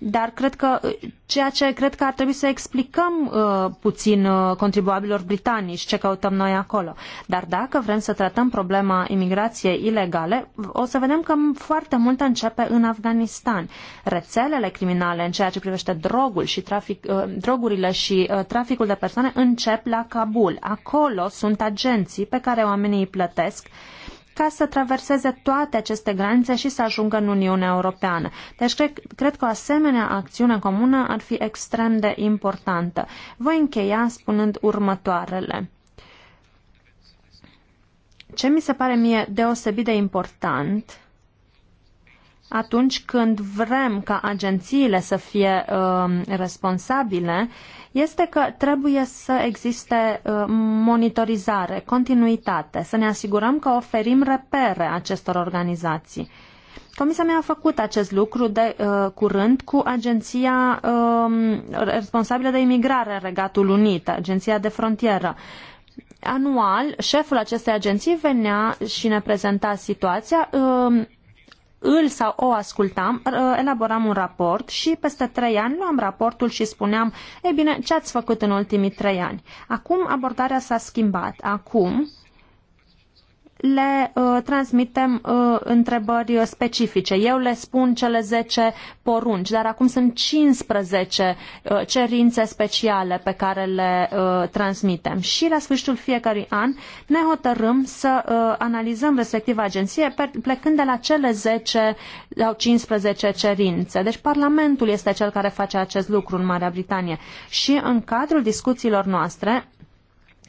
Speaker 4: dar cred că ceea ce cred că ar trebui să explicăm uh, puțin uh, contribuabilor britanici ce căutăm noi acolo. Dar dacă vrem să tratăm problema imigrației ilegale, o să vedem că foarte mult începe în Afganistan. Rețelele criminale în ceea ce privește drogul și trafic, uh, drogurile și uh, traficul de persoane încep la Kabul. Acolo sunt agenții pe care oamenii îi plătesc uh, ca să traverseze toate aceste granițe și să ajungă în Uniunea Europeană. Deci cred, cred că o asemenea acțiune comună ar fi extrem de importantă. Voi încheia spunând următoarele. Ce mi se pare mie deosebit de important atunci când vrem ca agențiile să fie uh, responsabile uh, este că trebuie să existe uh, monitorizare, continuitate, să ne asigurăm că oferim repere acestor organizații. Comisia mea a făcut acest lucru de uh, curând cu agenția uh, responsabilă de imigrare Regatul Unit, agenția de frontieră. Anual, șeful acestei agenții venea și ne prezenta situația. Uh, îl sau o ascultam, elaboram un raport și peste trei ani luam raportul și spuneam, e bine, ce ați făcut în ultimii trei ani? Acum abordarea s-a schimbat. Acum le uh, transmitem uh, întrebări specifice. Eu le spun cele 10 porunci, dar acum sunt 15 uh, cerințe speciale pe care le uh, transmitem. Și la sfârșitul fiecărui an ne hotărâm să uh, analizăm respectiva agenție plecând de la cele 10 sau 15 cerințe. Deci Parlamentul este cel care face acest lucru în Marea Britanie. Și în cadrul discuțiilor noastre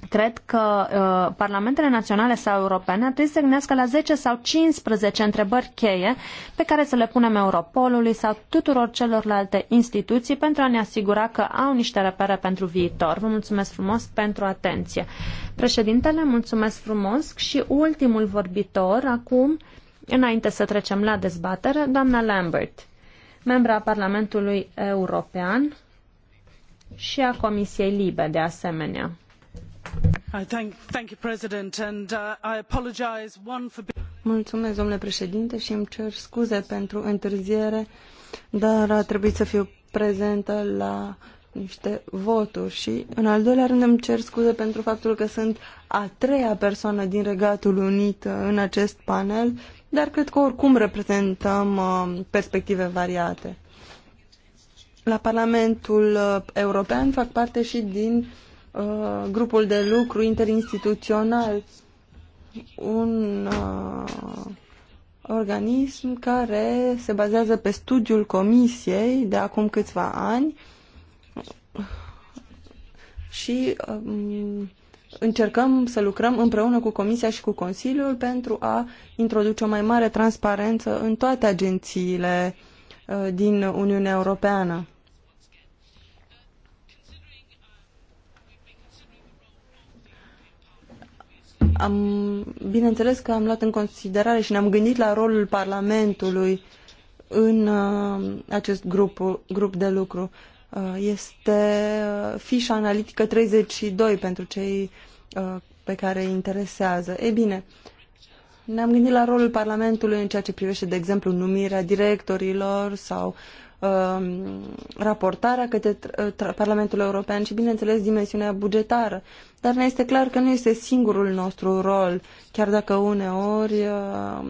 Speaker 4: cred că uh, parlamentele naționale sau europene ar trebui să se gândească la 10 sau 15 întrebări cheie pe care să le punem Europolului sau tuturor celorlalte instituții pentru a ne asigura că au niște repere pentru viitor. Vă mulțumesc frumos pentru atenție. Președintele, mulțumesc frumos și ultimul vorbitor acum, înainte să trecem la dezbatere, doamna Lambert, membra Parlamentului European și a Comisiei Libe, de asemenea.
Speaker 3: Mulțumesc, domnule președinte, și îmi cer scuze pentru întârziere, dar a trebuit să fiu prezentă la niște voturi și, în al doilea rând, îmi cer scuze pentru faptul că sunt a treia persoană din Regatul Unit uh, în acest panel, dar cred că oricum reprezentăm uh, perspective variate. La Parlamentul uh, European fac parte și din Uh, grupul de lucru interinstituțional, un uh, organism care se bazează pe studiul comisiei de acum câțiva ani și um, încercăm să lucrăm împreună cu Comisia și cu Consiliul pentru a introduce o mai mare transparență în toate agențiile uh, din Uniunea Europeană. Am, bineînțeles că am luat în considerare și ne-am gândit la rolul Parlamentului în uh, acest grup, grup de lucru. Uh, este uh, fișa analitică 32 pentru cei uh, pe care îi interesează. E bine, ne-am gândit la rolul Parlamentului în ceea ce privește, de exemplu, numirea directorilor sau Um, raportarea către uh, Parlamentul European și, bineînțeles, dimensiunea bugetară. Dar ne este clar că nu este singurul nostru rol, chiar dacă uneori uh,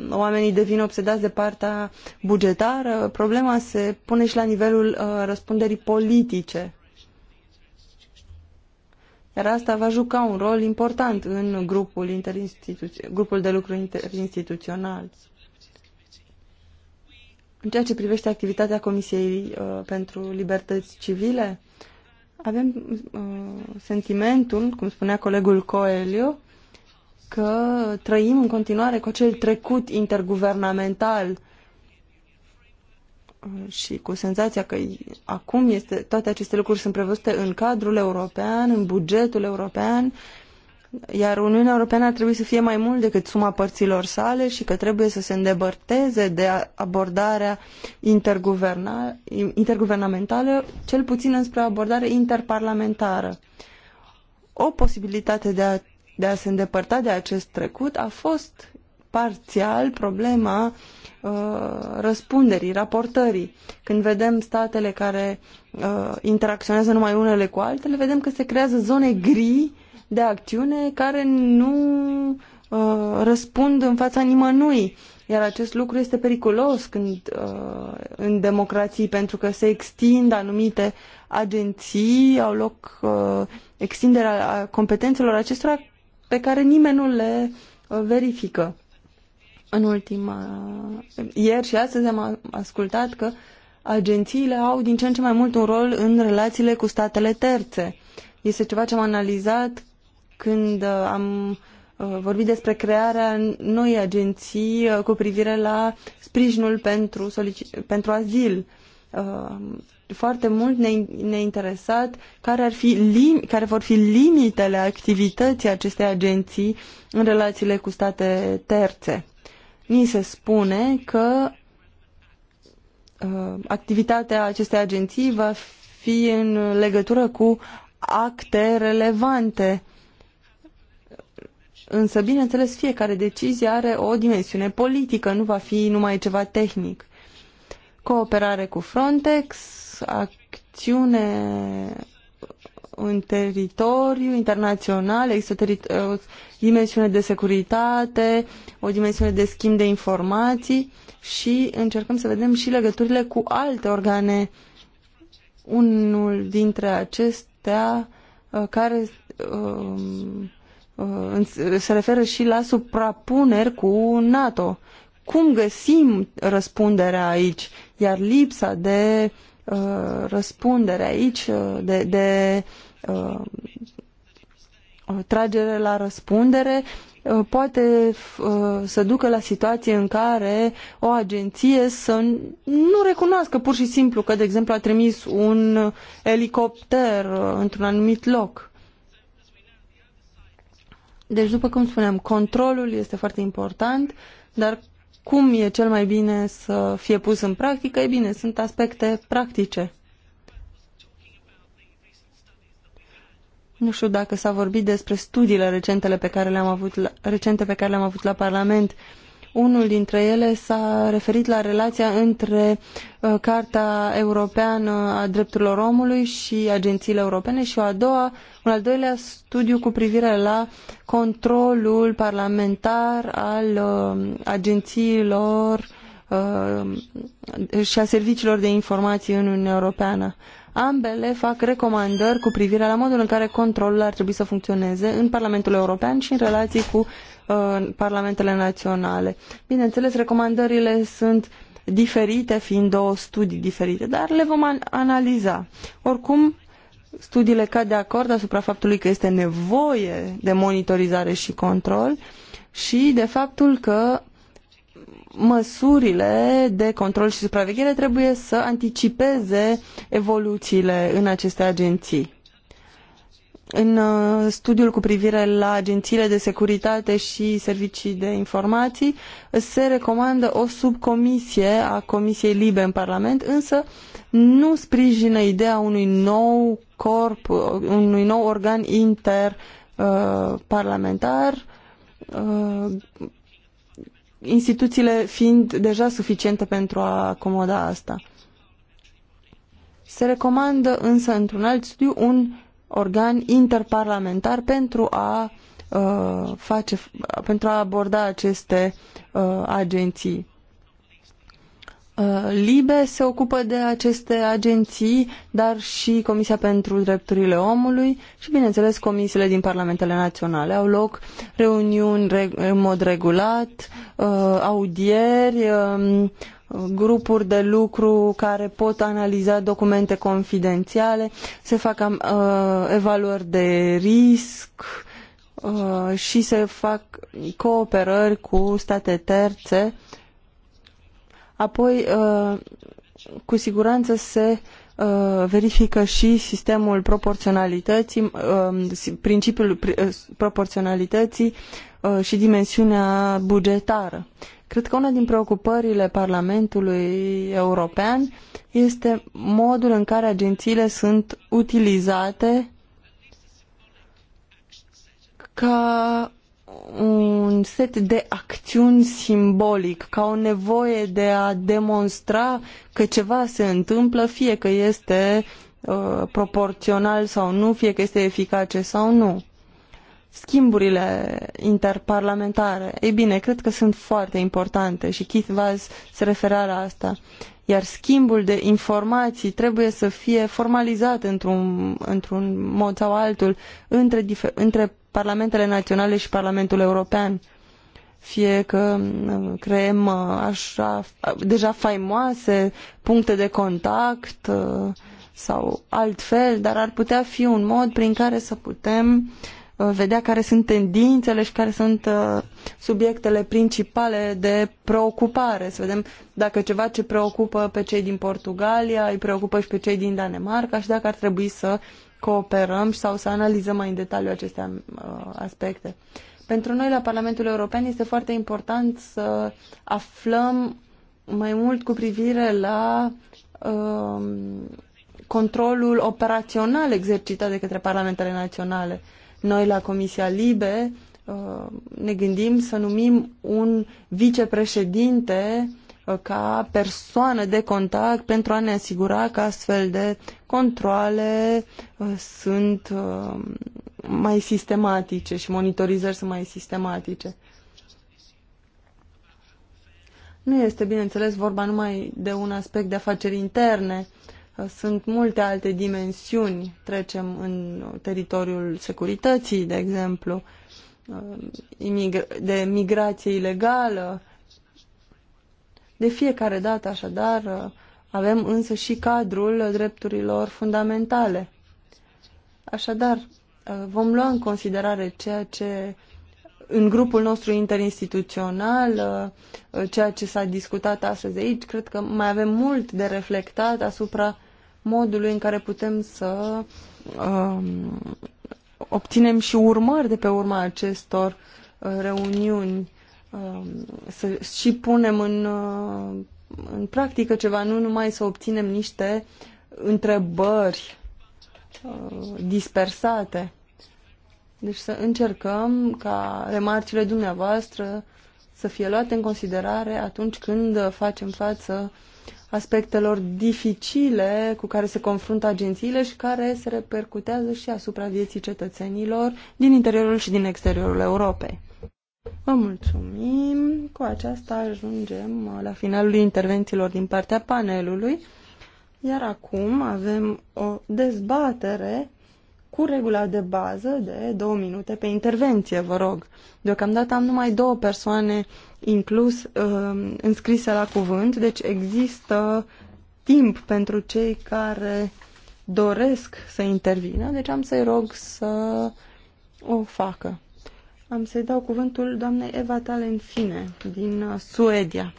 Speaker 3: oamenii devin obsedați de partea bugetară, problema se pune și la nivelul uh, răspunderii politice. Iar asta va juca un rol important în grupul, grupul de lucru interinstituțional. În ceea ce privește activitatea Comisiei uh, pentru Libertăți Civile, avem uh, sentimentul, cum spunea colegul Coelio, că trăim în continuare cu acel trecut interguvernamental uh, și cu senzația că acum este, toate aceste lucruri sunt prevăzute în cadrul european, în bugetul european iar Uniunea Europeană ar trebui să fie mai mult decât suma părților sale și că trebuie să se îndepărteze de abordarea interguvernamentală, cel puțin înspre o abordare interparlamentară. O posibilitate de a, de a se îndepărta de acest trecut a fost parțial problema uh, răspunderii, raportării. Când vedem statele care uh, interacționează numai unele cu altele, vedem că se creează zone gri de acțiune care nu uh, răspund în fața nimănui. Iar acest lucru este periculos când, uh, în democrații pentru că se extind anumite agenții, au loc uh, extinderea competențelor acestora pe care nimeni nu le uh, verifică. În ultima... Ieri și astăzi am ascultat că agențiile au din ce în ce mai mult un rol în relațiile cu statele terțe. Este ceva ce am analizat când uh, am uh, vorbit despre crearea noi agenții uh, cu privire la sprijinul pentru, pentru azil. Foarte mult ne, interesat care, ar fi lim- care vor fi limitele activității acestei agenții în relațiile cu state terțe. Ni se spune că uh, activitatea acestei agenții va fi în legătură cu acte relevante Însă, bineînțeles, fiecare decizie are o dimensiune politică, nu va fi numai ceva tehnic. Cooperare cu Frontex, acțiune în teritoriu internațional, există teri- o dimensiune de securitate, o dimensiune de schimb de informații și încercăm să vedem și legăturile cu alte organe. Unul dintre acestea uh, care um, Uh, se referă și la suprapuneri cu NATO. Cum găsim răspunderea aici? Iar lipsa de uh, răspundere aici, uh, de, de uh, tragere la răspundere, uh, poate uh, să ducă la situații în care o agenție să nu recunoască pur și simplu că, de exemplu, a trimis un elicopter într-un anumit loc deci, după cum spuneam, controlul este foarte important, dar cum e cel mai bine să fie pus în practică? E bine, sunt aspecte practice. Nu știu dacă s-a vorbit despre studiile recentele pe care le-am avut la, recente pe care le-am avut la Parlament. Uh, unul dintre ele s-a referit la relația între uh, Carta Europeană a Drepturilor Omului și agențiile europene și o a doua, un al doilea studiu cu privire la controlul parlamentar al uh, agențiilor uh, și a serviciilor de informații în Uniunea Europeană. Ambele fac recomandări cu privire la modul în care controlul ar trebui să funcționeze în Parlamentul European și în relații cu Uh, în parlamentele naționale. Bineînțeles, recomandările sunt diferite, fiind două studii diferite, dar le vom analiza. Oricum, studiile cad de acord asupra faptului că este nevoie de monitorizare și control și de faptul că măsurile de control și supraveghere trebuie să anticipeze evoluțiile în aceste agenții. În uh, studiul cu privire la agențiile de securitate și servicii de informații se recomandă o subcomisie a Comisiei Libe în Parlament, însă nu sprijină ideea unui nou corp, uh, unui nou organ interparlamentar, uh, instituțiile fiind deja suficiente pentru a acomoda asta. Se recomandă însă într-un alt studiu un organ interparlamentar pentru a uh, face, pentru a aborda aceste uh, agenții. Uh, LIBE se ocupă de aceste agenții, dar și Comisia pentru Drepturile Omului și, bineînțeles, comisiile din Parlamentele Naționale. Au loc reuniuni în mod regulat, audieri, um, grupuri de lucru care pot analiza documente confidențiale, se fac uh, evaluări de risc uh, și se fac cooperări cu state terțe. Apoi, uh, cu siguranță se uh, verifică și sistemul proporționalității, uh, principiul uh, proporționalității și dimensiunea bugetară. Cred că una din preocupările Parlamentului European este modul în care agențiile sunt utilizate ca un set de acțiuni simbolic, ca o nevoie de a demonstra că ceva se întâmplă, fie că este uh, proporțional sau nu, fie că este eficace sau nu schimburile interparlamentare. Ei bine, cred că sunt foarte importante și Keith Vaz se referea la asta. Iar schimbul de informații trebuie să fie formalizat într-un, într mod sau altul între, între parlamentele naționale și Parlamentul European. Fie că uh, creăm uh, așa, uh, deja faimoase puncte de contact sau altfel, dar ar putea fi un mod prin care să putem uh, Uh, vedea care sunt tendințele și care sunt uh, subiectele principale de preocupare. Să vedem dacă ceva ce preocupă pe cei din Portugalia îi preocupă și pe cei din Danemarca și dacă ar trebui să cooperăm sau să analizăm mai în detaliu aceste uh, aspecte. Pentru noi la Parlamentul European este foarte important să aflăm mai mult cu privire la uh, controlul operațional exercitat de către parlamentele naționale. Uh, noi la Comisia Libe uh, ne gândim să numim un vicepreședinte uh, ca persoană de contact pentru a ne asigura că astfel de controle uh, sunt mai sistematice și monitorizări sunt mai sistematice. Nu este, bineînțeles, vorba numai de un aspect de afaceri interne. Sunt multe alte dimensiuni. Trecem în teritoriul securității, de exemplu, uh, de migrație ilegală. De fiecare dată, așadar, uh, avem însă și cadrul drepturilor fundamentale. Așadar, uh, vom lua în considerare ceea ce în grupul nostru interinstituțional, ceea ce s-a discutat astăzi aici, cred că mai avem mult de reflectat asupra modului în care putem să um, obținem și urmări de pe urma acestor uh, reuniuni, um, să și punem în, uh, în practică ceva, nu numai să obținem niște întrebări uh, dispersate. Deci să încercăm ca remarcile dumneavoastră să fie luate în considerare atunci când uh, facem față uh, aspectelor dificile cu care se confruntă agențiile și care se repercutează și asupra vieții cetățenilor din interiorul și din exteriorul Europei. Vă mulțumim. Cu aceasta ajungem la finalul intervențiilor din partea panelului. Iar acum avem o dezbatere cu regula de bază de două minute pe intervenție, vă rog. Deocamdată am numai două persoane inclus, um, înscrise la cuvânt, deci există timp pentru cei care doresc să intervină, deci am să-i rog să o facă. Am să-i dau cuvântul doamnei Eva Talenfine din uh, Suedia.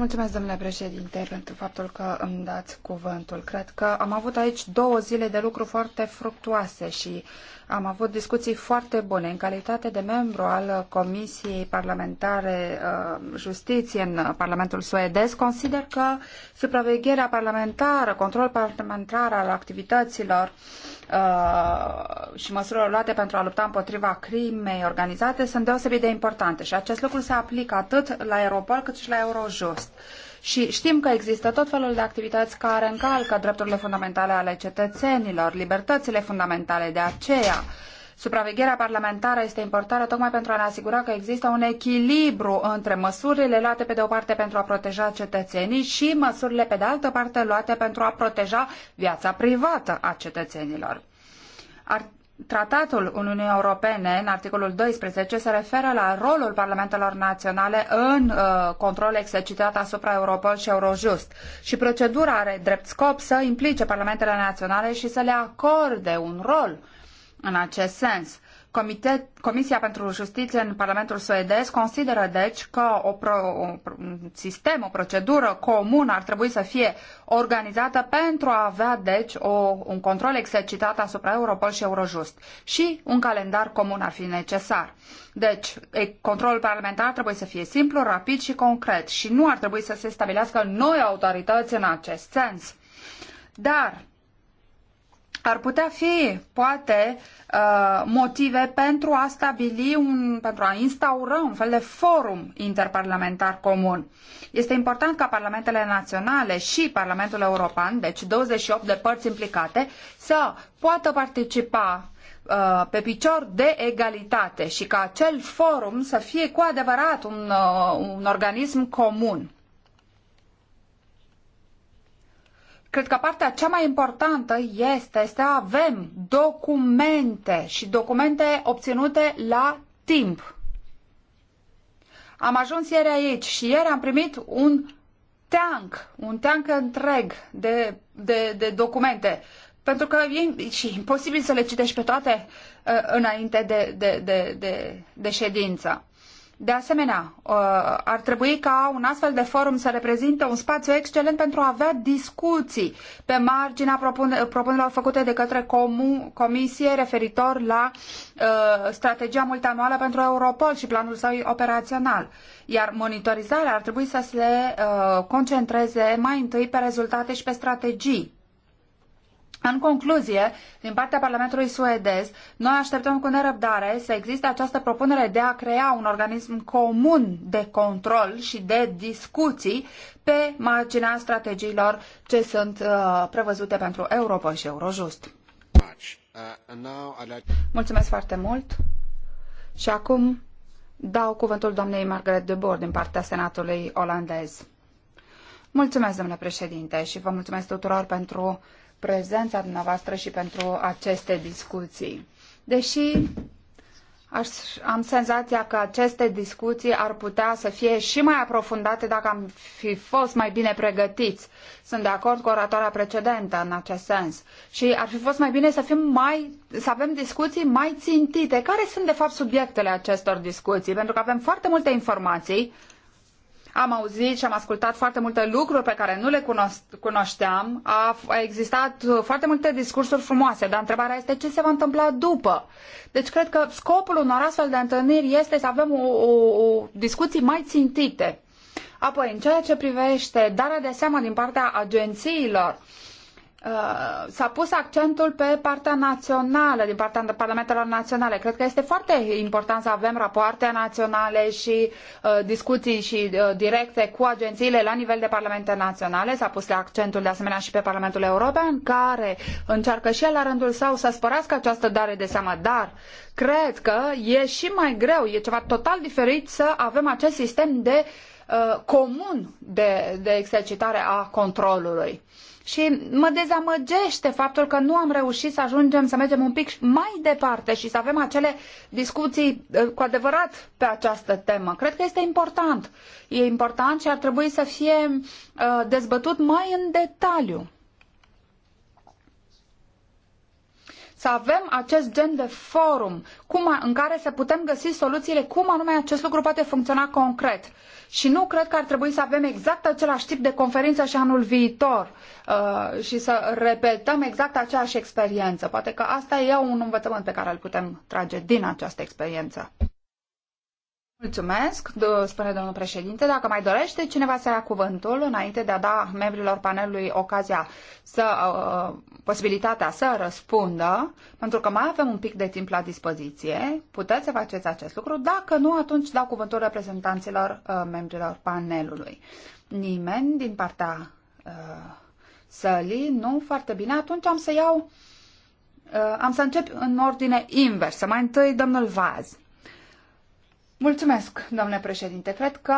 Speaker 2: Mulțumesc, domnule președinte, pentru faptul că îmi dați cuvântul. Cred că am avut aici două zile de lucru foarte fructuoase și am avut discuții foarte bune. În calitate de membru al Comisiei Parlamentare uh, Justiție în Parlamentul suedez, consider că supravegherea parlamentară, control parlamentar al activităților uh, și măsurile luate pentru a lupta împotriva crimei organizate sunt deosebit de importante și acest lucru se aplică atât la Europol cât și la Eurojust fost. Și știm că există tot felul de activități care încalcă drepturile fundamentale ale cetățenilor, libertățile fundamentale. De aceea, Supravegherea parlamentară este importantă tocmai pentru a ne asigura că există un echilibru între măsurile luate pe de o parte pentru a proteja cetățenii și măsurile pe de altă parte luate pentru a proteja viața privată a cetățenilor. Ar Tratatul Uniunii Europene, în articolul 12, se referă la rolul parlamentelor naționale în uh, control exercitat asupra Europol și Eurojust. Și procedura are drept scop să implice parlamentele naționale și să le acorde un rol în acest sens. Comitet, Comisia pentru Justiție în Parlamentul suedez consideră, deci, că o pro, un sistem, o procedură comună ar trebui să fie organizată pentru a avea, deci, o, un control exercitat asupra Europol și Eurojust. Și un calendar comun ar fi necesar. Deci, controlul parlamentar trebuie să fie simplu, rapid și concret și nu ar trebui să se stabilească noi autorități în acest sens. Dar ar putea fi, poate, uh, motive pentru a stabili, un, pentru a instaura un fel de forum interparlamentar comun. Este important ca parlamentele naționale și Parlamentul European, deci 28 de părți implicate, să poată participa uh, pe picior de egalitate și ca acel forum să fie cu adevărat un, uh, un organism comun. Cred că partea cea mai importantă este să avem documente și documente obținute la timp. Am ajuns ieri aici și ieri am primit un teanc, un teanc întreg de, de, de documente. Pentru că e și imposibil să le citești pe toate uh, înainte de, de, de, de, de ședință. De asemenea, uh, ar trebui ca un astfel de forum să reprezinte un spațiu excelent pentru a avea discuții pe marginea propunerilor făcute de către Comisie referitor la uh, strategia multianuală pentru Europol și planul său operațional. Iar monitorizarea ar trebui să se uh, concentreze mai întâi pe rezultate și pe strategii. În concluzie, din partea Parlamentului suedez, noi așteptăm cu nerăbdare să existe această propunere de a crea un organism comun de control și de discuții pe marginea strategiilor ce sunt uh, prevăzute pentru Europa și Eurojust. Mulțumesc foarte mult. Și acum dau cuvântul doamnei Margaret de Boer din partea Senatului olandez. Mulțumesc, domnule președinte, și vă mulțumesc tuturor pentru prezența dumneavoastră și pentru aceste discuții. Deși aș, am senzația că aceste discuții ar putea să fie și mai aprofundate dacă am fi fost mai bine pregătiți. Sunt de acord cu oratoarea precedentă în acest sens. Și ar fi fost mai bine să, fim mai, să avem discuții mai țintite. Care sunt, de fapt, subiectele acestor discuții? Pentru că avem foarte multe informații am auzit și am ascultat foarte multe lucruri pe care nu le cunoșteam. A existat foarte multe discursuri frumoase, dar întrebarea este ce se va întâmpla după. Deci cred că scopul unor astfel de întâlniri este să avem o, o, o discuții mai țintite. Apoi, în ceea ce privește darea de seama din partea agențiilor, Uh, s-a pus accentul pe partea națională, din partea parlamentelor naționale. Cred că este foarte important să avem rapoarte naționale și uh, discuții și uh, directe cu agențiile la nivel de parlamente naționale. S-a pus accentul de asemenea și pe Parlamentul European, care încearcă și el la rândul său să spărească această dare de seamă, dar cred că e și mai greu, e ceva total diferit să avem acest sistem de uh, comun de, de exercitare a controlului și mă dezamăgește faptul că nu am reușit să ajungem să mergem un pic mai departe și să avem acele discuții uh, cu adevărat pe această temă. Cred că este important. E important și ar trebui să fie uh, dezbătut mai în detaliu. să avem acest gen de forum cum, în care să putem găsi soluțiile cum anume acest lucru poate funcționa concret. Uh, și nu cred că ar trebui să avem exact același tip de conferință și anul viitor uh, și să repetăm exact aceeași experiență. Poate că asta e un învățământ pe care îl putem trage din această experiență. Mulțumesc, spune domnul președinte. Dacă mai dorește cineva să ia cuvântul înainte de a da membrilor panelului ocazia să, uh, uh, posibilitatea să răspundă, pentru că mai avem un pic de timp la dispoziție, puteți să faceți acest lucru. Dacă nu, atunci dau cuvântul reprezentanților uh, membrilor panelului. Nimeni din partea uh, sălii, nu foarte bine, atunci am să iau, uh, am să încep în ordine inversă. Mai întâi domnul Vaz. Mulțumesc, domnule președinte. Cred că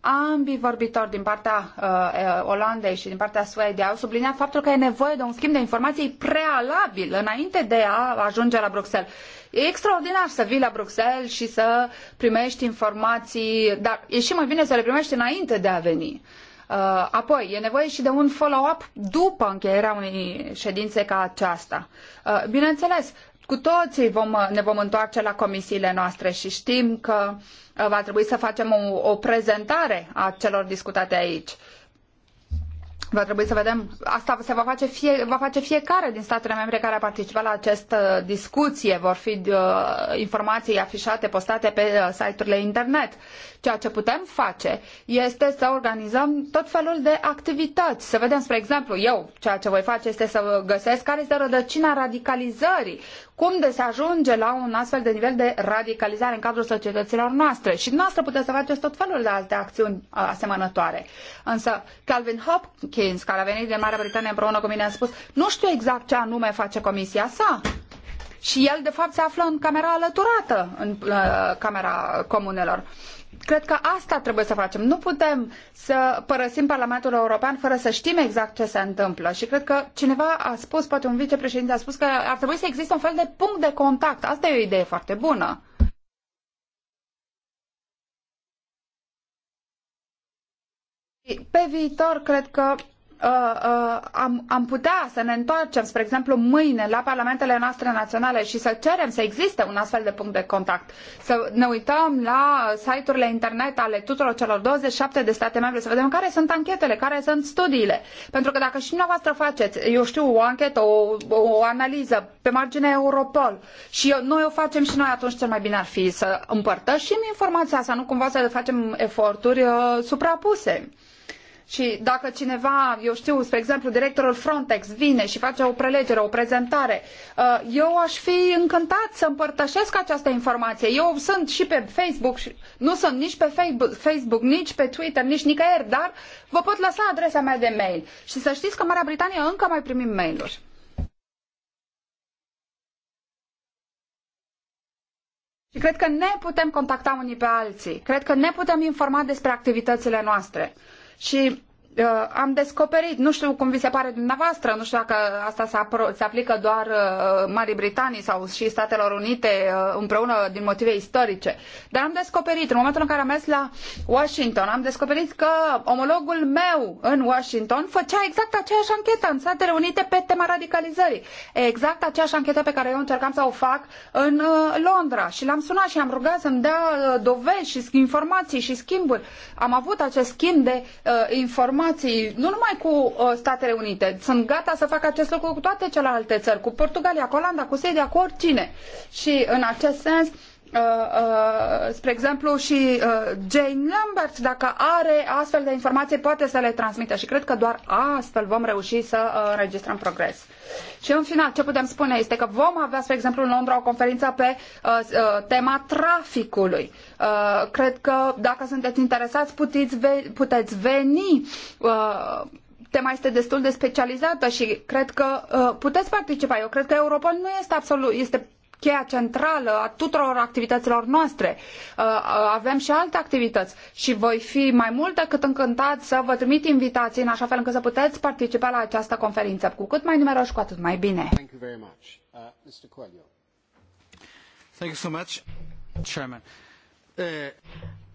Speaker 2: ambii vorbitori din partea uh, Olandei și din partea Suediei au subliniat faptul că e nevoie de un schimb de informații prealabil înainte de a ajunge la Bruxelles. E extraordinar să vii la Bruxelles și să primești informații, dar e și mai bine să le primești înainte de a veni. Uh, apoi, e nevoie și de un follow-up după încheierea unei ședințe ca aceasta. Uh, bineînțeles, cu toții vom, ne vom întoarce la comisiile noastre și știm că uh, va trebui să facem o, o prezentare a celor discutate aici. Va trebui să vedem, asta se va face, fie, va face fiecare din statele membre care a participat la această discuție, vor fi uh, informații afișate, postate pe uh, site-urile internet Ceea ce putem face este să organizăm tot felul de activități. Să vedem, spre exemplu, eu ceea ce voi face este să găsesc care este rădăcina radicalizării, cum de se ajunge la un astfel de nivel de radicalizare în cadrul societăților noastre. Și noastră puteți să faceți tot felul de alte acțiuni uh, asemănătoare. Însă Calvin Hopkins, care a venit din Marea Britanie împreună cu mine, a spus, nu știu exact ce anume face comisia sa, și el, de fapt, se află în camera alăturată, în uh, camera comunelor. Cred că asta trebuie să facem. Nu putem să părăsim Parlamentul European fără să știm exact ce se întâmplă. Și cred că cineva a spus, poate un vicepreședinte a spus că ar trebui să existe un fel de punct de contact. Asta e o idee foarte bună. Pe viitor, cred că Uh, uh, am, am putea să ne întoarcem, spre exemplu, mâine la parlamentele noastre naționale și să cerem să existe un astfel de punct de contact. Să ne uităm la site-urile internet ale tuturor celor 27 de state membre, să vedem care sunt anchetele, care sunt studiile. Pentru că dacă și dumneavoastră faceți, eu știu, o anchetă, o, o analiză pe marginea Europol și noi o facem și noi, atunci cel mai bine ar fi să împărtășim informația asta, nu cumva să facem eforturi uh, suprapuse. Și dacă cineva, eu știu, spre exemplu, directorul Frontex vine și face o prelegere, o prezentare, uh, eu aș fi încântat să împărtășesc această informație. Eu sunt și pe Facebook, nu sunt nici pe Facebook, nici pe Twitter, nici nicăieri, dar vă pot lăsa adresa mea de mail. Și să știți că în Marea Britanie încă mai primim mail-uri. Și cred că ne putem contacta unii pe alții. Cred că ne putem informa despre activitățile noastre și Uh, am descoperit, nu știu cum vi se pare dumneavoastră, nu știu dacă asta se, se aplică doar uh, Marii Britanii sau și Statelor Unite uh, împreună din motive istorice, dar am descoperit, în momentul în care am mers la Washington, am descoperit că omologul meu în Washington făcea exact aceeași anchetă în Statele Unite pe tema radicalizării. Exact aceeași anchetă pe care eu încercam să o fac în Londra și l-am sunat și am rugat să-mi dea dovezi și informații și schimburi. Am avut acest schimb de informații informații, nu numai cu uh, Statele Unite, sunt gata să fac acest lucru cu toate celelalte țări, cu Portugalia, cu Olanda, cu Suedia, cu oricine. Și în acest sens Uh, uh, spre exemplu, și uh, Jane Lambert, dacă are astfel de informații, poate să le transmită și cred că doar astfel vom reuși să uh, înregistrăm progres. Și în final, ce putem spune este că vom avea, spre exemplu, în Londra o conferință pe uh, uh tema traficului. Uh, cred că dacă sunteți interesați, puteți, ve- puteți veni. Uh, tema este destul de specializată și cred că uh, puteți participa. Eu cred că Europol nu este absolut, este cheia centrală a tuturor activităților noastre. Uh, uh, avem și alte activități și voi fi mai mult decât încântat să vă trimit invitații în așa fel încât să puteți participa la această conferință. Cu cât mai numeroși, cu atât mai bine.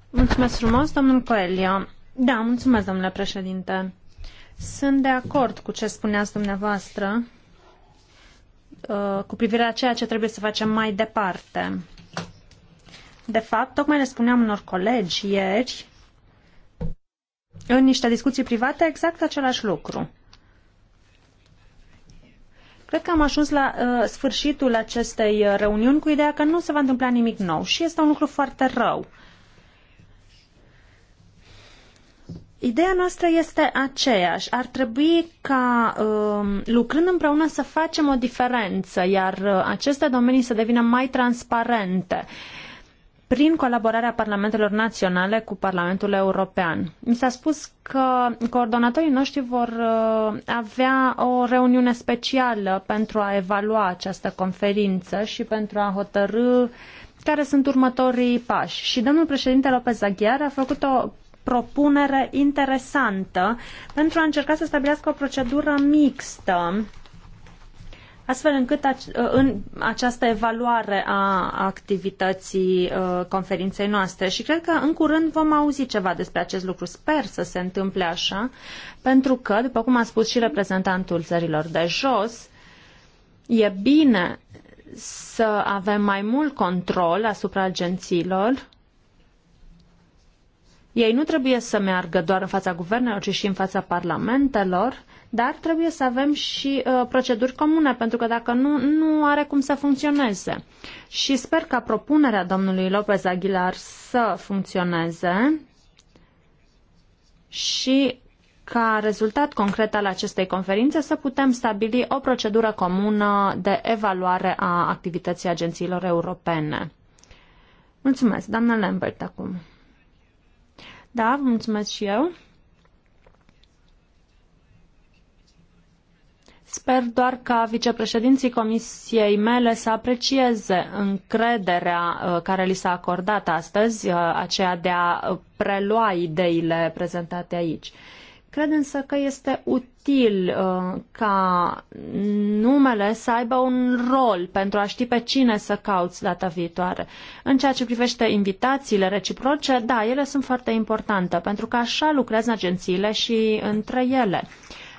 Speaker 4: Mulțumesc frumos, domnul Coelho. Da, mulțumesc, domnule președinte. Sunt de acord cu ce spuneați dumneavoastră Uh, cu privire la ceea ce trebuie să facem mai departe. De fapt, tocmai le spuneam unor colegi ieri, în niște discuții private, exact același lucru. Cred că am ajuns la uh, sfârșitul acestei uh, reuniuni cu ideea că nu se va întâmpla nimic nou și este un lucru foarte rău. Ideea noastră este aceeași. Ar trebui ca um, lucrând împreună să facem o diferență, iar uh, aceste domenii să devină mai transparente prin colaborarea parlamentelor naționale cu Parlamentul European. Mi s-a spus că coordonatorii noștri vor uh, avea o reuniune specială pentru a evalua această conferință și pentru a hotărâ care sunt următorii pași. Și domnul președinte Lopez Aghiar a făcut o propunere interesantă pentru a încerca să stabilească o procedură mixtă astfel încât uh, în această evaluare a activității uh, conferinței noastre. Și cred că în curând vom auzi ceva despre acest lucru. Sper să se întâmple așa, pentru că, după cum a spus și reprezentantul țărilor de jos, e bine să avem mai mult control asupra agențiilor ei nu trebuie să meargă doar în fața guvernelor, ci și în fața parlamentelor, dar trebuie să avem și uh, proceduri comune, pentru că dacă nu, nu are cum să funcționeze. Și sper ca propunerea domnului Lopez Aguilar să funcționeze și ca rezultat concret al acestei conferințe să putem stabili o procedură comună de evaluare a activității agențiilor europene. Mulțumesc, doamna Lambert, acum. Da, vă mulțumesc și eu. Sper doar ca vicepreședinții comisiei mele să aprecieze încrederea uh, care li s-a acordat astăzi, uh, aceea de a prelua ideile prezentate aici. Cred însă că este util uh, ca numele să aibă un rol pentru a ști pe cine să cauți data viitoare. În ceea ce privește invitațiile reciproce, da, ele sunt foarte importante, pentru că așa lucrează agențiile și între ele.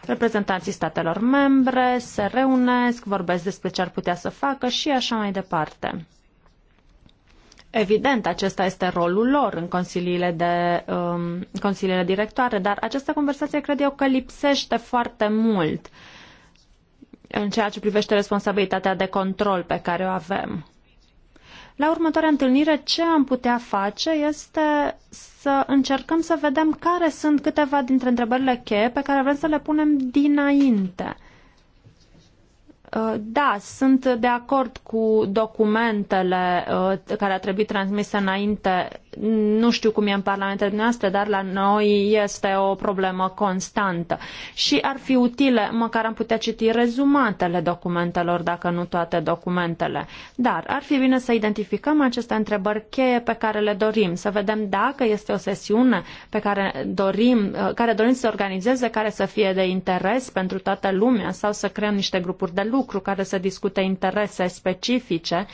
Speaker 4: Reprezentanții statelor membre se reunesc, vorbesc despre ce ar putea să facă și așa mai departe. Evident, acesta este rolul lor în consiliile, de, um, consiliile directoare, dar această conversație cred eu că lipsește foarte mult în ceea ce privește responsabilitatea de control pe care o avem. La următoarea întâlnire, ce am putea face este să încercăm să vedem care sunt câteva dintre întrebările cheie pe care vrem să le punem dinainte – Uh, da, sunt de acord cu documentele uh, care ar trebui transmise înainte nu știu cum e în parlamentele noastre, dar la noi este o problemă constantă. Și ar fi utile, măcar am putea citi rezumatele documentelor, dacă nu toate documentele. Dar ar fi bine să identificăm aceste întrebări cheie pe care le dorim, să vedem dacă este o sesiune pe care dorim, care dorim să se organizeze, care să fie de interes pentru toată lumea sau să creăm niște grupuri de lucru care să discute interese specifice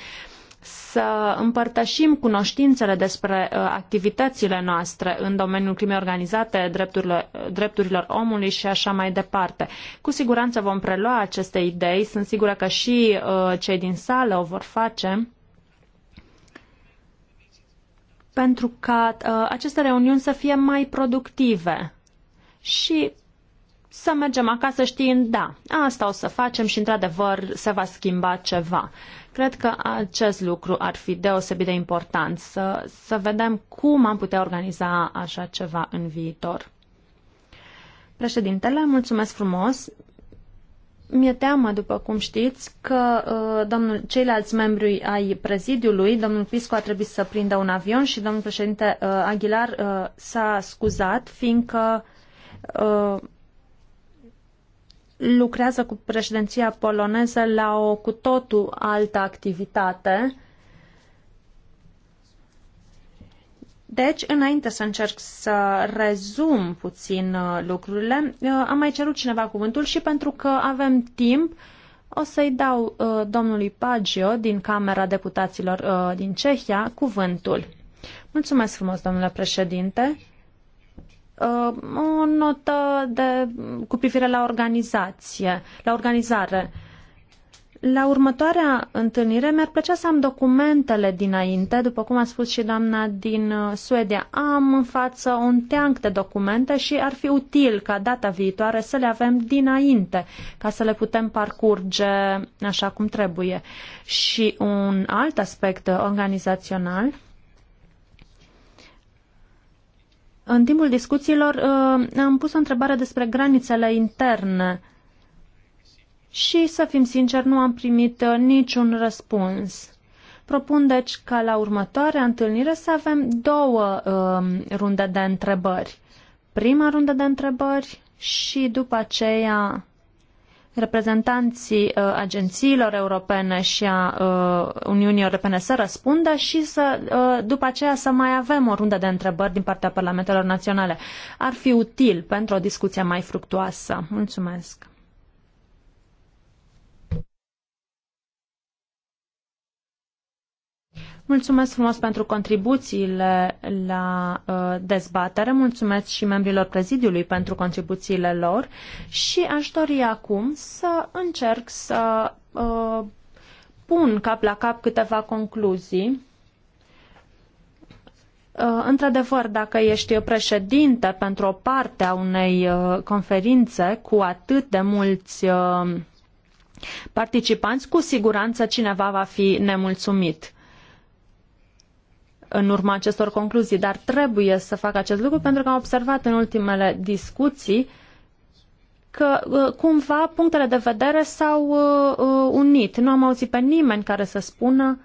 Speaker 4: să împărtășim cunoștințele despre uh, activitățile noastre în domeniul crimei organizate, drepturilor, uh, drepturilor omului și așa mai departe. Cu siguranță vom prelua aceste idei, sunt sigură că și uh, cei din sală o vor face pentru ca uh, aceste reuniuni să fie mai productive și să mergem acasă știind, da, asta o să facem și într-adevăr se va schimba ceva. Cred că acest lucru ar fi deosebit de important, să, să vedem cum am putea organiza așa ceva în viitor. Președintele, mulțumesc frumos. Mi-e teamă, după cum știți, că uh, domnul, ceilalți membri ai prezidiului, domnul Pisco a trebuit să prindă un avion și domnul președinte uh, Aguilar uh, s-a scuzat, fiindcă uh, lucrează cu președinția poloneză la o cu totul altă activitate. Deci, înainte să încerc să rezum puțin uh, lucrurile, uh, am mai cerut cineva cuvântul și pentru că avem timp, o să-i dau uh, domnului Pagio din Camera Deputaților din Cehia cuvântul. Mulțumesc frumos, domnule președinte. Uh, o notă de, cu privire la organizație, la organizare. La următoarea întâlnire mi-ar plăcea să am documentele dinainte, după cum a spus și doamna din uh, Suedia. Am în față un teanc de documente și ar fi util ca data viitoare să le avem dinainte, ca să le putem parcurge așa cum trebuie. Și un alt aspect organizațional În timpul discuțiilor uh, am pus o întrebare despre granițele interne și, să fim sinceri, nu am primit uh, niciun răspuns. Propun deci ca la următoarea întâlnire să avem două um, runde de întrebări. Prima rundă de întrebări și după aceea reprezentanții uh, agențiilor europene și a uh, Uniunii Europene să răspundă și să, uh, după aceea să mai avem o rundă de întrebări din partea parlamentelor naționale. Ar fi util pentru o discuție mai fructuoasă. Mulțumesc! Mulțumesc frumos pentru contribuțiile la uh, dezbatere, mulțumesc și membrilor prezidiului pentru contribuțiile lor și aș dori acum să încerc să uh, pun cap la cap câteva concluzii. Uh, într-adevăr, dacă ești președinte pentru o parte a unei uh, conferințe cu atât de mulți uh, participanți, cu siguranță cineva va fi nemulțumit în urma acestor concluzii, dar trebuie să fac acest lucru pentru că am observat în ultimele discuții că uh, cumva punctele de vedere s-au uh, uh, unit. Nu am auzit pe nimeni care să spună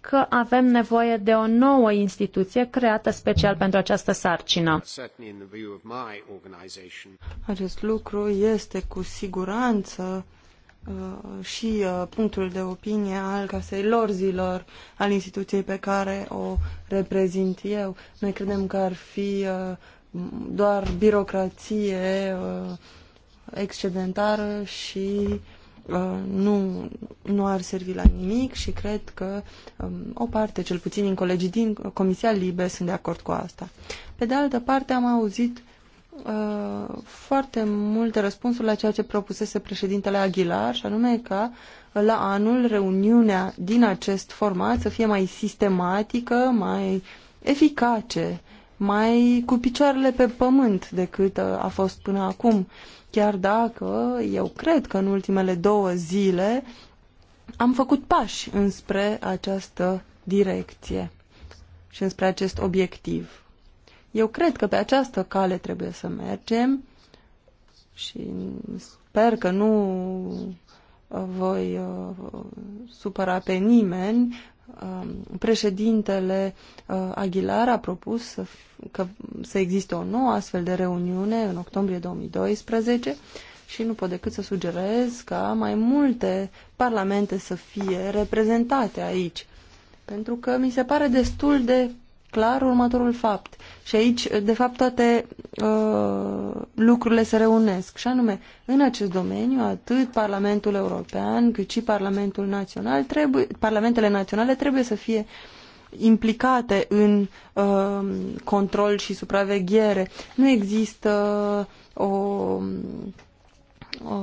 Speaker 4: că avem nevoie de o nouă instituție creată special
Speaker 3: pentru această sarcină. Acest lucru este cu siguranță Uh, și uh, punctul de opinie al casei zilor, al instituției pe care o reprezint eu. Noi credem că ar fi uh, doar birocrație excedentară și nu, nu ar servi la nimic și cred că um, o parte, cel puțin din colegii din Comisia Libe, sunt de acord cu asta. Pe de altă parte, am auzit Uh, foarte multe răspunsuri la ceea ce propusese președintele Aguilar, și anume ca la anul reuniunea din acest format să fie mai sistematică, mai eficace, mai cu picioarele pe pământ decât uh, a fost până acum. Chiar dacă eu cred că în ultimele două zile am făcut pași înspre această direcție și înspre acest obiectiv. Eu cred că pe această cale trebuie să mergem și sper că nu uh, voi uh, supăra pe nimeni. Um, președintele uh, Aguilar a propus să, că, să existe o nouă astfel de reuniune în octombrie 2012 și nu pot decât să sugerez ca mai multe parlamente să fie reprezentate aici. Pentru că mi se pare destul de clar următorul fapt. Și aici, de fapt, toate uh, lucrurile se reunesc. Și anume, în acest domeniu, atât Parlamentul European, cât și Parlamentul Național, trebuie, Parlamentele Naționale trebuie să fie implicate în uh, control și supraveghere. Nu există uh, o, o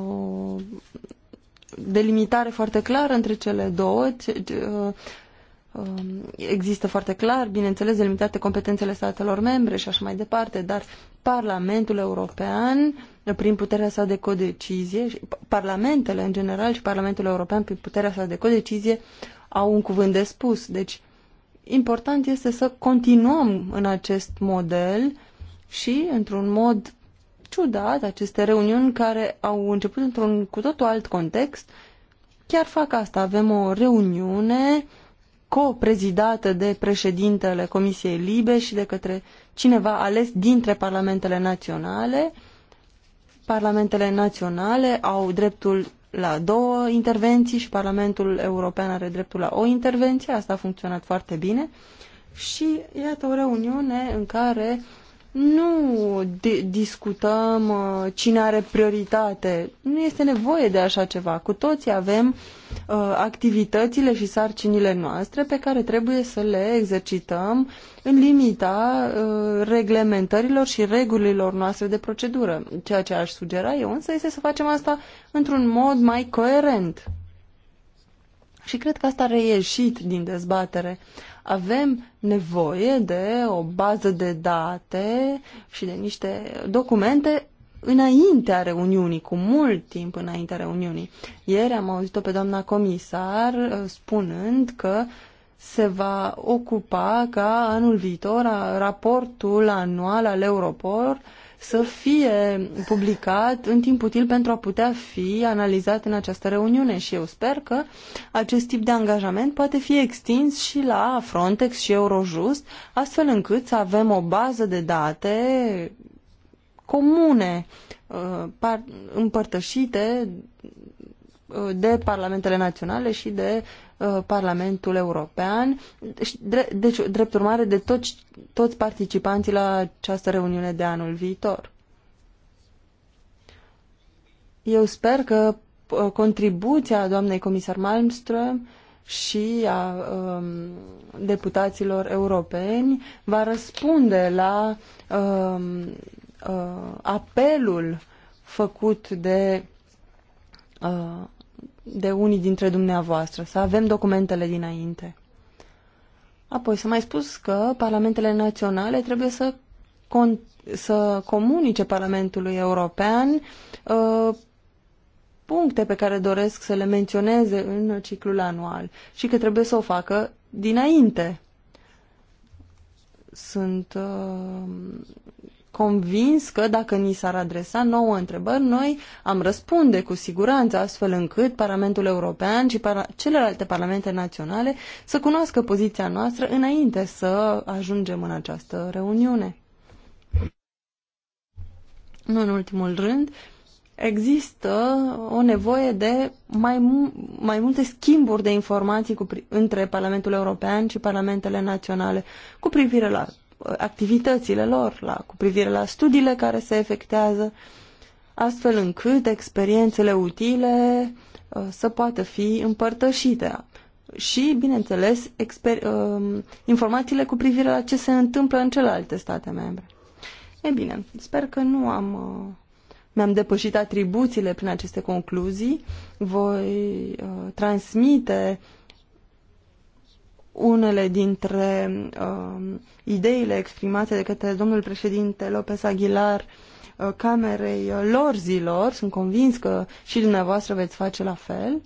Speaker 3: delimitare foarte clară între cele două. Uh, Um, există foarte clar, bineînțeles, delimitate competențele statelor membre și așa mai departe, dar Parlamentul European, prin puterea sa de codecizie, parlamentele în general și Parlamentul European, prin puterea sa de codecizie, au un cuvânt de spus. Deci, important este să continuăm în acest model și, într-un mod ciudat, aceste reuniuni care au început într-un cu totul alt context, chiar fac asta. Avem o reuniune uh, coprezidată de președintele Comisiei Libe și de către cineva ales dintre parlamentele naționale. Parlamentele naționale au dreptul la două intervenții și Parlamentul European are dreptul la o intervenție. Asta a funcționat foarte bine. Și iată o reuniune în care nu discutăm uh, cine are prioritate. Nu este nevoie de așa ceva. Cu toții avem uh, activitățile și sarcinile noastre pe care trebuie să le exercităm în limita uh, reglementărilor și regulilor noastre de procedură. Ceea ce aș sugera eu însă este să facem asta într-un mod mai coerent. Și cred că asta a reieșit din dezbatere. Avem nevoie de o bază de date și de niște documente înaintea reuniunii, cu mult timp înaintea reuniunii. Ieri am auzit-o pe doamna comisar uh, spunând că se va ocupa ca anul viitor a raportul anual al Europol să fie publicat în timp util pentru a putea fi analizat în această reuniune și eu sper că acest tip de angajament poate fi extins și la Frontex și Eurojust, astfel încât să avem o bază de date comune uh, împărtășite de parlamentele naționale și de uh, Parlamentul European, deci drept urmare de toți, toți participanții la această reuniune de anul viitor. Eu sper că uh, contribuția doamnei comisar Malmström și a um, deputaților europeni va răspunde la um, uh, apelul făcut de uh, de unii dintre dumneavoastră, să avem documentele dinainte. Apoi s-a mai spus că parlamentele naționale trebuie să, con- să comunice Parlamentului European uh, puncte pe care doresc să le menționeze în ciclul anual și că trebuie să o facă dinainte. Sunt uh, convins că dacă ni s-ar adresa nouă întrebări, noi am răspunde cu siguranță, astfel încât Parlamentul European și para- celelalte parlamente naționale să cunoască poziția noastră înainte să ajungem în această reuniune. Nu în ultimul rând, există o nevoie de mai, mai multe schimburi de informații cu, între Parlamentul European și Parlamentele Naționale cu privire la activitățile lor, la, cu privire la studiile care se efectează, astfel încât experiențele utile uh, să poată fi împărtășite. Și, bineînțeles, exper- uh, informațiile cu privire la ce se întâmplă în celelalte state membre. E bine, sper că nu am uh, mi-am depășit atribuțiile prin aceste concluzii, voi uh, transmite unele dintre uh, ideile exprimate de către domnul președinte López Aguilar uh, Camerei uh, lor zilor. Sunt convins că și dumneavoastră veți face la fel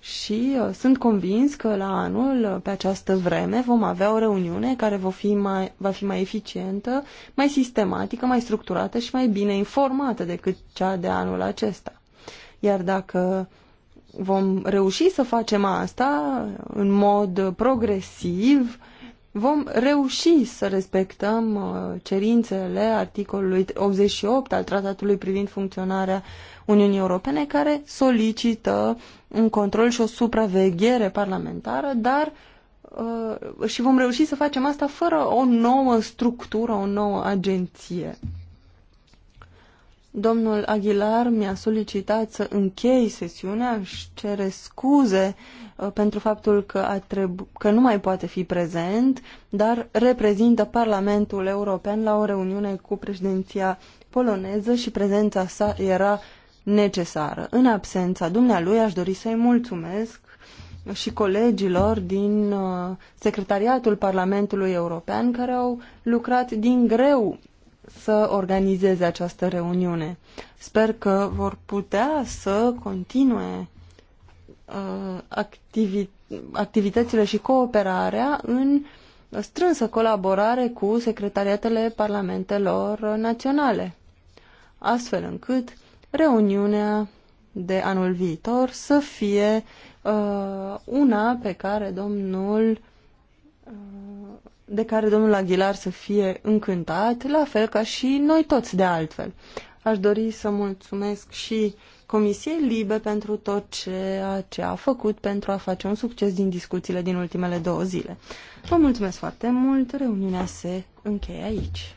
Speaker 3: și uh, sunt convins că la anul, uh, pe această vreme, vom avea o reuniune care va fi, mai, va fi mai eficientă, mai sistematică, mai structurată și mai bine informată decât cea de anul acesta. Iar dacă uh, vom reuși să facem asta în mod progresiv, vom reuși să respectăm uh, cerințele articolului 88 al tratatului privind funcționarea Uniunii Europene, care solicită un control și o supraveghere parlamentară, dar uh, și vom reuși să facem asta fără o nouă structură, o nouă agenție. Domnul Aguilar mi-a solicitat să închei sesiunea, și cere scuze uh, pentru faptul că, a trebu- că nu mai poate fi prezent, dar reprezintă Parlamentul European la o reuniune cu președinția poloneză și prezența sa era necesară. În absența dumnealui aș dori să-i mulțumesc și colegilor din uh, Secretariatul Parlamentului European care au lucrat din greu să organizeze această reuniune. Sper că vor putea să continue uh, activi activitățile și cooperarea în strânsă colaborare cu secretariatele parlamentelor naționale, astfel încât reuniunea de anul viitor să fie uh, una pe care domnul uh, de care domnul Aguilar să fie încântat, la fel ca și noi toți de altfel. Aș dori să mulțumesc și Comisiei Libe pentru tot ceea ce a făcut pentru a face un succes din discuțiile din ultimele două zile. Vă mulțumesc foarte mult, reuniunea se încheie aici.